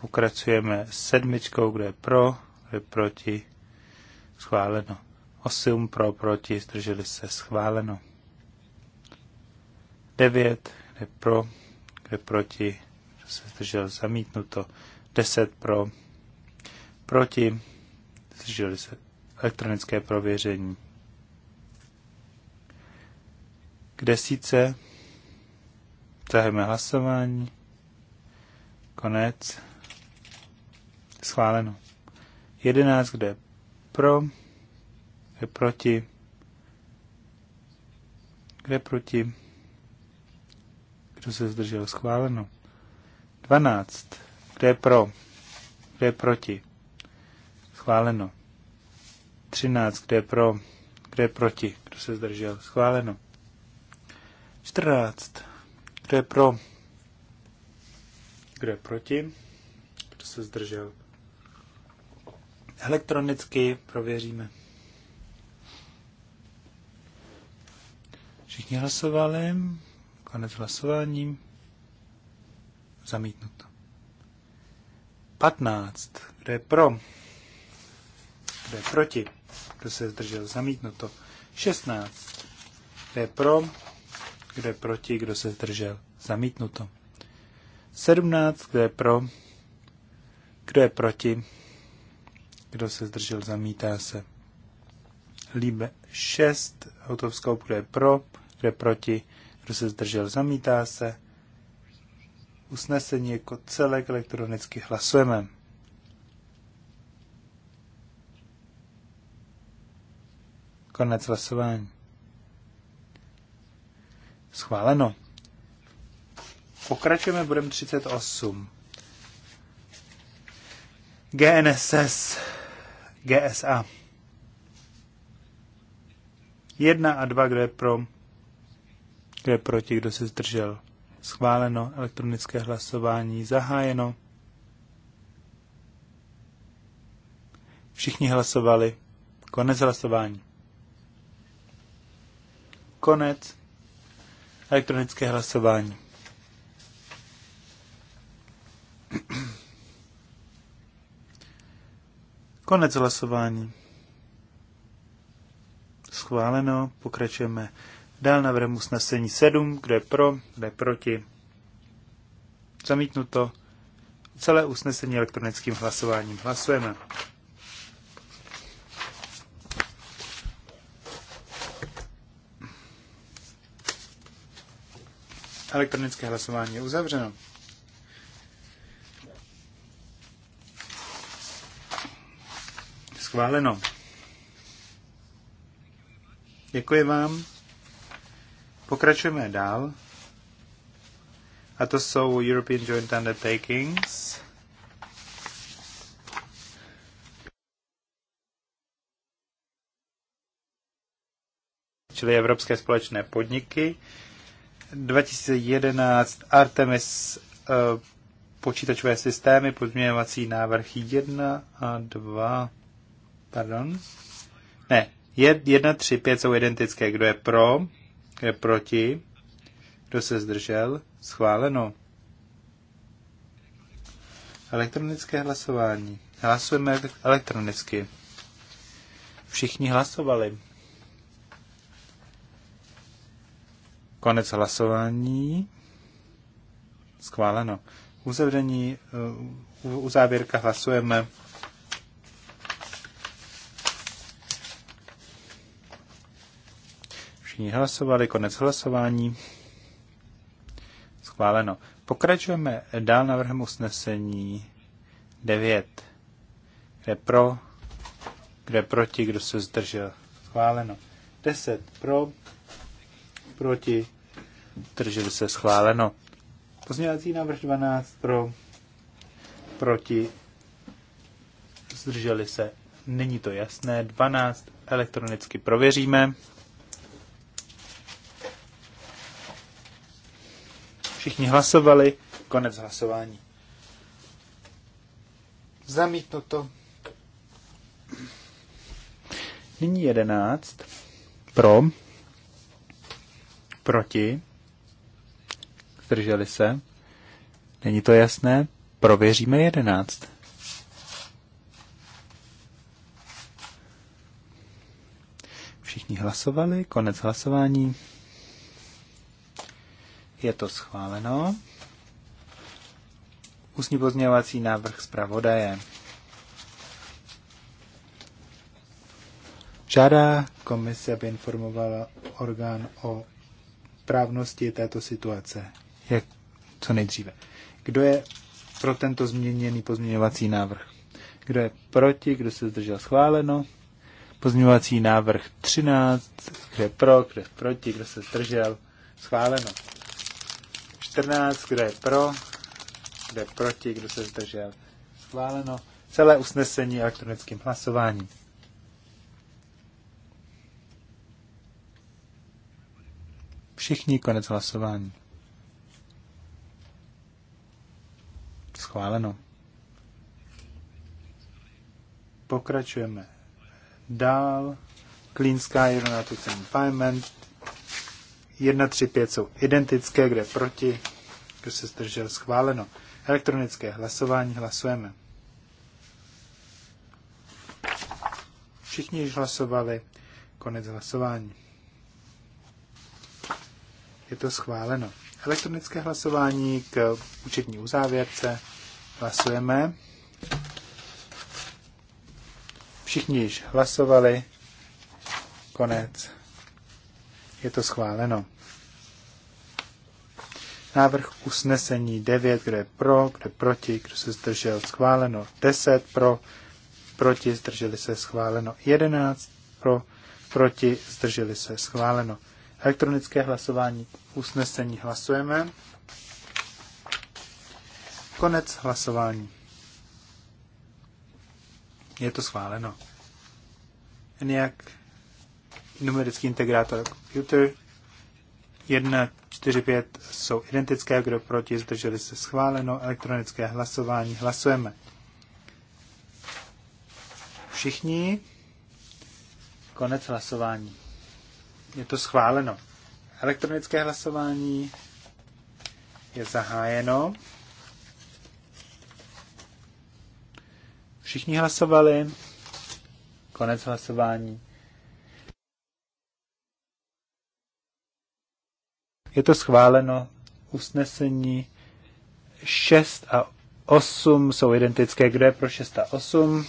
Pokračujeme sedmičkou, kde je pro, kde je proti. Schváleno. Osm pro, proti, zdrželi se. Schváleno. Devět, kde je pro, kde proti, že se zdržel zamítnuto, 10 pro, proti, zdrželi se elektronické prověření. K desíce zahajeme hlasování, konec, schváleno. 11, kde pro, kde proti, kde proti, kdo se zdržel, schváleno. 12. Kdo je pro? Kdo je proti? Schváleno. 13. Kdo je pro? Kdo je proti? Kdo se zdržel? Schváleno. 14. Kdo je pro? Kdo je proti? Kdo se zdržel? Elektronicky prověříme. Všichni hlasovali. Konec hlasování. Zamítnuto. 15. Kdo je pro? Kdo je proti? Kdo se zdržel? Zamítnuto. 16. Kdo je pro? Kdo je proti? Kdo se zdržel? Zamítnuto. 17. Kdo je pro? Kdo je proti? Kdo se zdržel? Zamítá se. Líbe 6. Hotovskou. Kdo je pro? Kdo je proti? kdo se zdržel, zamítá se. Usnesení jako celek elektronicky hlasujeme. Konec hlasování. Schváleno. Pokračujeme bodem 38. GNSS, GSA. 1 a 2, kde je pro, kdo je proti, kdo se zdržel. Schváleno elektronické hlasování zahájeno. Všichni hlasovali. Konec hlasování. Konec elektronické hlasování. Konec hlasování. Schváleno, pokračujeme Dál navrhem usnesení 7, kde je pro, kde je proti. Zamítnuto. Celé usnesení elektronickým hlasováním hlasujeme. Elektronické hlasování je uzavřeno. Schváleno. Děkuji vám. Pokračujeme dál. A to jsou European Joint Undertakings. čili Evropské společné podniky. 2011 Artemis uh, počítačové systémy, pozměňovací návrh 1 a 2, pardon, ne, 1, 3, 5 jsou identické. Kdo je pro? Kdo je proti? Kdo se zdržel? Schváleno. Elektronické hlasování. Hlasujeme elektronicky. Všichni hlasovali. Konec hlasování. Schváleno. Uzavření, eh, uzávěrka hlasujeme Všichni hlasovali, konec hlasování. Schváleno. Pokračujeme dál navrhem usnesení 9. Kde pro, kde proti, kdo se zdržel. Schváleno. 10 pro, proti, zdrželi se schváleno. Pozměňovací návrh 12 pro, proti, zdrželi se. Není to jasné. 12 elektronicky prověříme. Všichni hlasovali. Konec hlasování. Zamítno to. Nyní jedenáct. Pro. Proti. Zdrželi se. Není to jasné? Prověříme jedenáct. Všichni hlasovali. Konec hlasování je to schváleno. Ústní pozměňovací návrh zpravodaje. Žádá komise, aby informovala orgán o právnosti této situace, jak co nejdříve. Kdo je pro tento změněný pozměňovací návrh? Kdo je proti? Kdo se zdržel schváleno? Pozměňovací návrh 13. Kdo je pro? Kdo je proti? Kdo se zdržel? Schváleno. 14, kdo je pro, kdo je proti, kdo se zdržel. Schváleno celé usnesení elektronickým hlasováním. Všichni konec hlasování. Schváleno. Pokračujeme dál. Clean Sky United Environment 1, 3, 5 jsou identické, kde proti, kdo se zdržel, schváleno. Elektronické hlasování hlasujeme. Všichni již hlasovali, konec hlasování. Je to schváleno. Elektronické hlasování k účetní uzávěrce. Hlasujeme. Všichni již hlasovali. Konec je to schváleno. Návrh usnesení 9, kdo je pro, kdo je proti, kdo se zdržel, schváleno. 10 pro, proti, zdrželi se, schváleno. 11 pro, proti, zdrželi se, schváleno. Elektronické hlasování usnesení hlasujeme. Konec hlasování. Je to schváleno. Nějak numerický integrátor computer. 1, 4, 5 jsou identické, kdo proti, zdrželi se schváleno, elektronické hlasování, hlasujeme. Všichni, konec hlasování. Je to schváleno. Elektronické hlasování je zahájeno. Všichni hlasovali. Konec hlasování. Je to schváleno usnesení 6 a 8 jsou identické. Kdo je pro 6 a 8?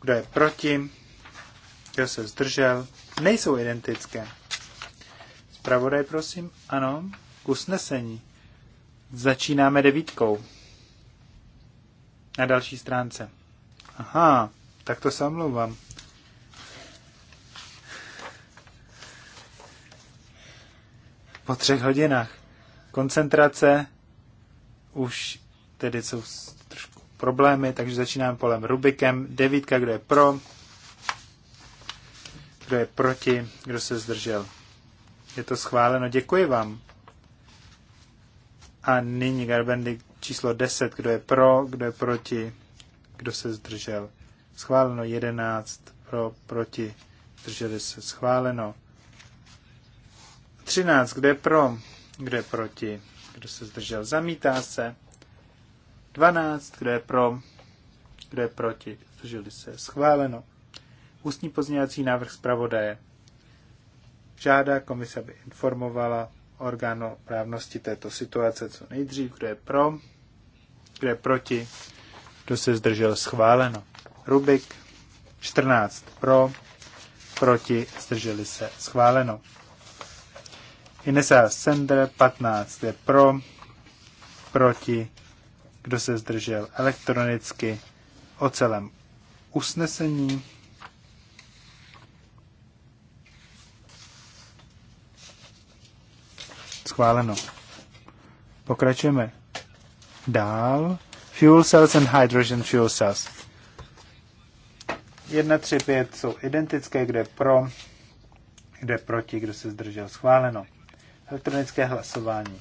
Kdo je proti? Kdo se zdržel? Nejsou identické. Zpravodaj, prosím. Ano, k usnesení. Začínáme devítkou. Na další stránce. Aha, tak to se omlouvám. po třech hodinách. Koncentrace už tedy jsou trošku problémy, takže začínám polem Rubikem. Devítka, kdo je pro, kdo je proti, kdo se zdržel. Je to schváleno, děkuji vám. A nyní Garbendy číslo 10, kdo je pro, kdo je proti, kdo se zdržel. Schváleno 11, pro, proti, zdrželi se. Schváleno 13, kde pro, kde proti, kdo se zdržel, zamítá se. 12, kde pro, kde proti, zdrželi se, schváleno. Ústní pozměňovací návrh zpravodaje žádá komise, aby informovala orgánu právnosti této situace co nejdřív, kdo je pro, kdo je proti, kdo se zdržel schváleno. Rubik 14 pro, proti, zdrželi se schváleno. Inesa Sender 15 je pro, proti, kdo se zdržel elektronicky o celém usnesení. Schváleno. Pokračujeme dál. Fuel cells and hydrogen fuel cells. 1, 3, 5 jsou identické, kde pro, kde proti, kdo se zdržel. Schváleno. Elektronické hlasování.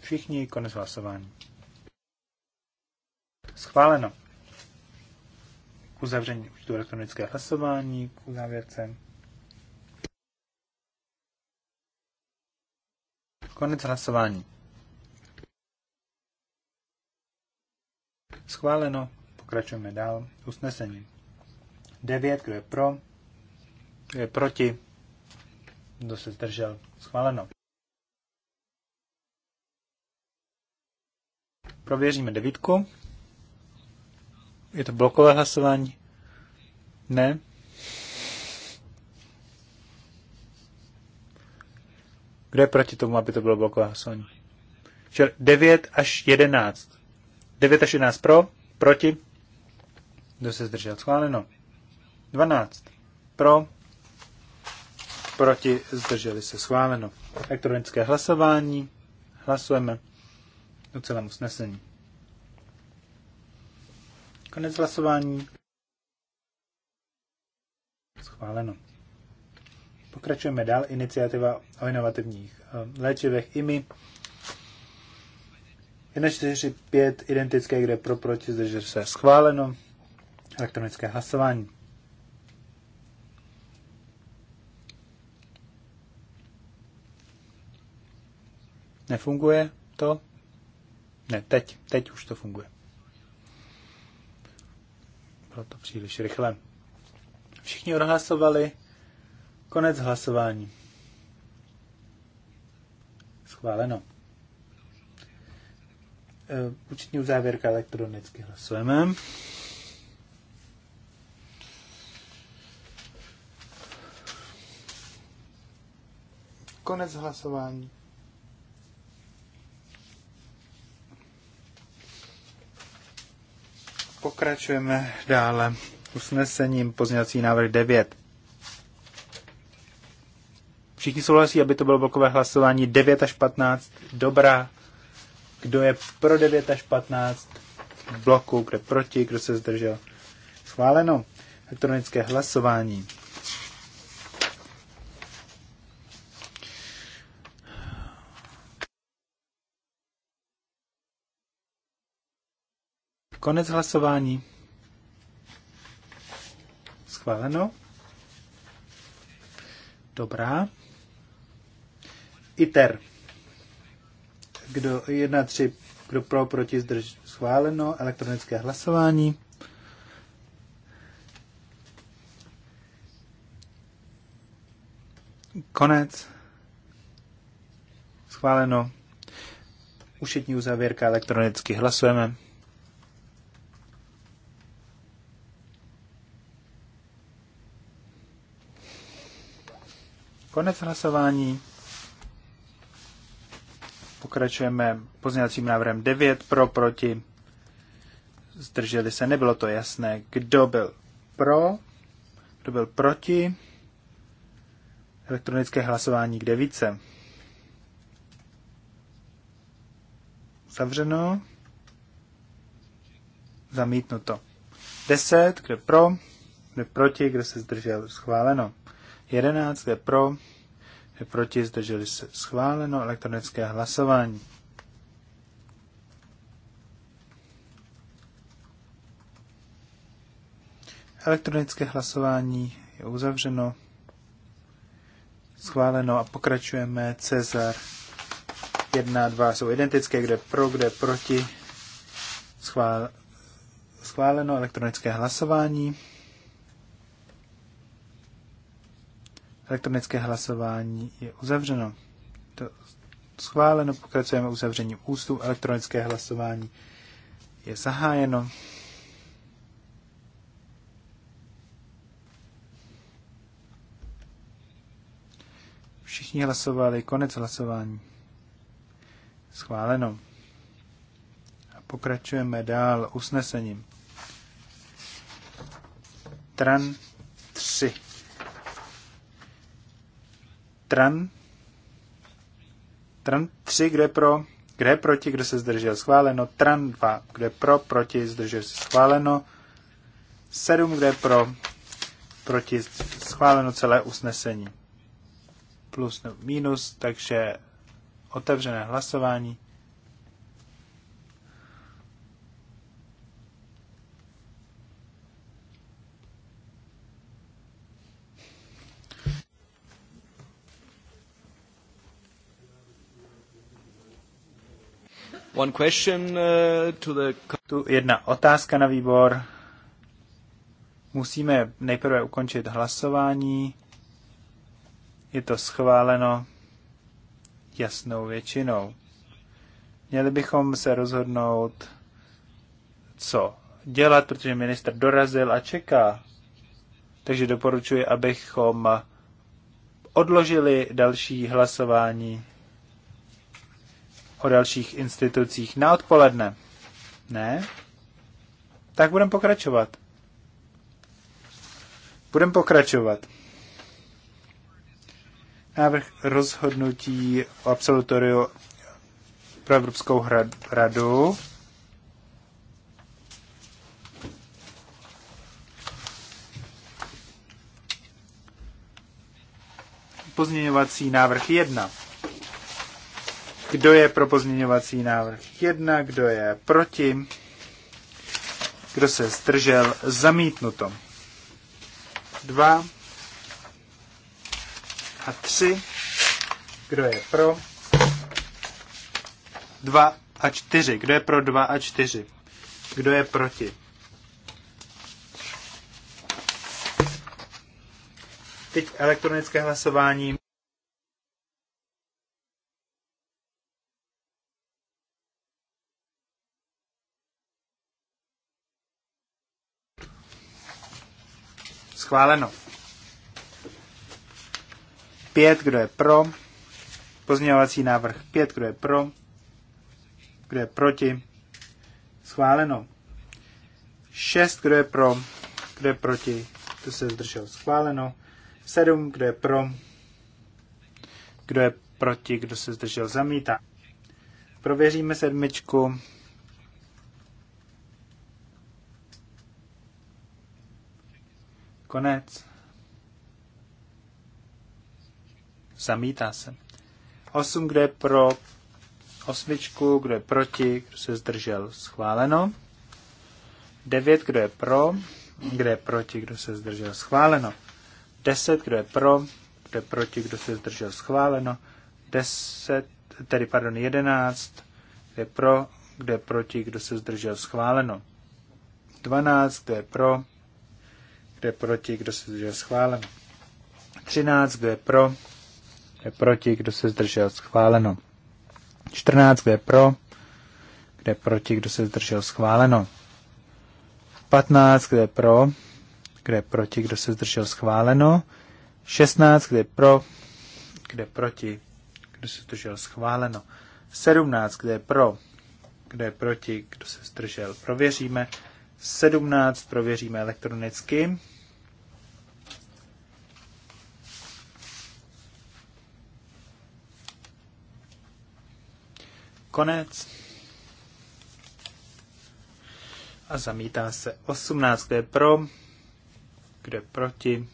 Všichni, konec hlasování. Schváleno. K uzavření účtu elektronické hlasování, k uzávěrce. Konec hlasování. Schváleno. Pokračujeme dál. Usnesení. 9. Kdo je pro? Kdo je proti? Kdo se zdržel? Schváleno. Prověříme devítku. Je to blokové hlasování? Ne. Kdo je proti tomu, aby to bylo blokové hlasování? Čili 9 až 11. 9 až 11 pro, proti. Kdo se zdržel? Schváleno. 12 pro, proti, zdrželi se schváleno. Elektronické hlasování, hlasujeme do celém usnesení. Konec hlasování. Schváleno. Pokračujeme dál. Iniciativa o inovativních eh, léčivech IMI. 1, 4, 5, identické, kde pro, proti, zdrželi se. Schváleno. Elektronické hlasování. Nefunguje to? Ne, teď, teď už to funguje. Bylo to příliš rychle. Všichni odhlasovali. Konec hlasování. Schváleno. E, účetní závěrka elektronicky hlasujeme. Konec hlasování. Pokračujeme dále usnesením pozněvací návrh 9. Všichni souhlasí, aby to bylo blokové hlasování 9 až 15. Dobrá. Kdo je pro 9 až 15 bloku, kde proti, kdo se zdržel? Schváleno. Elektronické hlasování. Konec hlasování. Schváleno. Dobrá. ITER. Kdo 1, 3, kdo pro, proti, zdrž, schváleno, elektronické hlasování. Konec. Schváleno. Ušetní uzavěrka, elektronicky hlasujeme. Konec hlasování. Pokračujeme pozněvacím návrhem 9 pro, proti. Zdrželi se, nebylo to jasné, kdo byl pro, kdo byl proti. Elektronické hlasování k devíce. Zavřeno. Zamítnuto. 10, kde pro, kde proti, kde se zdržel, schváleno. 11 je pro, je proti, zdrželi se schváleno elektronické hlasování. Elektronické hlasování je uzavřeno, schváleno a pokračujeme. Cezar 1 a 2 jsou identické, kde pro, kde proti. Schvál, schváleno elektronické hlasování. Elektronické hlasování je uzavřeno. To schváleno, pokračujeme uzavřením ústů. Elektronické hlasování je zahájeno. Všichni hlasovali, konec hlasování. Schváleno. A pokračujeme dál usnesením. Tran Tran. Tran 3, kde pro, kde proti, kdo se zdržel schváleno. Tran 2, kde pro, proti, zdržel se schváleno. 7, kde pro, proti, schváleno celé usnesení. Plus nebo minus, takže otevřené hlasování. One question uh, to the... Tu jedna otázka na výbor. Musíme nejprve ukončit hlasování. Je to schváleno jasnou většinou. Měli bychom se rozhodnout, co dělat, protože minister dorazil a čeká. Takže doporučuji, abychom odložili další hlasování o dalších institucích na odpoledne? Ne? Tak budeme pokračovat. Budeme pokračovat. Návrh rozhodnutí o absolutoriu pro Evropskou radu. Pozměňovací návrh 1. Kdo je pro pozměňovací návrh 1? Kdo je proti? Kdo se zdržel? Zamítnuto. 2 a 3. Kdo je pro? 2 a 4. Kdo je pro 2 a 4? Kdo je proti? Teď elektronické hlasování. Schváleno. Pět, kdo je pro. Pozměňovací návrh pět, kdo je pro. Kdo je proti. Schváleno. Šest, kdo je pro. Kdo je proti. to se zdržel. Schváleno. Sedm, kdo je pro. Kdo je proti. Kdo se zdržel. Zamítá. Prověříme sedmičku. Konec. Zamítá se. Osm, kde je pro osmičku, kdo je proti, kdo se zdržel, schváleno. Devět, kdo je pro, kdo je proti, kdo se zdržel, schváleno. Deset, kdo je pro, kdo je proti, kdo se zdržel, schváleno. Deset, tedy pardon, jedenáct, kdo je pro, kdo je proti, kdo se zdržel, schváleno. 12, kdo je pro, kdo je proti, kdo se zdržel schváleno. 13, kdo je pro, kdo je proti, kdo se zdržel schváleno. 14, kdo je pro, kdo je proti, kdo se zdržel schváleno. 15, kdo je pro, kdo je proti, kdo se zdržel schváleno. 16, kdo je pro, kdo je proti, kdo se zdržel schváleno. 17, kdo je pro, kdo je proti, kdo se zdržel. Prověříme. 17 prověříme elektronicky. Konec. A zamítá se 18, kde je pro, kde je proti.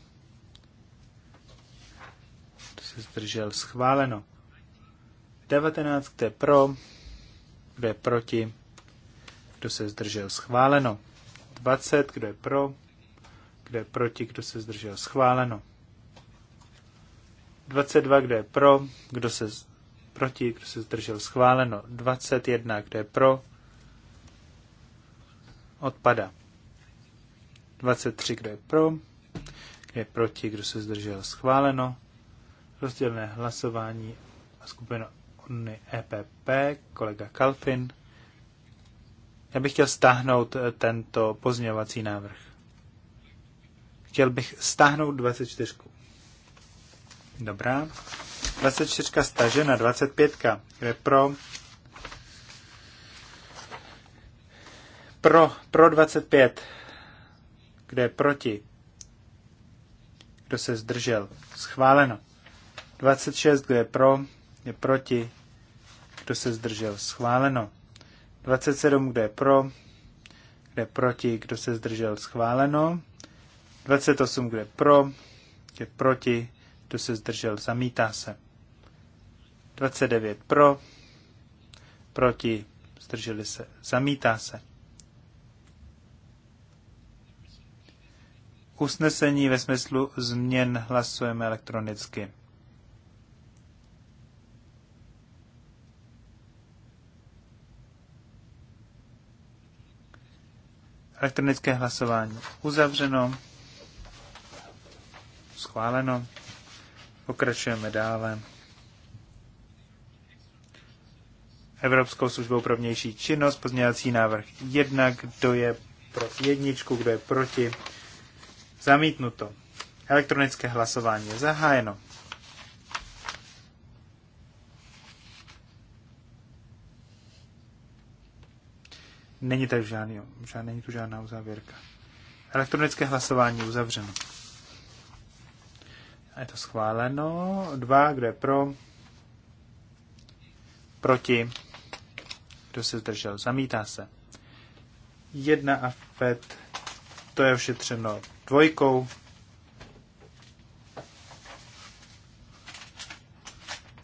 To se zdržel schváleno. 19, kde je pro, kde je proti. Kdo se zdržel schváleno. 20, kdo je pro, kdo je proti, kdo se zdržel, schváleno. 22, kdo je pro, kdo se proti, kdo se zdržel, schváleno. 21, kdo je pro, odpada. 23, kdo je pro, kdo je proti, kdo se zdržel, schváleno. Rozdělené hlasování a skupina EPP, kolega Kalfin. Já bych chtěl stáhnout eh, tento pozměňovací návrh. Chtěl bych stáhnout 24. Dobrá. 24 stažena, 25. Kde pro? Pro, pro 25. Kde je proti? Kdo se zdržel? Schváleno. 26. Kdo je pro? Je proti? Kdo se zdržel? Schváleno. 27, kde je pro, kde je proti, kdo se zdržel, schváleno. 28, kde je pro, kde je proti, kdo se zdržel, zamítá se. 29 pro, proti, zdrželi se, zamítá se. Usnesení ve smyslu změn hlasujeme elektronicky. Elektronické hlasování uzavřeno. Schváleno. Pokračujeme dále. Evropskou službou pro vnější činnost, pozměňovací návrh 1, kdo je pro jedničku, kdo je proti. Zamítnuto. Elektronické hlasování je zahájeno. Není tady žádný, žádný, není tu žádná uzávěrka. Elektronické hlasování uzavřeno. A je to schváleno. Dva, kdo je pro? Proti? Kdo se zdržel? Zamítá se. Jedna a FED, to je ošetřeno dvojkou.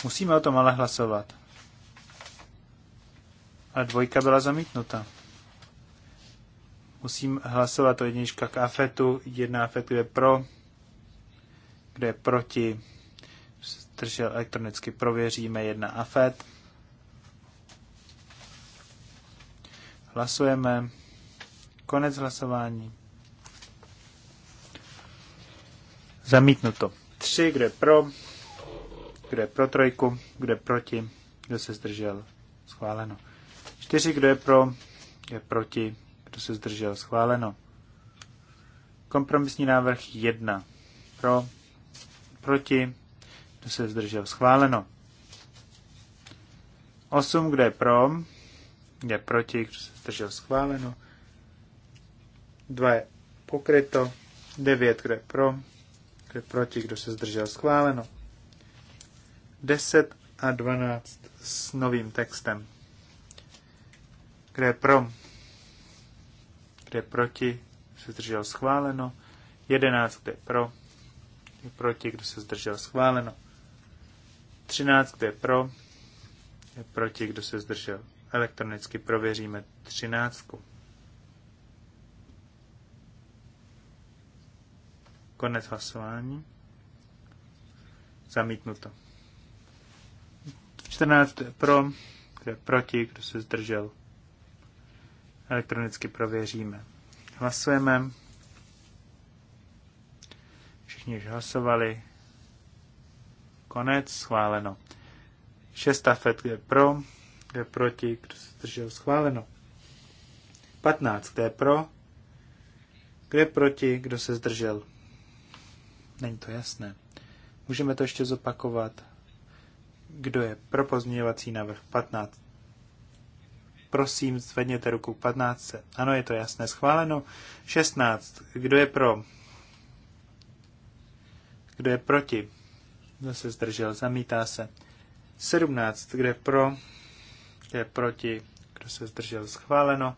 Musíme o tom ale hlasovat. A dvojka byla zamítnuta. Musím hlasovat o jednička k afetu. Jedna afetu je pro, kde je proti. Zdržel elektronicky prověříme jedna afet. Hlasujeme. Konec hlasování. Zamítnuto. Tři, kde pro, kde pro trojku, kde proti, kdo se zdržel. Schváleno. Čtyři, kdo je pro, je proti, kdo se zdržel? Schváleno. Kompromisní návrh 1. Pro. Proti. Kdo se zdržel? Schváleno. 8. Kdo je pro? Kdo je proti? Kdo se zdržel? Schváleno. 2 je pokryto. 9. Kdo je pro? Kdo je proti? Kdo se zdržel? Schváleno. 10 a 12 s novým textem. Kdo je pro? kde proti, kdo se zdržel schváleno. 11, kde pro, kde proti, kdo se zdržel schváleno. 13, kde pro, kde proti, kdo se zdržel. Elektronicky prověříme 13. Konec hlasování. Zamítnuto. 14 pro, kde je proti, kdo se zdržel. Elektronicky prověříme. Hlasujeme. Všichni už hlasovali. Konec, schváleno. Šestafet je pro, je proti, kdo se zdržel, schváleno. 15, kde je pro, kde je proti, kdo se zdržel. Není to jasné. Můžeme to ještě zopakovat. Kdo je pro pozměňovací návrh 15? Prosím, zvedněte ruku k 15. Ano, je to jasné, schváleno. 16. Kdo je pro? Kdo je proti? Kdo se zdržel? Zamítá se. 17. Kdo je pro? Kdo je proti? Kdo se zdržel? Schváleno.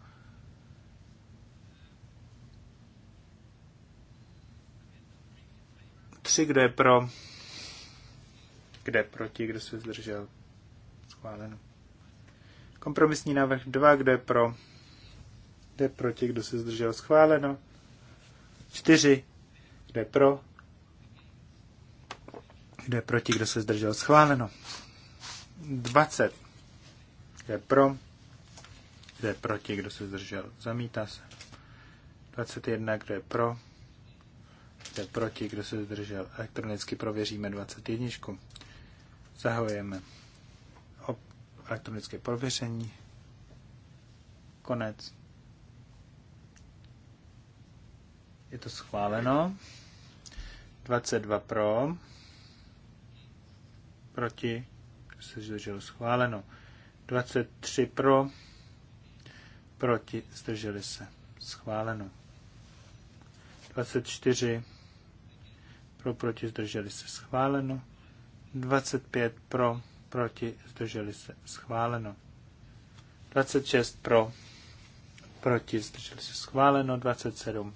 Tři, kdo je pro, kde proti, kdo se zdržel. Schváleno. Kompromisní návrh 2, kdo je pro, Kdo kde proti, kdo se zdržel schváleno. 4, kdo je pro, Kdo je proti, kdo se zdržel schváleno. 20, kdo je pro, Kdo je proti, kdo se zdržel, zamítá se. 21, kdo je pro, kdo je proti, kdo se zdržel. Elektronicky prověříme 21. Zahajujeme elektronické prověření. Konec. Je to schváleno. 22 pro. Proti. Se zdrželo schváleno. 23 pro. Proti. Zdrželi se. Schváleno. 24 pro. Proti. Zdrželi se. Schváleno. 25 pro proti, zdrželi se, schváleno. 26 pro, proti, zdrželi se, schváleno. 27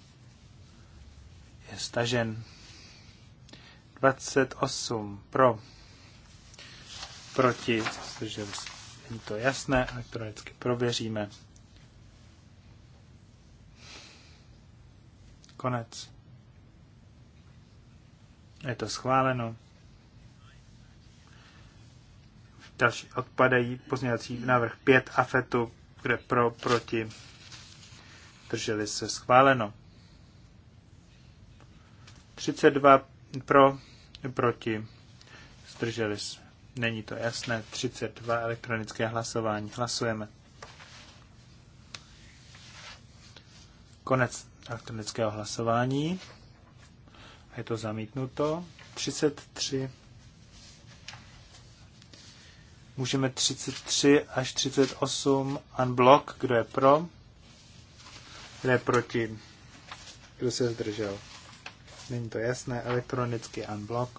je stažen. 28 pro, proti, zdrželi se. Není to jasné, elektronicky prověříme. Konec. Je to schváleno. Další odpadají pozměňovací návrh 5 a fetu, kde pro, proti, drželi se schváleno. 32 pro, proti, zdrželi se. Není to jasné. 32 elektronické hlasování. Hlasujeme. Konec elektronického hlasování. Je to zamítnuto. 33 Můžeme 33 až 38 unblock, kdo je pro, kdo je proti, kdo se zdržel. Není to jasné, elektronicky unblock.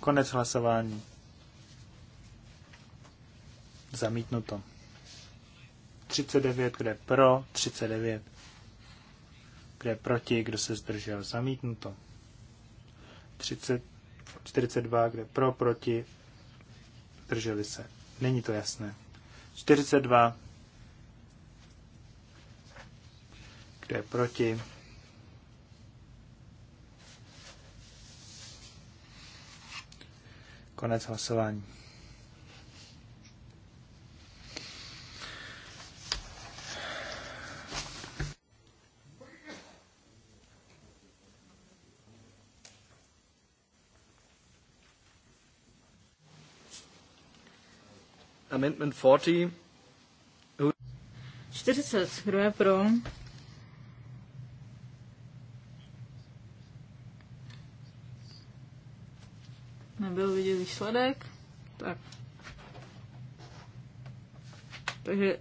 Konec hlasování. Zamítnuto. 39, kde pro, 39. Kdo je proti? Kdo se zdržel? Zamítnuto. 30, 42, kde pro, proti, zdrželi se. Není to jasné. 42, kdo je proti, konec hlasování. Amendment 40. 40. Kdo je pro? Nebyl vidět výsledek. Tak. Takže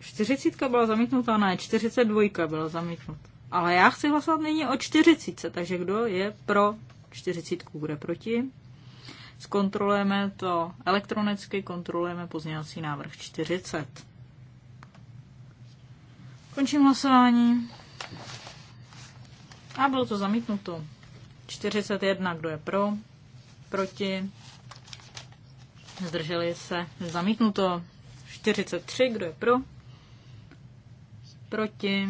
40 byla zamítnutá, ne, 42 byla zamítnuta. Ale já chci hlasovat nyní o 40, takže kdo je pro 40, kdo je proti? Zkontrolujeme to elektronicky, kontrolujeme pozměňovací návrh 40. Končím hlasování. A bylo to zamítnuto. 41, kdo je pro, proti, zdrželi se, zamítnuto. 43, kdo je pro, proti.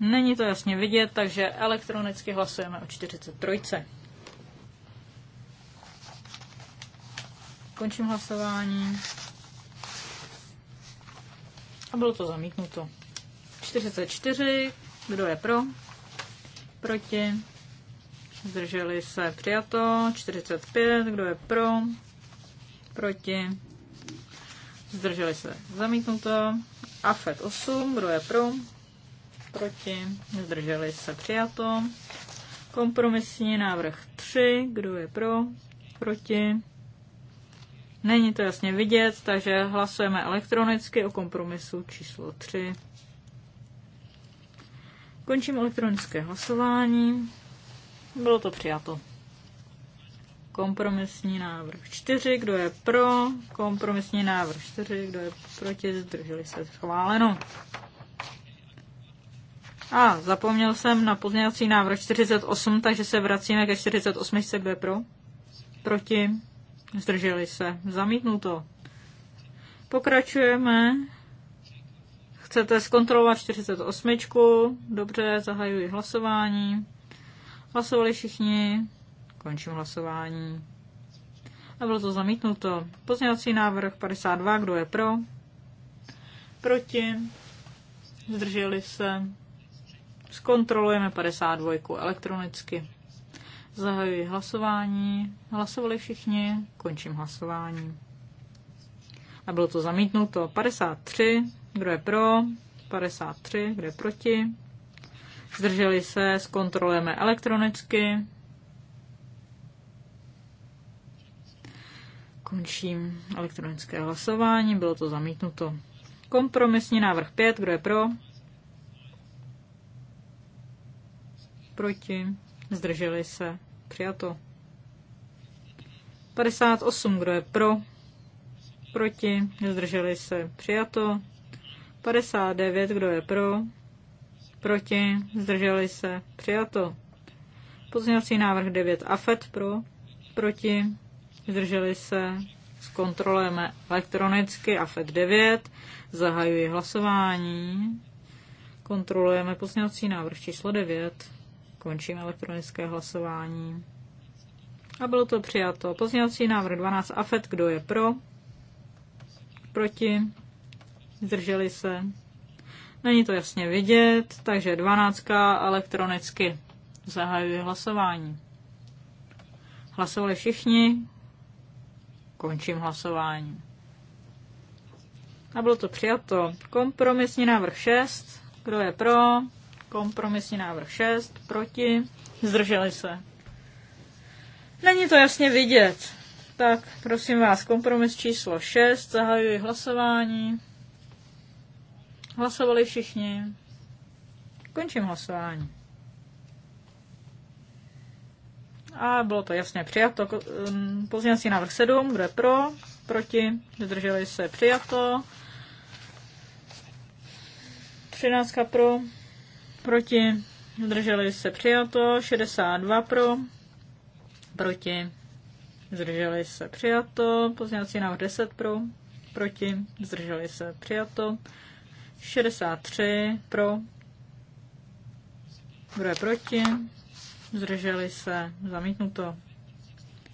Není to jasně vidět, takže elektronicky hlasujeme o 43. Končím hlasování. A bylo to zamítnuto. 44. Kdo je pro? Proti? Zdrželi se přijato. 45. Kdo je pro? Proti? Zdrželi se zamítnuto. AFET 8. Kdo je pro? Proti? Zdrželi se přijato. Kompromisní návrh 3. Kdo je pro? Proti? Není to jasně vidět, takže hlasujeme elektronicky o kompromisu číslo 3. Končím elektronické hlasování. Bylo to přijato. Kompromisní návrh 4, kdo je pro? Kompromisní návrh 4, kdo je proti? Zdrželi se schváleno. A zapomněl jsem na pozměňovací návrh 48, takže se vracíme ke 48, kdo je pro? Proti? Zdrželi se. to Pokračujeme. Chcete zkontrolovat 48. Dobře, zahajuji hlasování. Hlasovali všichni. Končím hlasování. A bylo to zamítnuto. Pozměňovací návrh 52. Kdo je pro? Proti? Zdrželi se. Zkontrolujeme 52 elektronicky. Zahajuji hlasování. Hlasovali všichni. Končím hlasování. A bylo to zamítnuto. 53. Kdo je pro? 53. Kdo je proti? Zdrželi se. Zkontrolujeme elektronicky. Končím elektronické hlasování. Bylo to zamítnuto. Kompromisní návrh 5. Kdo je pro? Proti zdrželi se, přijato. 58, kdo je pro, proti, zdrželi se, přijato. 59, kdo je pro, proti, zdrželi se, přijato. Pozměňovací návrh 9, AFET pro, proti, zdrželi se, zkontrolujeme elektronicky AFET 9, zahajuji hlasování, kontrolujeme pozměňovací návrh číslo 9. Končím elektronické hlasování. A bylo to přijato. Pozměňovací návrh 12 AFET, kdo je pro? Proti? Zdrželi se? Není to jasně vidět, takže 12 elektronicky. zahajuje hlasování. Hlasovali všichni? Končím hlasování. A bylo to přijato. Kompromisní návrh 6. Kdo je pro? Kompromisní návrh 6, proti, zdrželi se. Není to jasně vidět. Tak prosím vás, kompromis číslo 6, zahajuji hlasování. Hlasovali všichni. Končím hlasování. A bylo to jasně přijato. Um, pozměňovací návrh 7, kdo je pro, proti, zdrželi se přijato. 13 pro, proti, zdrželi se přijato, 62 pro, proti, zdrželi se přijato, pozměňovací návrh 10 pro, proti, zdrželi se přijato, 63 pro, kdo je proti, zdrželi se zamítnuto,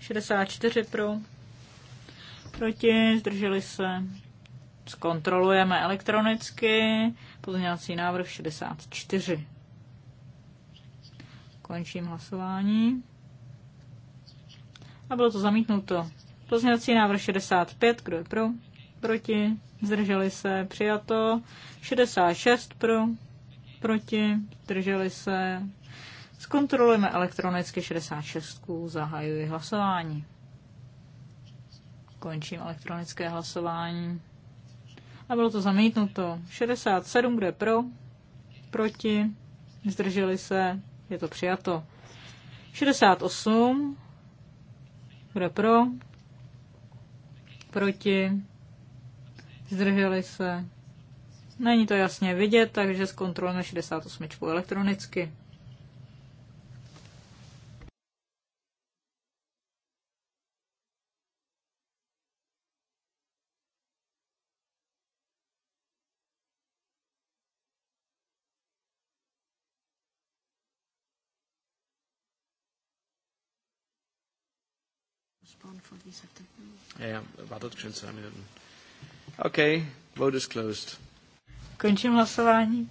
64 pro, proti, zdrželi se Zkontrolujeme elektronicky. Pozměňovací návrh 64. Končím hlasování. A bylo to zamítnuto. Pozměňovací návrh 65. Kdo je pro? Proti? Zdrželi se? Přijato. 66 pro? Proti? Zdrželi se? Zkontrolujeme elektronicky 66. Zahajuji hlasování. Končím elektronické hlasování a bylo to zamítnuto. 67, kde pro, proti, zdrželi se, je to přijato. 68, kde pro, proti, zdrželi se. Není to jasně vidět, takže zkontrolujeme 68 elektronicky. on for this afternoon. Yeah, about to 30 minut. Okay, vote is closed. Končím hlasování.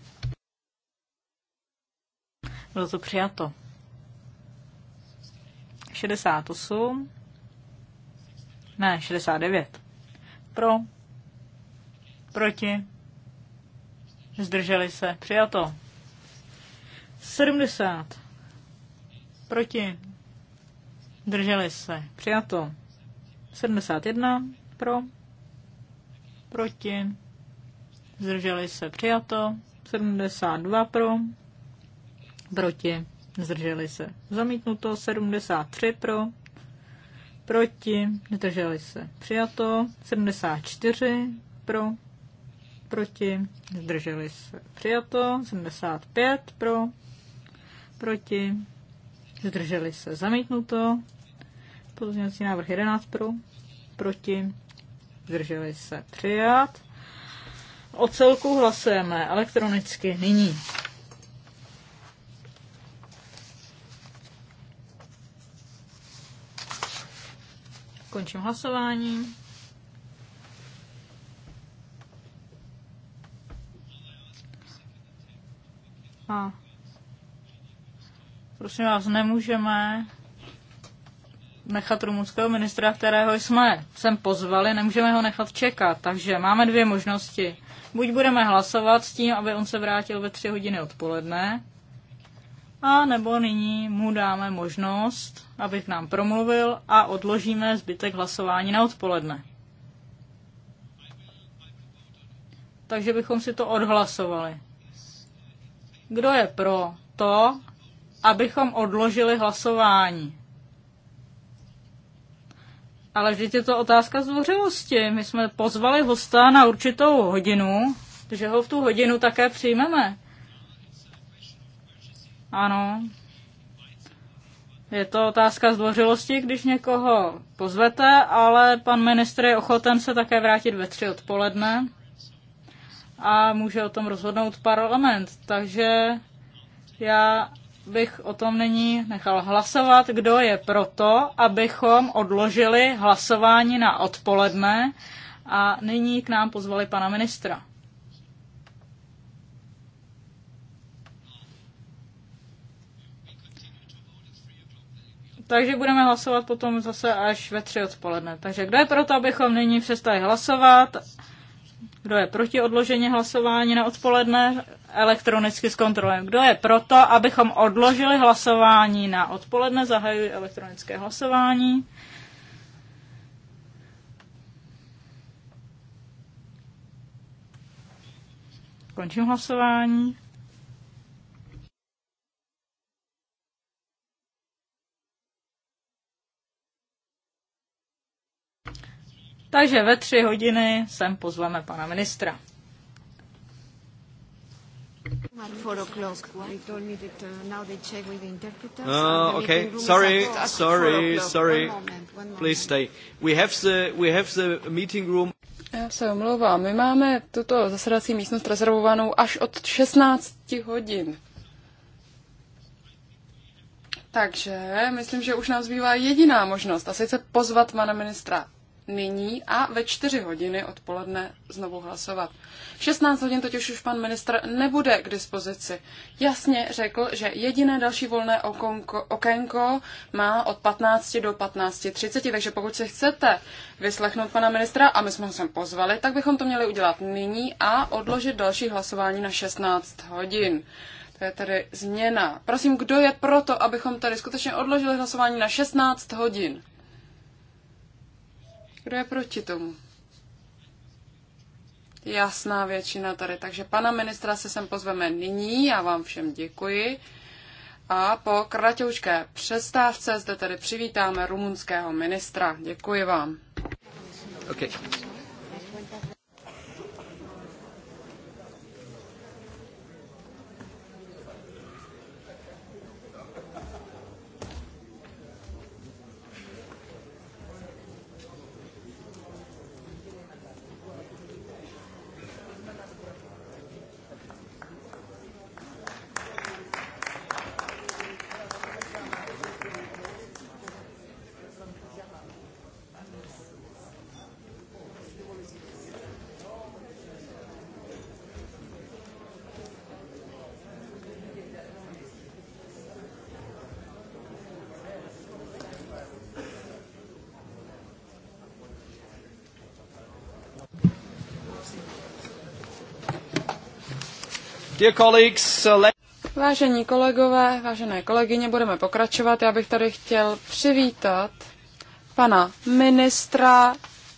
Bylo to přijato. 68. Ne, 69. Pro. Proti. Zdrželi se. Přijato. 70. Proti. Drželi se. Přijato. 71 pro. Proti. Zdrželi se. Přijato. 72 pro. Proti. Zdrželi se. Zamítnuto. 73 pro. Proti. Zdrželi se. Přijato. 74 pro. Proti. Zdrželi se. Přijato. 75 pro. Proti. Zdrželi se. Zamítnuto. Pozměňovací návrh 11 pro, proti, zdrželi se přijat. O celku hlasujeme elektronicky nyní. Končím hlasování. A prosím vás, nemůžeme nechat rumunského ministra, kterého jsme sem pozvali, nemůžeme ho nechat čekat. Takže máme dvě možnosti. Buď budeme hlasovat s tím, aby on se vrátil ve tři hodiny odpoledne, a nebo nyní mu dáme možnost, aby k nám promluvil a odložíme zbytek hlasování na odpoledne. Takže bychom si to odhlasovali. Kdo je pro to, abychom odložili hlasování? Ale vždyť je to otázka zdvořilosti. My jsme pozvali hosta na určitou hodinu, takže ho v tu hodinu také přijmeme. Ano. Je to otázka zdvořilosti, když někoho pozvete, ale pan ministr je ochoten se také vrátit ve tři odpoledne a může o tom rozhodnout parlament. Takže já bych o tom nyní nechal hlasovat, kdo je proto, abychom odložili hlasování na odpoledne a nyní k nám pozvali pana ministra. Takže budeme hlasovat potom zase až ve tři odpoledne. Takže kdo je proto, abychom nyní přestali hlasovat? Kdo je proti odložení hlasování na odpoledne? Elektronicky zkontrolujeme. Kdo je proto, abychom odložili hlasování na odpoledne? Zahajuji elektronické hlasování. Končím hlasování. Takže ve tři hodiny sem pozveme pana ministra. uh, Oh, okay. Sorry, sorry, sorry. Please stay. We have the we have the meeting room. Já se omlouvám. My máme tuto zasedací místnost rezervovanou až od 16 hodin. Takže myslím, že už nám zbývá jediná možnost, a sice pozvat pana ministra nyní a ve 4 hodiny odpoledne znovu hlasovat. V 16 hodin totiž už pan ministr nebude k dispozici. Jasně řekl, že jediné další volné okonko, okénko má od 15 do 15.30, takže pokud si chcete vyslechnout pana ministra, a my jsme ho sem pozvali, tak bychom to měli udělat nyní a odložit další hlasování na 16 hodin. To je tedy změna. Prosím, kdo je proto, abychom tady skutečně odložili hlasování na 16 hodin? Kdo je proti tomu? Jasná většina tady. Takže pana ministra se sem pozveme nyní. Já vám všem děkuji. A po kratěučké přestávce zde tedy přivítáme rumunského ministra. Děkuji vám. Okay. Dear colleagues, uh, let... Vážení kolegové, vážené kolegyně, budeme pokračovat. Já bych tady chtěl přivítat pana ministra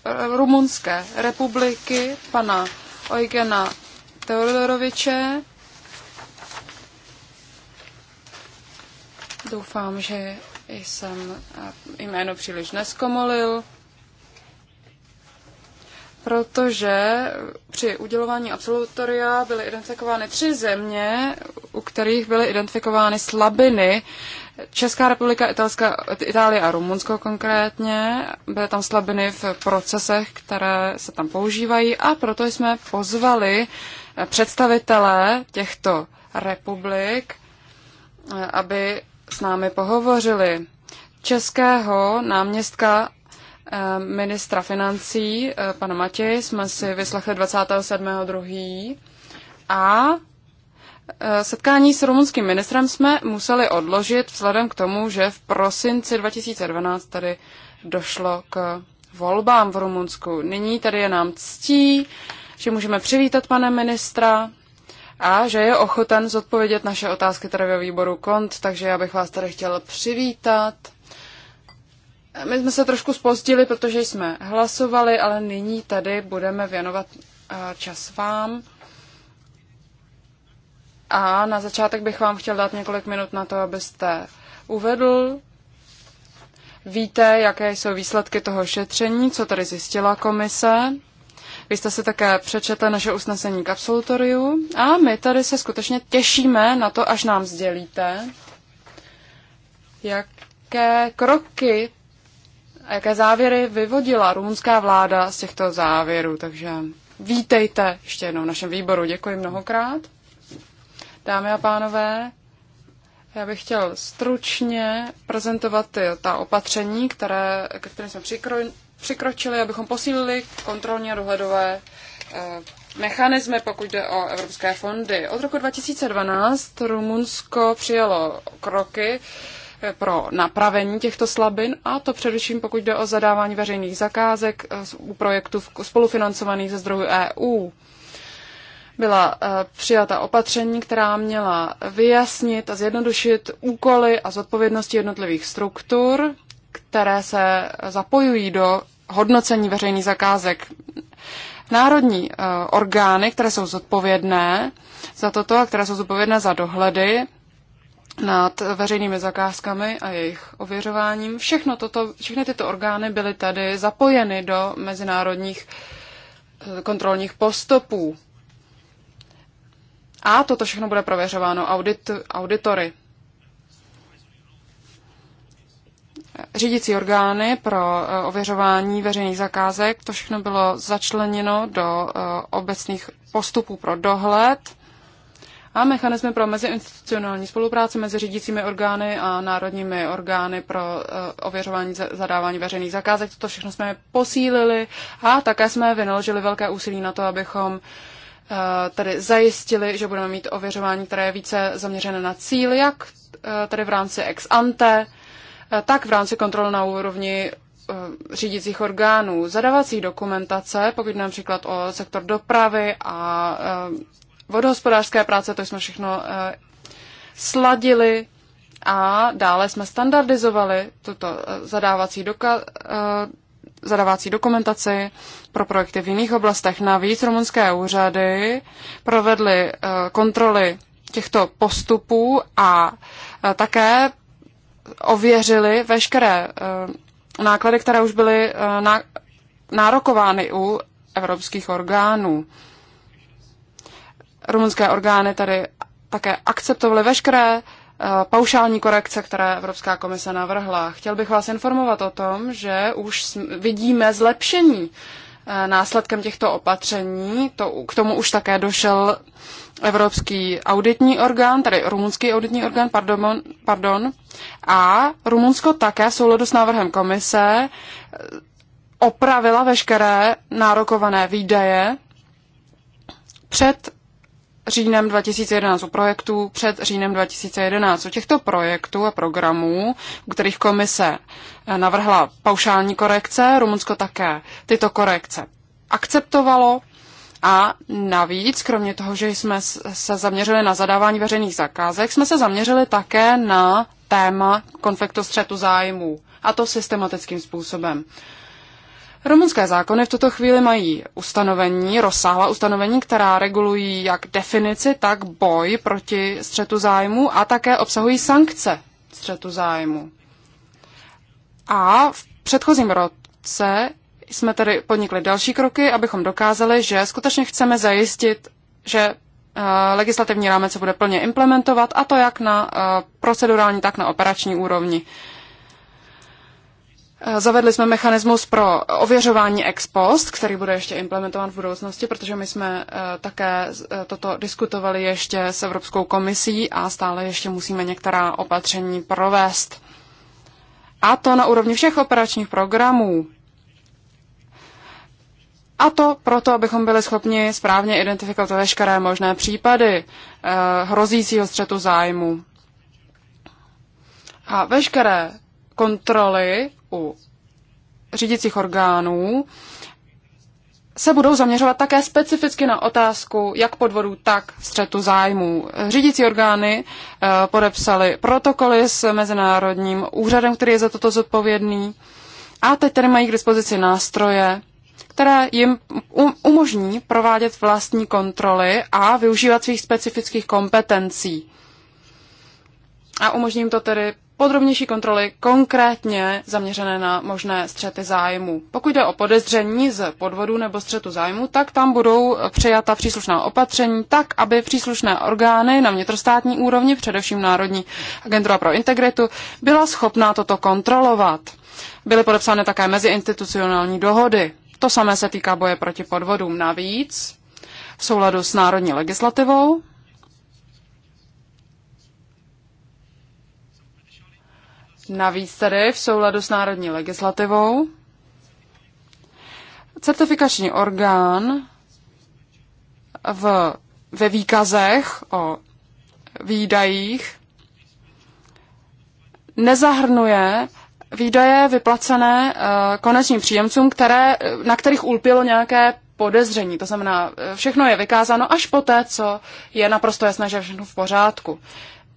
eh, Rumunské republiky, pana Eugena Teodoroviče. Doufám, že jsem eh, jméno příliš neskomolil protože při udělování absolutoria byly identifikovány tři země, u kterých byly identifikovány slabiny. Česká republika, Italska, Itálie a Rumunsko konkrétně. Byly tam slabiny v procesech, které se tam používají a proto jsme pozvali představitelé těchto republik, aby s námi pohovořili českého náměstka Eh, ministra financí, eh, pana Matěj, jsme si vyslechli 27.2. a eh, Setkání s rumunským ministrem jsme museli odložit vzhledem k tomu, že v prosinci 2012 tady došlo k volbám v Rumunsku. Nyní tady je nám ctí, že můžeme přivítat pana ministra a že je ochoten zodpovědět naše otázky tady ve výboru KONT, takže já bych vás tady chtěl přivítat. My jsme se trošku spozdili, protože jsme hlasovali, ale nyní tady budeme věnovat eh, čas vám. A na začátek bych vám chtěl dát několik minut na to, abyste uvedl. Víte, jaké jsou výsledky toho šetření, co tady zjistila komise. Vy jste se také přečetli naše usnesení k absolutoriu a my tady se skutečně těšíme na to, až nám sdělíte, jaké kroky a jaké závěry vyvodila rumunská vláda z těchto závěrů. Takže vítejte ještě jednou v našem výboru. Děkuji mnohokrát. Dámy a pánové, já bych chtěl stručně prezentovat ty, ta opatření, které, ke kterým jsme přikro, přikročili, abychom posílili kontrolně dohledové eh, mechanizmy, pokud jde o evropské fondy. Od roku 2012 Rumunsko přijalo kroky, eh, pro napravení těchto slabin a to především pokud jde o zadávání veřejných zakázek eh, u projektů spolufinancovaných ze zdrojů EU byla eh, přijata opatření, která měla vyjasnit a zjednodušit úkoly a zodpovědnosti jednotlivých struktur, které se zapojují do hodnocení veřejných zakázek. Národní eh, orgány, které jsou zodpovědné za toto a které jsou zodpovědné za dohledy, nad veřejnými zakázkami a jejich ověřováním. Všechno toto, všechny tyto orgány byly tady zapojeny do mezinárodních eh, kontrolních postupů. A toto všechno bude prověřováno audit, auditory. Řídící orgány pro eh, ověřování veřejných zakázek, to všechno bylo začleněno do eh, obecných postupů pro dohled a mechanismy pro meziinstitucionální spolupráci mezi řídícími orgány a národními orgány pro eh, ověřování zadávání veřejných zakázek. Toto všechno jsme posílili a také jsme vynaložili velké úsilí na to, abychom eh, tedy zajistili, že budeme mít ověřování, které je více zaměřené na cíl, jak eh, tedy v rámci ex ante, tak v rámci kontrol na úrovni řídicích orgánů, zadávací dokumentace, pokud například o sektor dopravy a vodohospodářské práce, to jsme všechno eh, sladili a dále jsme standardizovali tuto eh, zadávací, doka- eh, zadávací dokumentaci pro projekty v jiných oblastech. Navíc rumunské úřady provedly kontroly těchto postupů a také ověřili veškeré náklady, které už byly nárokovány u evropských orgánů rumunské orgány tady také akceptovaly veškeré eh, paušální korekce, které Evropská komise navrhla. Chtěl bych vás informovat o tom, že už vidíme zlepšení eh, následkem těchto opatření. To, k tomu už také došel Evropský auditní orgán, tedy rumunský auditní orgán, pardon, pardon. A Rumunsko také v souladu s návrhem komise eh, opravila veškeré nárokované výdaje před říjnem 2011, u projektů před říjnem 2011. U těchto projektů a programů, u kterých komise eh, navrhla paušální korekce, Rumunsko také tyto korekce akceptovalo. A navíc, kromě toho, že jsme se zaměřili na zadávání veřejných zakázek, jsme se zaměřili také na téma konfliktu střetu zájmů. A to systematickým způsobem. Rumunské zákony v tuto chvíli mají ustanovení, rozsáhla ustanovení, která regulují jak definici, tak boj proti střetu zájmu a také obsahují sankce střetu zájmu. A v předchozím roce jsme tedy podnikli další kroky, abychom dokázali, že skutečně chceme zajistit, že eh, legislativní rámec se bude plně implementovat, a to jak na eh, procedurální, tak na operační úrovni. Eh, zavedli jsme mechanismus pro ověřování ex post, který bude ještě implementován v budoucnosti, protože my jsme eh, také eh, toto diskutovali ještě s Evropskou komisí a stále ještě musíme některá opatření provést. A to na úrovni všech operačních programů. A to proto, abychom byli schopni správně identifikovat veškeré možné případy hrozícího střetu zájmu. A veškeré kontroly u řídicích orgánů se budou zaměřovat také specificky na otázku jak podvodu, tak střetu zájmů. Řídící orgány eh, podepsaly protokoly s Mezinárodním úřadem, který je za toto zodpovědný. A teď tedy mají k dispozici nástroje, které jim um-, umožní provádět vlastní kontroly a využívat svých specifických kompetencí. A umožní jim to tedy podrobnější kontroly konkrétně zaměřené na možné střety zájmu. Pokud jde o podezření z podvodu nebo střetu zájmu, tak tam budou přijata příslušná opatření tak, aby příslušné orgány na vnitrostátní úrovni, především Národní agentura pro integritu, byla schopná toto kontrolovat. Byly podepsány také meziinstitucionální dohody. To samé se týká boje proti podvodům. Navíc v souladu s národní legislativou Navíc tedy v souladu s národní legislativou certifikační orgán v, ve výkazech o výdajích nezahrnuje výdaje vyplacené eh, konečným příjemcům, které, eh, na kterých ulpělo nějaké podezření. To znamená, eh, všechno je vykázáno až poté, co je naprosto jasné, že všechno v pořádku.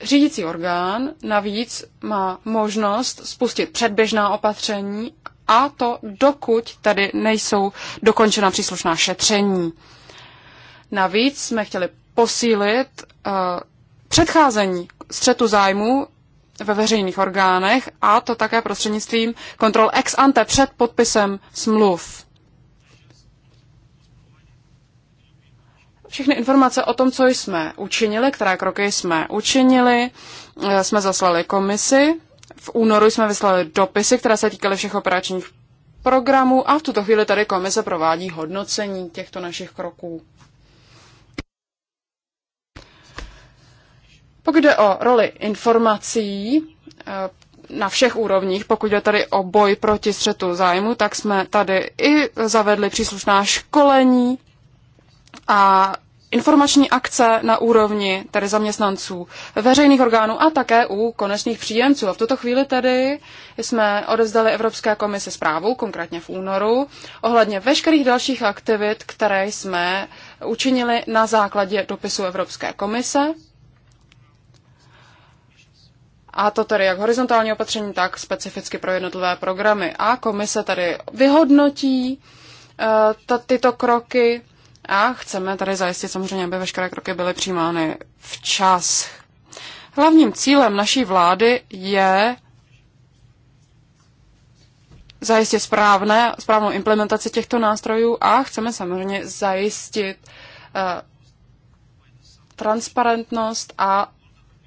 Řídící orgán navíc má možnost spustit předběžná opatření a to dokud tady nejsou dokončena příslušná šetření. Navíc jsme chtěli posílit uh, předcházení střetu zájmu ve veřejných orgánech a to také prostřednictvím kontrol ex ante před podpisem smluv. všechny informace o tom, co jsme učinili, které kroky jsme učinili, eh, jsme zaslali komisi. V únoru jsme vyslali dopisy, které se týkaly všech operačních programů a v tuto chvíli tady komise provádí hodnocení těchto našich kroků. Pokud jde o roli informací eh, na všech úrovních, pokud jde tady o boj proti střetu zájmu, tak jsme tady i zavedli příslušná školení a informační akce na úrovni tedy zaměstnanců veřejných orgánů a také u konečných příjemců. A v tuto chvíli tedy jsme odezdali Evropské komisi zprávu, konkrétně v únoru, ohledně veškerých dalších aktivit, které jsme učinili na základě dopisu Evropské komise. A to tedy jak horizontální opatření, tak specificky pro jednotlivé programy. A komise tady vyhodnotí eh, tyto kroky a chceme tady zajistit samozřejmě, aby veškeré kroky byly přijímány včas. Hlavním cílem naší vlády je zajistit správné, správnou implementaci těchto nástrojů a chceme samozřejmě zajistit uh, transparentnost a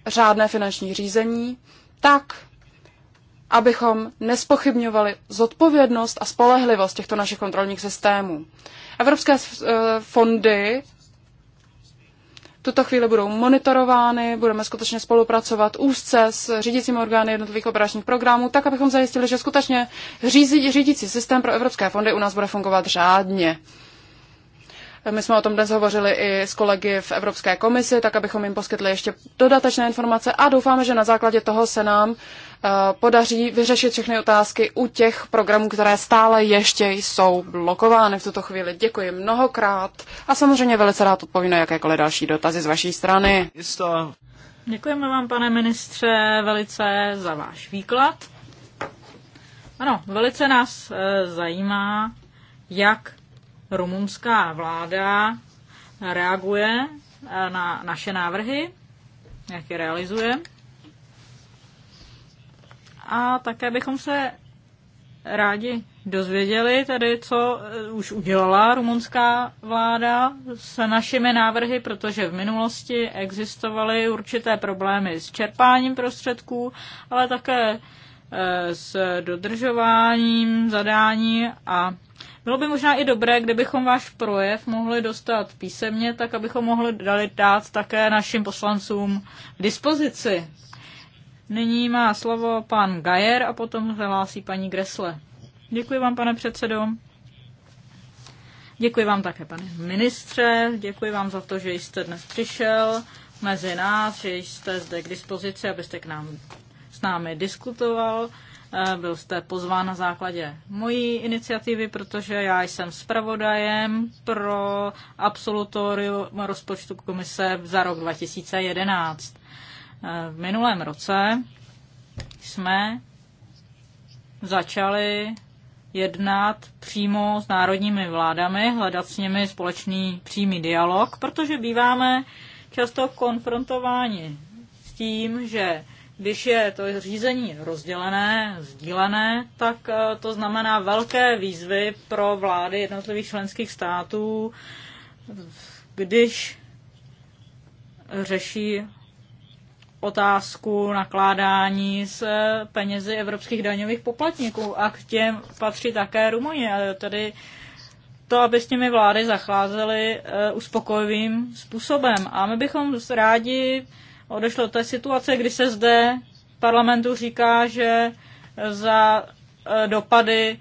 řádné finanční řízení tak, abychom nespochybňovali zodpovědnost a spolehlivost těchto našich kontrolních systémů. Evropské eh, fondy tuto chvíli budou monitorovány, budeme skutečně spolupracovat úzce s řídícími orgány jednotlivých operačních programů, tak abychom zajistili, že skutečně řídící systém pro evropské fondy u nás bude fungovat řádně. My jsme o tom dnes hovořili i s kolegy v Evropské komisi, tak abychom jim poskytli ještě dodatečné informace a doufáme, že na základě toho se nám eh, podaří vyřešit všechny otázky u těch programů, které stále ještě jsou blokovány v tuto chvíli. Děkuji mnohokrát a samozřejmě velice rád odpovím na jakékoliv další dotazy z vaší strany. Děkujeme vám, pane ministře, velice za váš výklad. Ano, velice nás eh, zajímá, jak rumunská vláda reaguje eh, na naše návrhy, jak je realizuje. A také bychom se rádi dozvěděli tedy, co eh, už udělala rumunská vláda se našimi návrhy, protože v minulosti existovaly určité problémy s čerpáním prostředků, ale také eh, s dodržováním zadání a bylo by možná i dobré, kdybychom váš projev mohli dostat písemně, tak abychom mohli dali dát také našim poslancům k dispozici. Nyní má slovo pan Gajer a potom hlásí paní Gresle. Děkuji vám, pane předsedo. Děkuji vám také, pane ministře. Děkuji vám za to, že jste dnes přišel mezi nás, že jste zde k dispozici, abyste k nám s námi diskutoval. Byl jste pozván na základě mojí iniciativy, protože já jsem zpravodajem pro absolutorium rozpočtu komise za rok 2011. E, v minulém roce jsme začali jednat přímo s národními vládami, hledat s nimi společný přímý dialog, protože býváme často konfrontováni s tím, že když je to řízení rozdělené, sdílené, tak eh, to znamená velké výzvy pro vlády jednotlivých členských států, když řeší otázku nakládání s eh, penězi evropských daňových poplatníků a k těm patří také Rumunie. Eh, tedy to, aby s těmi vlády zacházely uspokojivým způsobem. A my bychom rádi odešlo té situace, kdy se zde parlamentu říká, že za eh, dopady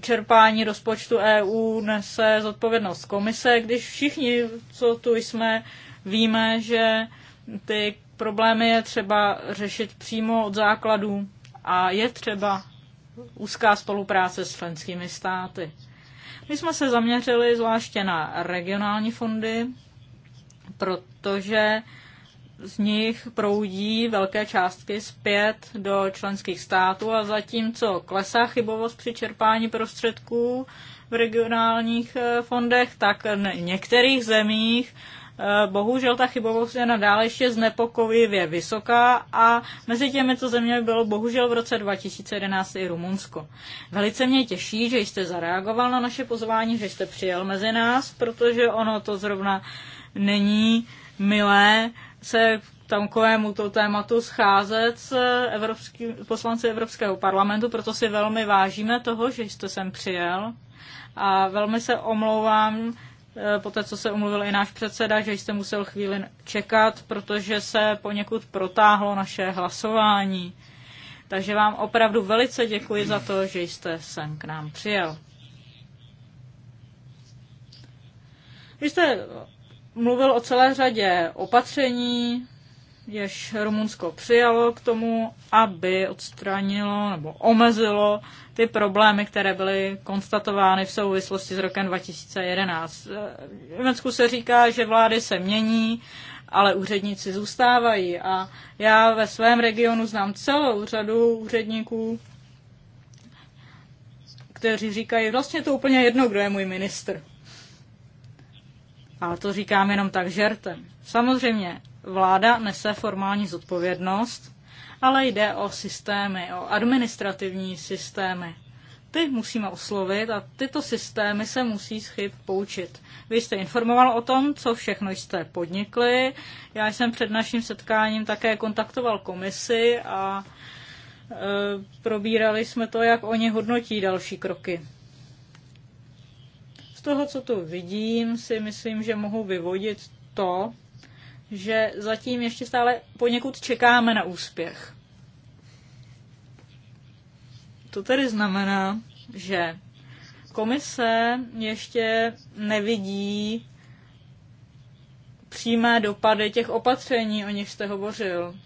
čerpání rozpočtu EU nese zodpovědnost komise, když všichni, co tu jsme, víme, že ty problémy je třeba řešit přímo od základů a je třeba úzká spolupráce s členskými státy. My jsme se zaměřili zvláště na regionální fondy, protože z nich proudí velké částky zpět do členských států a zatímco klesá chybovost při čerpání prostředků v regionálních eh, fondech, tak v některých zemích eh, bohužel ta chybovost je nadále ještě znepokojivě vysoká a mezi těmito zeměmi bylo bohužel v roce 2011 i Rumunsko. Velice mě těší, že jste zareagoval na naše pozvání, že jste přijel mezi nás, protože ono to zrovna není milé se k to tématu scházet s eh, evropský, poslanci Evropského parlamentu, proto si velmi vážíme toho, že jste sem přijel a velmi se omlouvám eh, po té, co se omluvil i náš předseda, že jste musel chvíli čekat, protože se poněkud protáhlo naše hlasování. Takže vám opravdu velice děkuji za to, že jste sem k nám přijel. Vy jste mluvil o celé řadě opatření, jež Rumunsko přijalo k tomu, aby odstranilo nebo omezilo ty problémy, které byly konstatovány v souvislosti s rokem 2011. V Německu se říká, že vlády se mění, ale úředníci zůstávají. A já ve svém regionu znám celou řadu úředníků, kteří říkají, vlastně to úplně jedno, kdo je můj ministr. Ale to říkám jenom tak žertem. Samozřejmě vláda nese formální zodpovědnost, ale jde o systémy, o administrativní systémy. Ty musíme oslovit a tyto systémy se musí z chyb poučit. Vy jste informoval o tom, co všechno jste podnikli. Já jsem před naším setkáním také kontaktoval komisi a e, probírali jsme to, jak oni hodnotí další kroky. Z toho, co tu vidím, si myslím, že mohu vyvodit to, že zatím ještě stále poněkud čekáme na úspěch. To tedy znamená, že komise ještě nevidí přímé dopady těch opatření, o nich jste hovořil.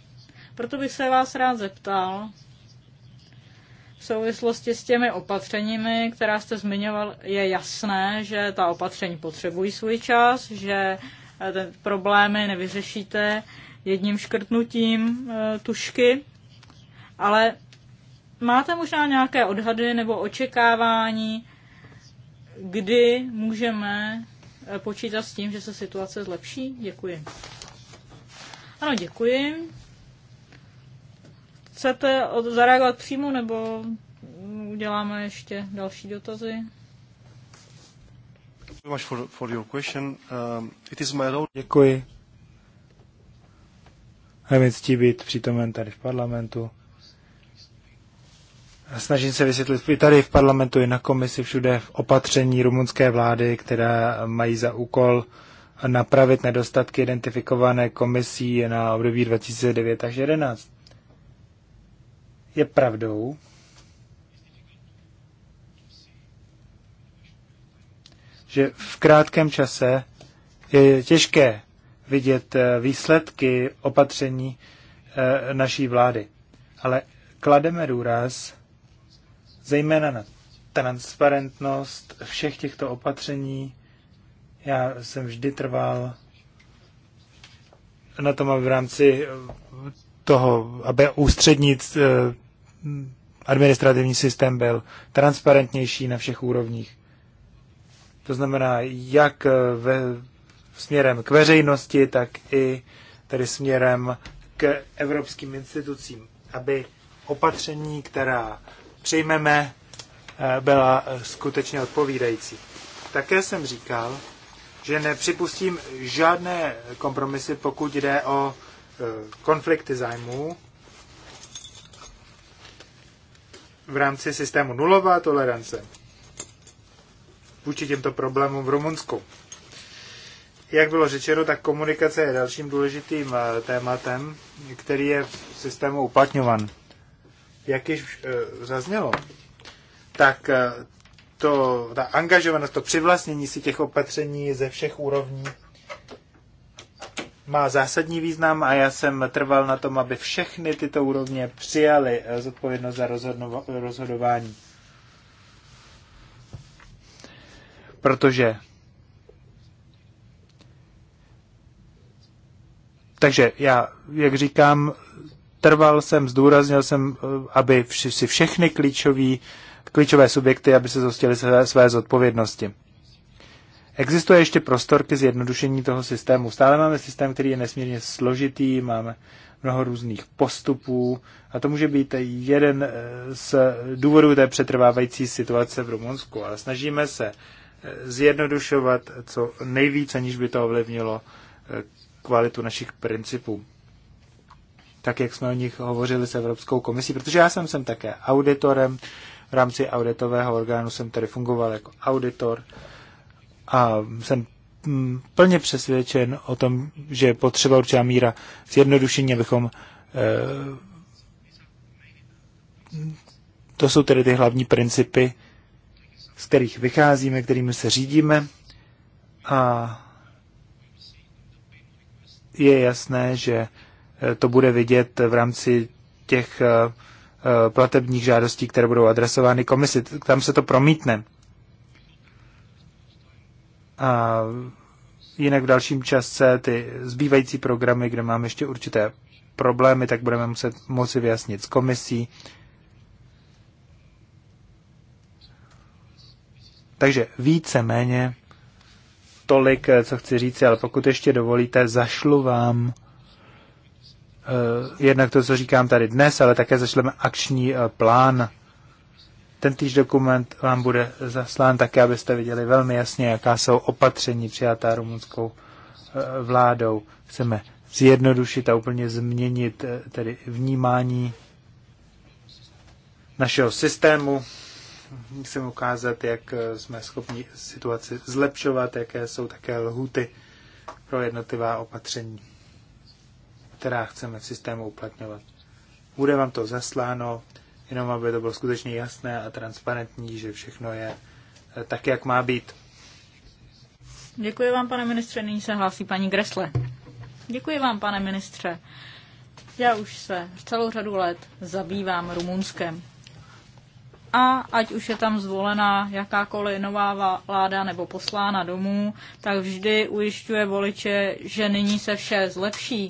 Proto bych se vás rád zeptal, v souvislosti s těmi opatřeními, která jste zmiňoval, je jasné, že ta opatření potřebují svůj čas, že eh, ten problémy nevyřešíte jedním škrtnutím e, tušky, ale máte možná nějaké odhady nebo očekávání, kdy můžeme eh, počítat s tím, že se situace zlepší? Děkuji. Ano, děkuji. Chcete zareagovat přímo nebo uděláme ještě další dotazy? Um, Děkuji. Je mi ctí být přítomen tady v parlamentu. Snažím se vysvětlit i tady v parlamentu, i na komisi, všude v opatření rumunské vlády, která mají za úkol napravit nedostatky identifikované komisí na období 2009 až 2011. Je pravdou, že v krátkém čase je těžké vidět eh, výsledky opatření eh, naší vlády. Ale klademe důraz zejména na transparentnost všech těchto opatření. Já jsem vždy trval na tom, aby v rámci toho, aby ústřední eh, administrativní systém byl transparentnější na všech úrovních. To znamená, jak eh, ve, směrem k veřejnosti, tak i tedy směrem k evropským institucím, aby opatření, která přijmeme, eh, byla eh, skutečně odpovídající. Také jsem říkal, že nepřipustím žádné kompromisy, pokud jde o konflikty zájmů v rámci systému nulová tolerance vůči těmto problémům v Rumunsku. Jak bylo řečeno, tak komunikace je dalším důležitým eh, tématem, který je v systému uplatňovan. Jak již eh, zaznělo, tak eh, to, ta angažovanost, to přivlastnění si těch opatření ze všech úrovní má zásadní význam a já jsem trval na tom, aby všechny tyto úrovně přijaly eh, zodpovědnost za rozhodování. Protože Takže já, jak říkám, trval jsem, zdůraznil jsem, eh, aby si všechny klíčoví, klíčové subjekty, aby se zostily své zodpovědnosti. Existuje ještě prostor ke zjednodušení toho systému. Stále máme systém, který je nesmírně složitý, máme mnoho různých postupů a to může být jeden eh, z důvodů té přetrvávající situace v Rumunsku, ale snažíme se eh, zjednodušovat co nejvíce, aniž by to ovlivnilo eh, kvalitu našich principů. Tak, jak jsme o nich hovořili s Evropskou komisí, protože já jsem jsem také auditorem, v rámci auditového orgánu jsem tady fungoval jako auditor a jsem mm, plně přesvědčen o tom, že je potřeba určitá míra zjednodušení, abychom eh, to jsou tedy ty hlavní principy, z kterých vycházíme, kterými se řídíme a je jasné, že eh, to bude vidět v rámci těch eh, platebních žádostí, které budou adresovány komisi. Tam se to promítne. A jinak v dalším čase ty zbývající programy, kde máme ještě určité problémy, tak budeme muset moci vyjasnit s komisí. Takže více méně tolik, eh, co chci říct, ale pokud ještě dovolíte, zašlu vám uh, jednak to, co říkám tady dnes, ale také zašleme akční uh, plán ten týž dokument vám bude zaslán také, abyste viděli velmi jasně, jaká jsou opatření přijatá rumunskou eh, vládou. Chceme zjednodušit a úplně změnit eh, tedy vnímání našeho systému. Chceme ukázat, jak eh, jsme schopni situaci zlepšovat, jaké jsou také lhuty pro jednotlivá opatření, která chceme v systému uplatňovat. Bude vám to zasláno jenom aby to bylo skutečně jasné a transparentní, že všechno je eh, tak, jak má být. Děkuji vám, pane ministře. Nyní se hlásí paní Gresle. Děkuji vám, pane ministře. Já už se celou řadu let zabývám Rumunskem. A ať už je tam zvolená jakákoliv nová vláda nebo poslána domů, tak vždy ujišťuje voliče, že nyní se vše zlepší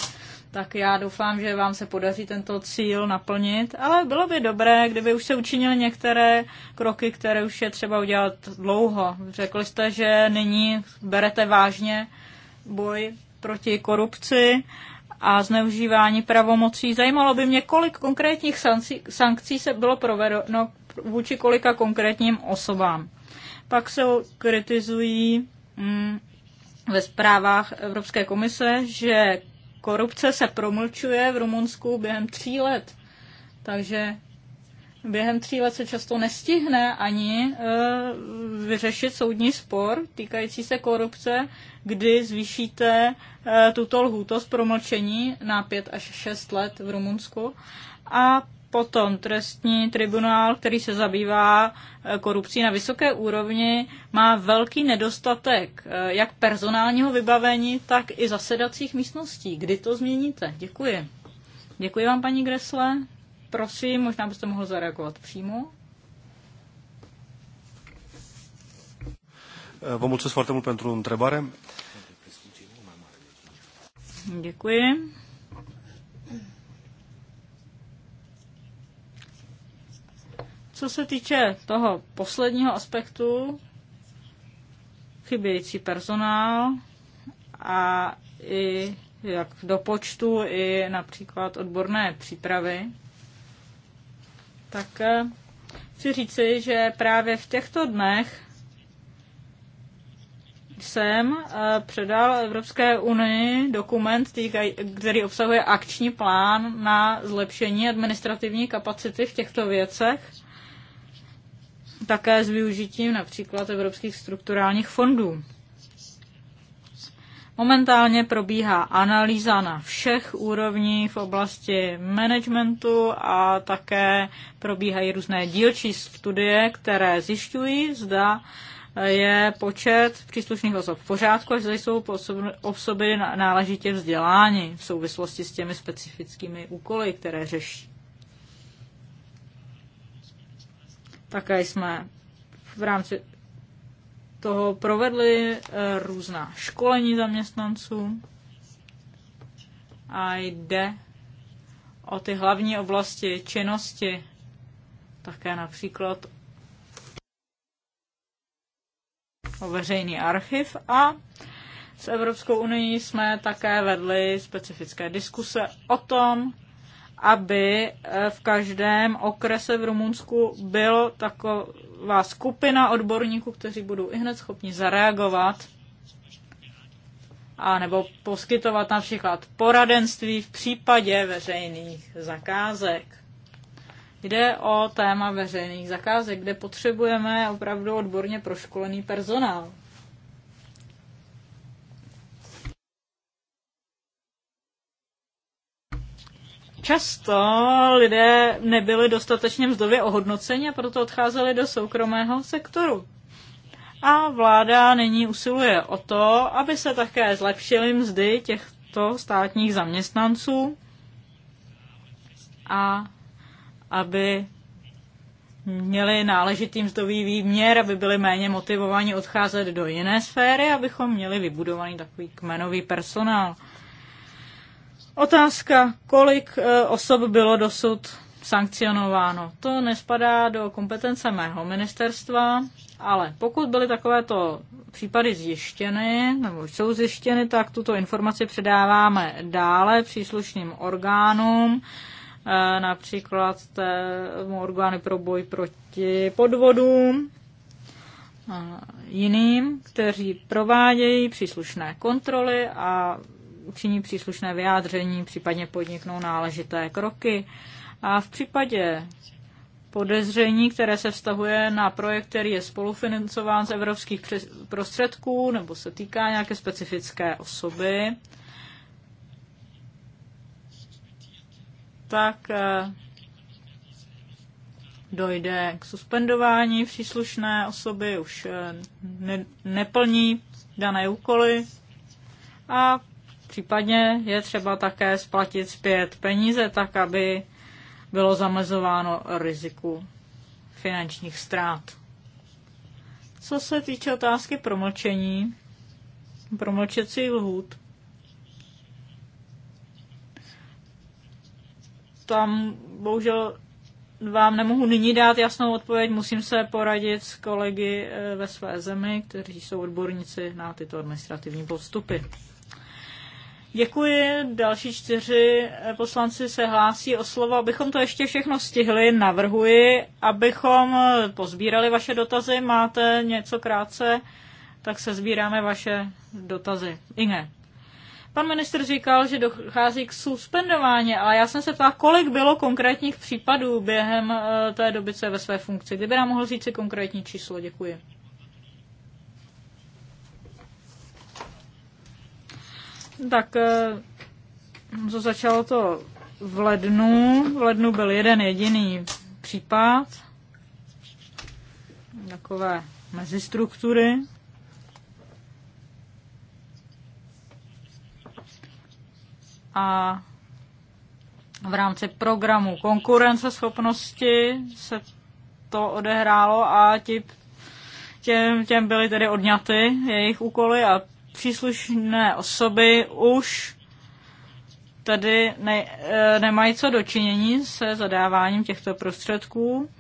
tak já doufám, že vám se podaří tento cíl naplnit, ale bylo by dobré, kdyby už se učinili některé kroky, které už je třeba udělat dlouho. Řekli jste, že nyní berete vážně boj proti korupci a zneužívání pravomocí. Zajímalo by mě, kolik konkrétních sankcí, sankcí se bylo provedeno vůči kolika konkrétním osobám. Pak se kritizují mm, ve zprávách Evropské komise, že korupce se promlčuje v Rumunsku během tří let. Takže během tří let se často nestihne ani e, vyřešit soudní spor týkající se korupce, kdy zvýšíte e, tuto lhůtost promlčení na pět až šest let v Rumunsku. A potom trestní tribunál, který se zabývá eh, korupcí na vysoké úrovni, má velký nedostatek eh, jak personálního vybavení, tak i zasedacích místností. Kdy to změníte? Děkuji. Děkuji vám, paní Gresle. Prosím, možná byste mohl zareagovat přímo. Eh, Vă mulțumesc foarte mult pentru întrebare. Děkuji. Co se týče toho posledního aspektu, chybějící personál a i jak do počtu, i například odborné přípravy, tak eh, chci říci, že právě v těchto dnech jsem eh, předal Evropské unii dokument, který obsahuje akční plán na zlepšení administrativní kapacity v těchto věcech také s využitím například evropských strukturálních fondů. Momentálně probíhá analýza na všech úrovních v oblasti managementu a také probíhají různé dílčí studie, které zjišťují, zda je počet příslušných osob v pořádku, až jsou osoby náležitě vzdělání v souvislosti s těmi specifickými úkoly, které řeší. Také jsme v rámci toho provedli eh, různá školení zaměstnanců a jde o ty hlavní oblasti činnosti, také například o veřejný archiv a s Evropskou unii jsme také vedli specifické diskuse o tom, aby eh, v každém okrese v Rumunsku bylo taková skupina odborníků, kteří budou i hned schopni zareagovat a nebo poskytovat například poradenství v případě veřejných zakázek. Jde o téma veřejných zakázek, kde potřebujeme opravdu odborně proškolený personál. často lidé nebyli dostatečně mzdově ohodnoceni a proto odcházeli do soukromého sektoru. A vláda nyní usiluje o to, aby se také zlepšily mzdy těchto státních zaměstnanců a aby měli náležitý mzdový výměr, aby byli méně motivováni odcházet do jiné sféry, abychom měli vybudovaný takový kmenový personál. Otázka, kolik e, osob bylo dosud sankcionováno. To nespadá do kompetence mého ministerstva, ale pokud byly takovéto případy zjištěny, nebo jsou zjištěny, tak tuto informaci předáváme dále příslušným orgánům, e, například orgány pro boj proti podvodům, jiným, kteří provádějí příslušné kontroly a učiní příslušné vyjádření, případně podniknou náležité kroky. A v případě podezření, které se vztahuje na projekt, který je spolufinancován z evropských prostředků nebo se týká nějaké specifické osoby, tak eh, dojde k suspendování příslušné osoby, už eh, ne, neplní dané úkoly a Případně je třeba také splatit zpět peníze tak, aby bylo zamezováno riziku finančních ztrát. Co se týče otázky promlčení, promlčecí lhůt, tam bohužel vám nemohu nyní dát jasnou odpověď, musím se poradit s kolegy eh, ve své zemi, kteří jsou odborníci na tyto administrativní postupy. Děkuji. Další čtyři eh, poslanci se hlásí o slovo. Abychom to ještě všechno stihli, navrhuji, abychom eh, pozbírali vaše dotazy. Máte něco krátce, tak se sbíráme vaše dotazy. Inge. Pan minister říkal, že dochází k suspendování, ale já jsem se ptala, kolik bylo konkrétních případů během eh, té doby, co je ve své funkci. Kdyby nám mohl říct si konkrétní číslo, děkuji. tak to eh, začalo to v lednu. V lednu byl jeden jediný případ takové mezistruktury. A v rámci programu konkurenceschopnosti se to odehrálo a ti, těm, těm byly tedy odňaty jejich úkoly a příslušné osoby už tady ne, e, nemají co dočinění se zadáváním těchto prostředků.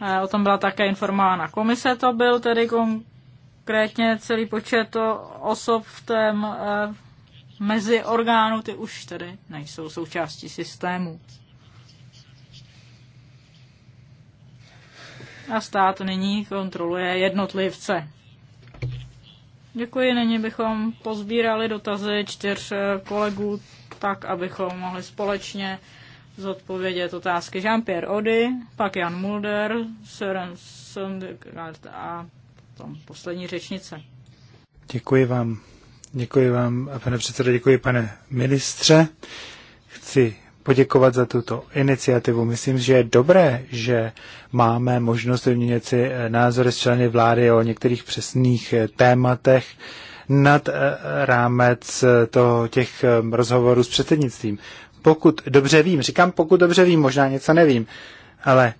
E, o tom byla také informována komise, to byl tedy konkrétně celý počet osob v tém e, mezi orgánu, ty už tedy nejsou součástí systému. A stát nyní kontroluje jednotlivce. Děkuji, nyní bychom pozbírali dotazy čtyř eh, kolegů tak, abychom mohli společně zodpovědět otázky Jean-Pierre Ody, pak Jan Mulder, Søren Sundegaard a potom poslední řečnice. Děkuji vám. Děkuji vám, pane předsedo, děkuji pane ministře. Chci poděkovat za tuto iniciativu. Myslím, že je dobré, že máme možnost vyměnit si eh, názory s členy vlády o některých přesných eh, tématech nad eh, rámec toho, těch rozhovorů s předsednictvím. Pokud dobře vím, říkám pokud dobře vím, možná něco nevím, ale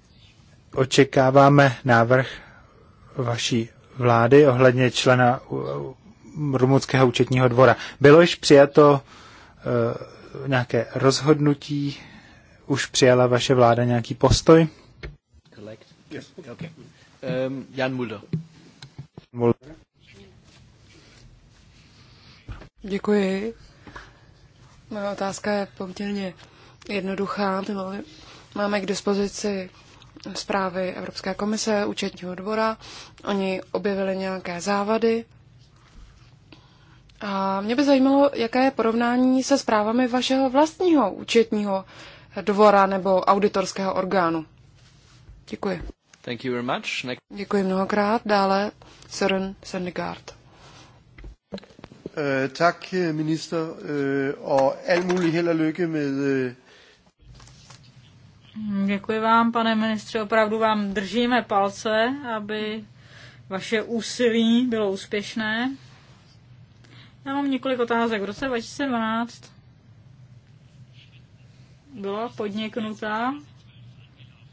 očekáváme návrh vaší vlády ohledně člena rumunského účetního dvora. Bylo již přijato nějaké rozhodnutí? Už přijala vaše vláda nějaký postoj? Um, Jan Mulder. Mulder. Děkuji. Moje otázka je poměrně jednoduchá. Máme k dispozici zprávy Evropské komise, účetního dvora. Oni objevili nějaké závady a mě by zajímalo, jaké je porovnání se zprávami vašeho vlastního účetního dvora nebo auditorského orgánu. Děkuji. Thank you very much. Next... Děkuji mnohokrát. Dále Søren Sendegaard. Uh, øh, tak, minister, uh, og al mulig held og lykke med uh... Děkuji vám, pane ministře, opravdu vám držíme palce, aby vaše úsilí bylo úspěšné. Já mám několik otázek. V roce 2012 byla podniknutá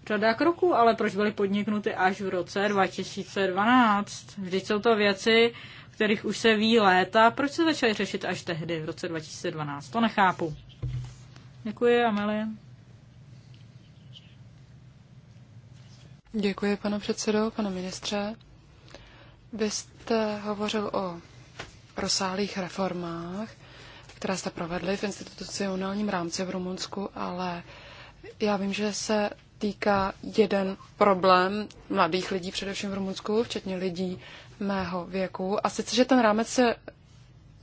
řada kroků, ale proč byly podniknuty až v roce 2012? Vždyť jsou to věci, kterých už se ví léta. Proč se začaly řešit až tehdy, v roce 2012? To nechápu. Děkuji, Amelie. Děkuji, pane předsedo, pane ministře. Vy jste hovořil o rozsáhlých reformách, které jste provedli v institucionálním rámci v Rumunsku, ale já vím, že se týká jeden problém mladých lidí, především v Rumunsku, včetně lidí mého věku. A sice, že ten rámec se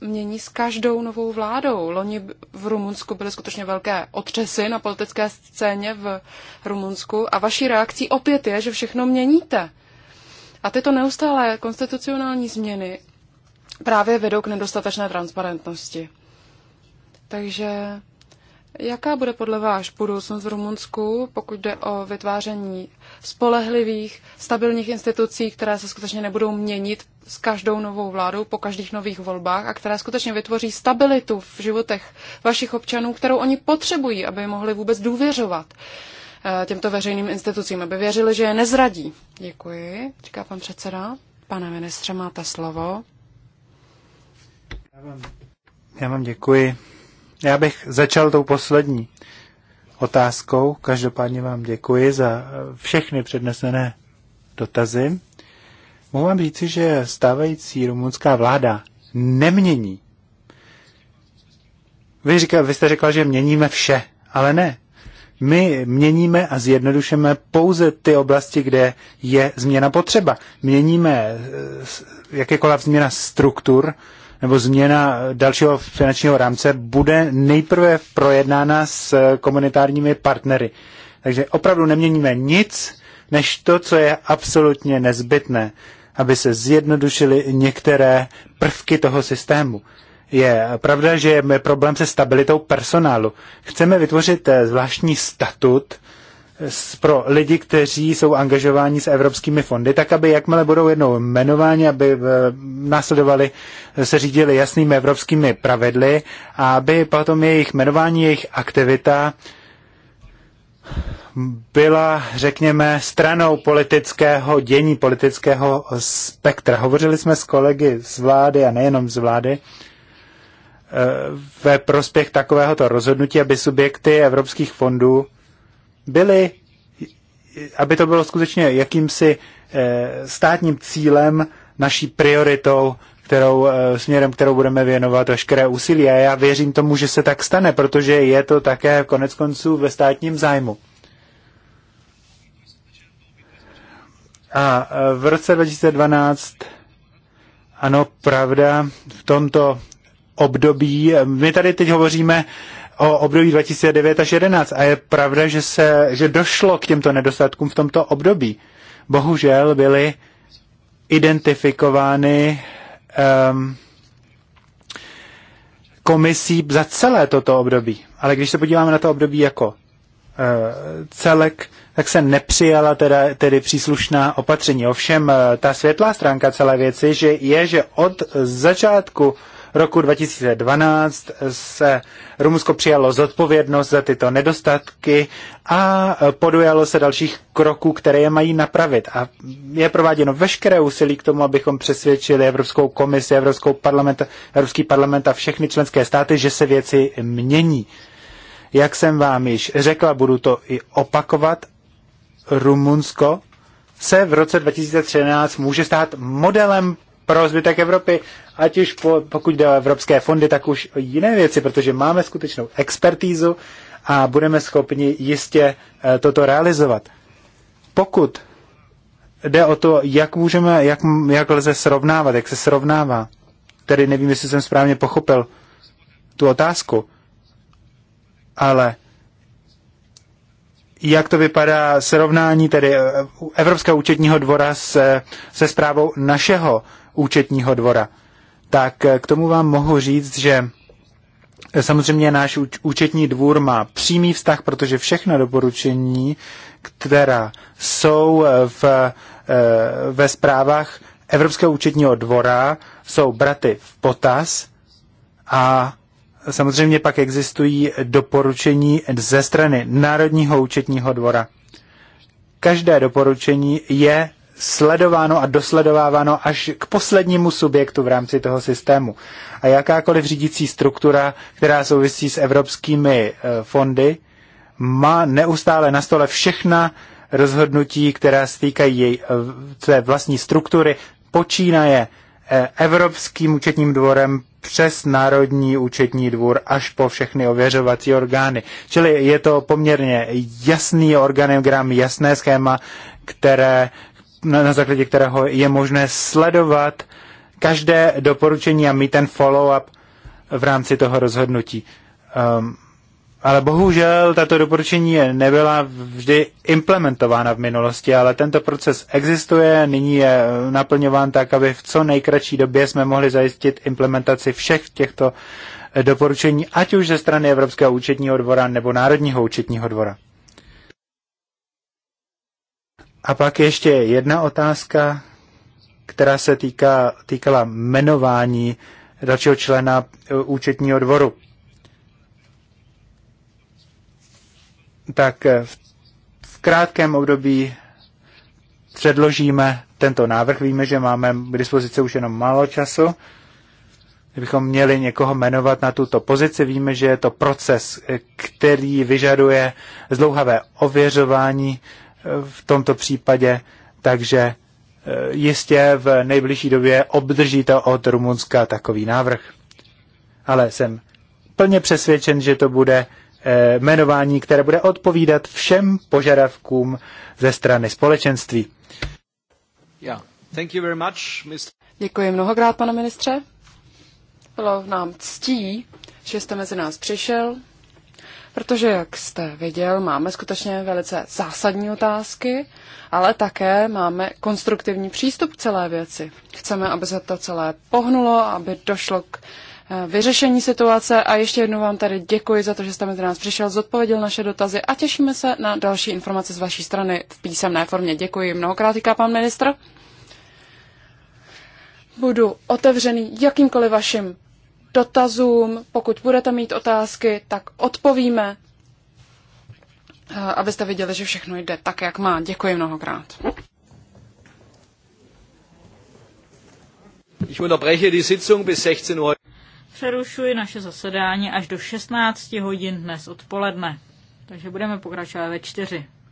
mění s každou novou vládou. Loni v Rumunsku byly skutečně velké otřesy na politické scéně v Rumunsku a vaší reakcí opět je, že všechno měníte. A tyto neustálé konstitucionální změny právě vedou k nedostatečné transparentnosti. Takže jaká bude podle vás budoucnost v Rumunsku, pokud jde o vytváření spolehlivých, stabilních institucí, které se skutečně nebudou měnit s každou novou vládou po každých nových volbách a které skutečně vytvoří stabilitu v životech vašich občanů, kterou oni potřebují, aby mohli vůbec důvěřovat eh, těmto veřejným institucím, aby věřili, že je nezradí. Děkuji, říká pan předseda. Pane ministře, máte slovo. Já vám děkuji. Já bych začal tou poslední otázkou. Každopádně vám děkuji za všechny přednesené dotazy. Mohu vám říci, že stávající rumunská vláda nemění. Vy, říká, vy jste řekla, že měníme vše, ale ne. My měníme a zjednodušeme pouze ty oblasti, kde je změna potřeba. Měníme eh, jakékoliv změna struktur, nebo změna dalšího finančního rámce bude nejprve projednána s komunitárními partnery. Takže opravdu neměníme nic, než to, co je absolutně nezbytné, aby se zjednodušily některé prvky toho systému. Je pravda, že je problém se stabilitou personálu. Chceme vytvořit eh, zvláštní statut, pro lidi, kteří jsou angažováni s evropskými fondy, tak aby jakmile budou jednou jmenováni, aby eh, následovali, eh, se řídili jasnými evropskými pravidly a aby potom jejich jmenování, jejich aktivita byla, řekněme, stranou politického dění, politického spektra. Hovořili jsme s kolegy z vlády a nejenom z vlády eh, ve prospěch takovéhoto rozhodnutí, aby subjekty evropských fondů byly, aby to bylo skutečně jakýmsi eh, státním cílem, naší prioritou, kterou, eh, směrem, kterou budeme věnovat veškeré úsilí. A já věřím tomu, že se tak stane, protože je to také konec konců ve státním zájmu. A eh, v roce 2012, ano, pravda, v tomto období, my tady teď hovoříme o období 2009 až 2011 a je pravda, že, se, že došlo k těmto nedostatkům v tomto období. Bohužel byly identifikovány um, komisí za celé toto období. Ale když se podíváme na to období jako uh, celek, tak se nepřijala teda, tedy příslušná opatření. Ovšem eh, ta světlá stránka celé věci že je, že od začátku roku 2012 se Rumunsko přijalo zodpovědnost za tyto nedostatky a podujalo se dalších kroků, které je mají napravit. A je prováděno veškeré úsilí k tomu, abychom přesvědčili Evropskou komisi, Evropskou parlament, Evropský parlament a všechny členské státy, že se věci mění. Jak jsem vám již řekla, budu to i opakovat, Rumunsko se v roce 2013 může stát modelem pro zbytek Evropy ať už po, pokud jde o evropské fondy, tak už o jiné věci, protože máme skutečnou expertízu a budeme schopni jistě eh, toto realizovat. Pokud jde o to, jak můžeme, jak, jak lze srovnávat, jak se srovnává, tedy nevím, jestli jsem správně pochopil tu otázku, ale jak to vypadá srovnání tedy eh, Evropského účetního dvora se, eh, se zprávou našeho účetního dvora tak eh, k tomu vám mohu říct, že eh, samozřejmě náš účetní dvůr má přímý vztah, protože všechna doporučení, která jsou eh, v, ve zprávách Evropského účetního dvora, jsou braty v potaz a samozřejmě pak existují doporučení ze strany Národního účetního dvora. Každé doporučení je sledováno a dosledováváno až k poslednímu subjektu v rámci toho systému. A jakákoliv řídící struktura, která souvisí s evropskými eh, fondy, má neustále na stole všechna rozhodnutí, která stýkají její té eh, vlastní struktury, počínaje eh, Evropským účetním dvorem přes Národní účetní dvůr až po všechny ověřovací orgány. Čili je to poměrně jasný organigram, jasné schéma, které na základě kterého je možné sledovat každé doporučení a mít ten follow-up v rámci toho rozhodnutí. Um, ale bohužel tato doporučení nebyla vždy implementována v minulosti, ale tento proces existuje, nyní je uh, naplňován tak, aby v co nejkratší době jsme mohli zajistit implementaci všech těchto uh, doporučení, ať už ze strany Evropského účetního dvora nebo Národního účetního dvora. A pak ještě jedna otázka, která se týká, týkala jmenování dalšího člena eh, účetního dvoru. Tak eh, v, v krátkém období předložíme tento návrh. Víme, že máme k dispozici už jenom málo času. Kdybychom měli někoho jmenovat na tuto pozici, víme, že je to proces, eh, který vyžaduje zlouhavé ověřování v tomto případě, takže e, jistě v nejbližší době obdržíte od Rumunska takový návrh. Ale jsem plně přesvědčen, že to bude e, jmenování, které bude odpovídat všem požadavkům ze strany společenství. Yeah. Thank you very much, Mr. Děkuji mnohokrát, pane ministře. Bylo nám ctí, že jste mezi nás přišel protože, jak jste viděl, máme skutečně velice zásadní otázky, ale také máme konstruktivní přístup k celé věci. Chceme, aby se to celé pohnulo, aby došlo k eh, vyřešení situace a ještě jednou vám tady děkuji za to, že jste mezi nás přišel, zodpověděl naše dotazy a těšíme se na další informace z vaší strany v písemné formě. Děkuji mnohokrát, říká pan ministr. Budu otevřený jakýmkoliv vašim dotazům. Pokud budete mít otázky, tak odpovíme, eh, abyste viděli, že všechno jde tak, jak má. Děkuji mnohokrát. Ich unterbreche die Sitzung bis 16 Uhr. Přerušuji naše zasedání až do 16 hodin dnes odpoledne. Takže budeme pokračovat ve čtyři.